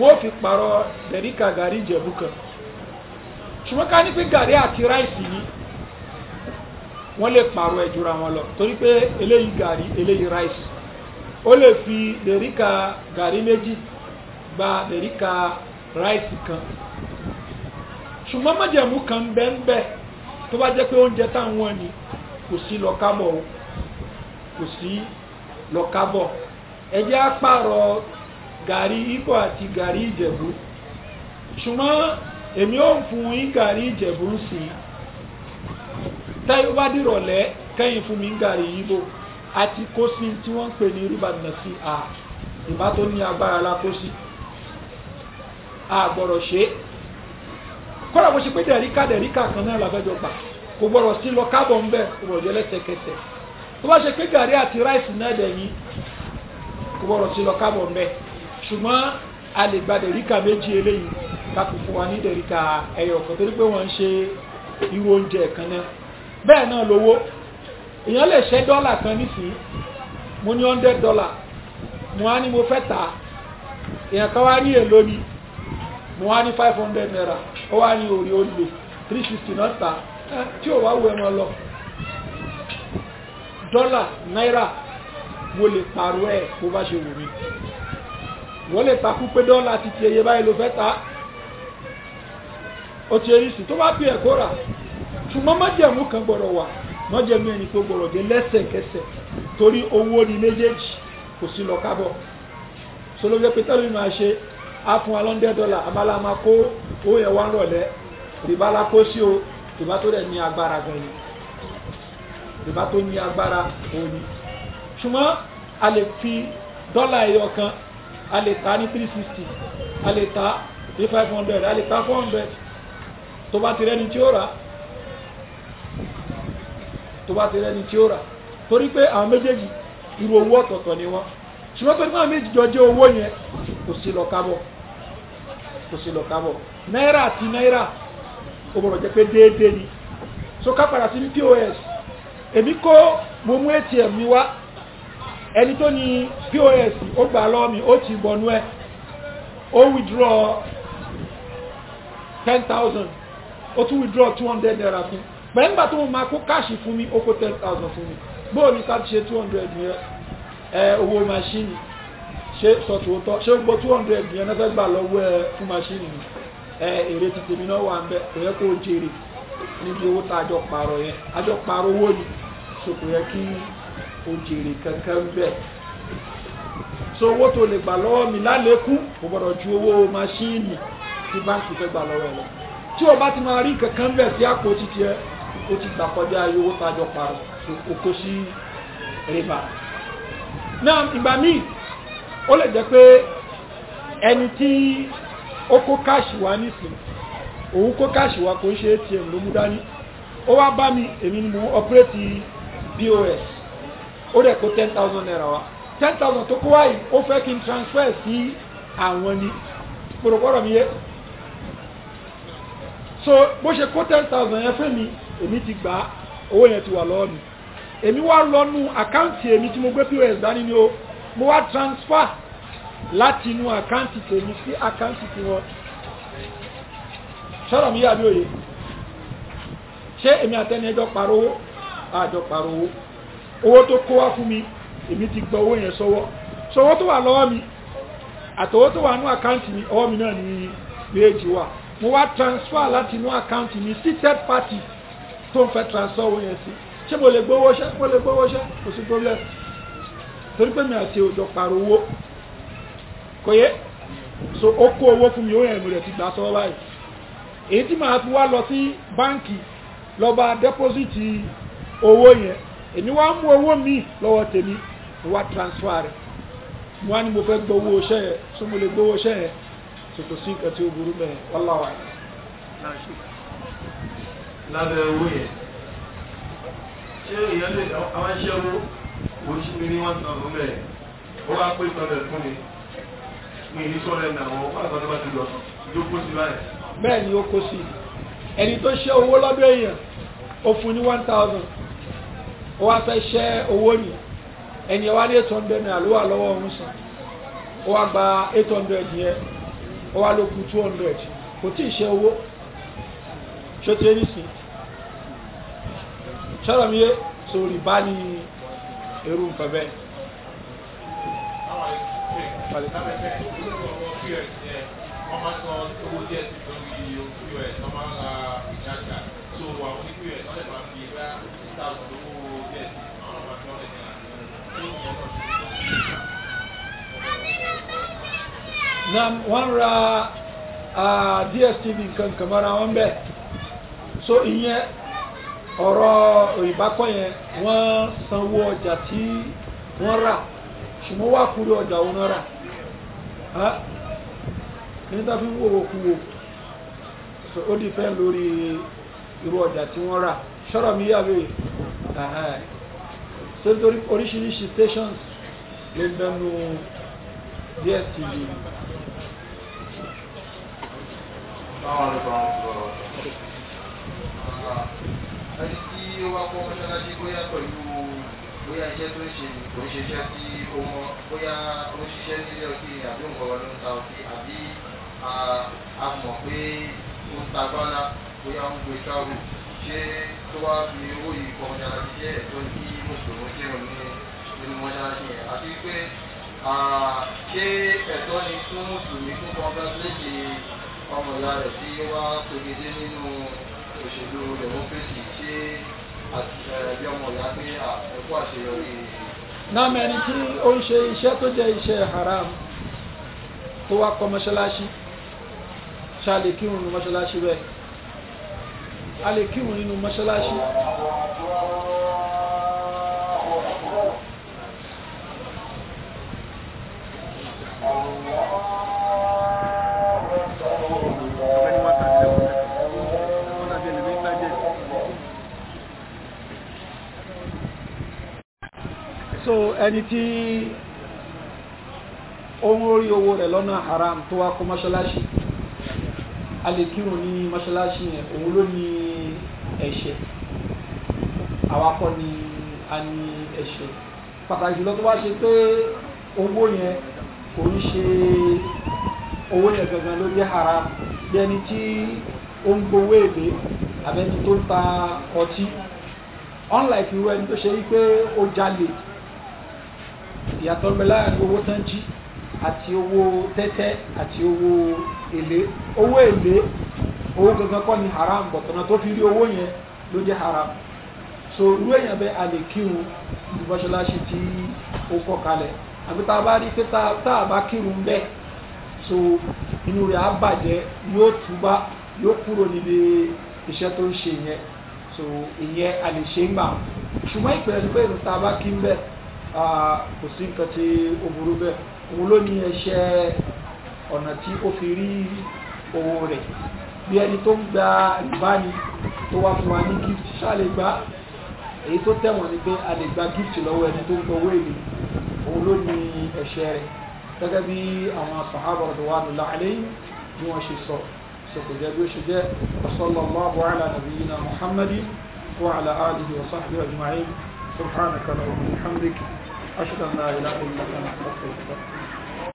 wọ́n fi pàrọ̀ dẹ̀ríkà gàrí ìjẹ̀bú kan ṣùgbọ́n ká ní pé gàrí àti ráìsì ni wọ́n lè pààrọ̀ ẹ̀ jura wọn lọ torí pé eléyìí gàrí eléyìí ráìsì ó lè fi dẹ̀ríkà gàrí méjì gba dẹ̀ríkà ráìsì kan ṣùgbọ́n májẹ̀mú kan bẹ́ẹ̀ bẹ́ẹ̀ tó bá jẹ́ pé oúnjẹ táwọn ni kò sí lọ́kábọ̀ o kò sí lọ́kábọ̀ ẹ jẹ́ á pààrọ̀ gàrí Ìgbò àti gàrí Ìjẹ̀bú ṣùgbọ́n èmi ò ń fún yín gàrí Ìjẹ̀bú ń sìn táyọ̀ bá dìrọ̀lẹ́ kẹ́yìn fún mi gàrí Ìgbò àti kóṣí tí wọ́n ń pè ní rúbàdàn sí a ìbá tó ní agbára la kóṣí a gbọ́dọ̀ ṣe é kọ́lá bó ṣe pé dẹ̀ríkà dẹ̀ríkà kan náà làbẹ́jọ gbà kò gbọ́dọ̀ sí lọ káàbọ̀ ń bẹ̀ kò gbọ́dọ̀ jẹ́ lẹ́sẹ̀kẹsẹ̀ tó bá ṣe pé gàrí àti ráìsì náà dẹ̀yìn kò gbọ́dọ̀ sí lọ káàbọ̀ ń bẹ̀ ṣùgbọ́n a lè gba dẹ̀ríkà méjì eléyìí kápò fún wa ní dẹ̀ríkà ẹyọ kan torí pé wọ́n ń ṣe irú oúnjẹ kan náà bẹ́ẹ̀ náà lówó èèyàn lè ṣẹ́ dọ́là kan nísìnyí mo ní dollar mo á ní mo fẹ́ mo wá ní five hundred naira ó wá ní orí olè three sixty náà tà tí ò wá wọ ẹ̀wọ̀n lọ dọ́là náírà mo lè pààrọ̀ ẹ̀ bó bá ṣe wù mí wọ́n lè takú pé dọ́là ti ti eye báyìí ló fẹ́ ta ó ti rí sí tó bá pè ẹ̀ kó rà ṣùgbọ́n májẹ̀mú kan gbọ́dọ̀ wà májẹ̀mú ẹni pé gbọ́dọ̀ dé lẹ́sẹ̀kẹsẹ̀ torí owó ni méjèèjì kò sí lọ kábọ̀ so ló jẹ́ máa ṣe á fún wa lọ́ndẹ̀ dọ́là àmàlà máa kó owó yẹn wá ń rọ̀lẹ́ tìbá la kó sí o tìbá tó dẹ̀ ní agbára gan ni tìbá tó ní agbára ni ṣùgbọ́n a lè fi dọ́là ẹyọ kan a lè ta ní three sixty a lè ta ní five hundred a lè ta four hundred tó bá ti rẹ́ni tí ó rà tó bá ti rẹ́ni tí ó rà torí pé àwọn méjèèjì irú owó ọ̀tọ̀ọ̀tọ̀ ni wọ́n ṣùgbọ́n pẹ̀lú àwọn méjì jọ jẹ́ owó yẹn kò sí lọ kábọ̀ kò sí lọ kábọ̀ náírà àti náírà ó gbọ́dọ̀ jẹ́ pé déédéé ni so ká padà sí ní pos èmi kó mo mú atm mi wá ẹni tó ní pos ó gbà lọ́wọ́ mi ó ti bọ̀nú ẹ ó withdraw ten thousand ó tún withdraw two hundred naira fún pẹ̀lúgbà tó máa kó káàṣì fún mi ó kó ten thousand fún mi bóòlù sáà ti ṣe two hundred yẹn owó máṣíìnì ṣé sọ tòótọ́ ṣé gbogbo two hundred yẹn náà fẹ́ gbà lọ́wọ́ ẹ fún maṣíìnì ni ẹ èrè ti tèmi náà wà ń kò yẹ kó o jèrè níbi owó tá a jọ pààrọ̀ yẹn a jọ pààrọ̀ owó ni so kò yẹ kí o jèrè kankan bẹ́ẹ̀ so owó tó lè gbà lọ́wọ́ mi lálékún kò gbọ́dọ̀ ju owó maṣíìnì tí báńkì fẹ́ gbà lọ́wọ́ ẹ lọ tí o bá ti máa rí kankan bẹ̀ sí àpò títí o ti gbà kọjá iye owó tá a jọ pààrọ̀ so o kó sí rìbá náà ìgbà míì ó lè jẹ́ pé ẹni tí ó kó káàṣì wá nísìnyí òun kó káàṣì wá kò ń ṣe atm ló mú dání ó wá bá mi èmi ni mo ọpẹ́rẹ́tì pos ó dẹ̀ kó ten thousand naira wá ten thousand tó kó wá yìí ó fẹ́ kí n transfer sí àwọn ni pòròpọ̀rọ̀ mi yẹ so bó ṣe kó ten thousand yẹn fún mi èmi ti gbà owó yẹn ti wà lọ́wọ́ mi èmi wá lọ́nu àkáǹtì èmi tí mo gbé pos dání ni o mo wá transfer láti inú àkáǹtì tèmi sí àkáǹtì tí wọ́n sọ̀rọ̀ mi yà òye ṣé èmi àtẹni ẹjọ́ parowó àjọ parowó owó tó kó wá fún mi èmi ti gbọ́ owó yẹn sọ́wọ́ so owó tó wà lọ́wọ́ mi àtọwọ́ tó wà nú àkáǹtì mi ọwọ́ mi náà ní méjì wà mo wá transfer láti inú àkáǹtì mi sí third party tó ń fẹ́ transfer owó yẹn sí ṣé mo lè gbówó ṣẹ́ mo lè gbówó ṣẹ́ kò sí problem torí pé mi àti òjò pàrọ̀ owó kò yẹ so ó kó owó fún mi ó yẹn rẹ̀ ti gbà sọ́wọ́ báyìí èyí tí màá fi wá lọ sí báǹkì lọ bá dẹ́pọ́sìtì owó yẹn èmi wá mú owó mi lọ́wọ́ tèmi wá transfer rẹ̀ mo wá ní mo fẹ́ gbowó iṣẹ́ yẹn so mo lè gbowó iṣẹ́ yẹn so kò sí nǹkan tí ó burú bẹ́ẹ̀ wálláwà yẹn. lábẹ́ owó yẹn ṣé èèyàn lè àwọn iṣẹ́ owó kò sí mi ní wọ́n sàn lọ́mọ ẹ̀ ó wá pé fún mi mi ní sọ̀rọ̀ ẹ̀ nà wọ́n wọ́n àgbàdo bá ti lọ jókòó sí báyìí. bẹ́ẹ̀ ni ó kó sí ẹni tó ṣe owó lọ́dọ̀ èèyàn ó fún ní one thousand ó wá fẹ́ ṣẹ́ owó nì ẹni wá ní eight hundred naira ló wà lọ́wọ́ òun sàn ó wá gba eight hundred yẹn ó wá ló two hundred kò tí ì ṣe owó ṣó ti rí sí sọ̀rọ̀ mi yé sórí bá ní irú nǹkan bẹ́ẹ̀. wọ́n máa san owó díẹ̀ sí lórí pos wọ́n máa ń ra ìdájà tó wà ní pos wọ́n lè máa fi bá thousand owó díẹ̀ sí àwọn ọmọ àti ọ̀rẹ́ náà tó yẹn lọ sí. na wọ́n ra ah, dstv nǹkan kan mọ́ra wọn bẹ́ẹ̀ so ìyẹn ọ̀rọ̀ ìbákọ́ yẹn wọ́n sanwó ọjà tí wọ́n rà ṣùgbọ́n wà kúrò ọjà òun rà ní tàbí wòwò kúwò so ó dì fẹ́ lórí irú ọjà tí wọ́n rà ṣọ́rọ̀ mi yàwé so nítorí oríṣiríṣi stations ló mẹ́nu DSTV Thank you ẹni tí ó wá kọ́ mọ́ṣáláṣí bóyá pẹ̀lú bóyá iṣẹ́ tó ń ṣe kò ń ṣiṣẹ́ tí ó mọ bóyá ó ń ṣiṣẹ́ nílé ọtí àbí nǹkan ló ń ta ọtí àbí a mọ̀ pé ó ń ta gbọ́lá bóyá ó ń gbé travel ṣé tó wá fi owó yìí kọ́ mọ́ṣáláṣí jẹ́ ẹ̀tọ́ ní kí mùsùlùmí kírun ní nínú mọ́ṣáláṣí yẹn àti pé ṣé ẹ̀tọ́ ni fún mùsùlùmí fún kọ́ńtà tó lè ṣe ọmọ ìyá rẹ̀ tí ó wá òṣèlú democracy ṣé àtijọ́ ọmọ ìyá pé ẹ̀kú àṣeyọrí. náà mẹ́rin tí ó ń ṣe iṣẹ́ tó jẹ́ iṣẹ́ haram tó wá kọ́ mọ́ṣáláṣí ṣáàlè kírun nínú mọ́ṣáláṣí bẹ́ẹ̀ a lè kírun nínú mọ́ṣáláṣí. Allah so ẹni tí ohun orí owó rẹ̀ lọ́nà haram tó wá kó mọ́ṣáláṣí a lè kírun ní mọ́ṣáláṣí yẹn òun ló ní ẹ̀ṣẹ̀ àwa ni a ní ẹ̀ṣẹ̀ pàtàkì jùlọ tó wá ṣe pé owó yẹn kò ń ṣe owó yẹn gangan ló jẹ́ haram bí ẹni tí ó ń gbowó èlé àbẹ́ni tó ń ta ọtí unlike irú ẹni tó ṣe wípé ó jalè ìyàtọ̀ ń bẹ láàrin owó tán jí àti owó tẹ́tẹ́ àti owó èlé owó èlé owó gangan kọ́ ni haram bọ̀tọ̀nà tó fi rí owó yẹn ló jẹ́ haram so irú èèyàn bẹ́ẹ̀ a lè kírun ní mọ́ṣáláṣí tí ó kọ́ kalẹ̀ àbí tá a bá rí pé tá a bá kírun bẹ́ẹ̀ so inú rẹ̀ á bàjẹ́ yóò túbá yóò kúrò níbi iṣẹ́ tó ń ṣe yẹn so ìyẹn kò sí nǹkan tí ó burú bẹ́ẹ̀ òun ló ní ẹṣẹ́ ọ̀nà tí ó fi rí owó rẹ̀ bí ẹni tó ń gba ìbáni tó wá fún wa ní gift ṣáàlè gbá èyí tó tẹ̀wọ̀n ni pé a lè gba gift lọ́wọ́ ẹni tó ń gbọ́ wéèlì òun ló ní ẹṣẹ́ rẹ̀ gẹ́gẹ́ bí àwọn sàhábà radwanullahi alayhim bí wọ́n ṣe sọ sọ̀kò jẹ́ bí ó ṣe jẹ́ sallallahu ala nabiyyina muhammadin أشهد أن لا إله إلا أنت أستغفرك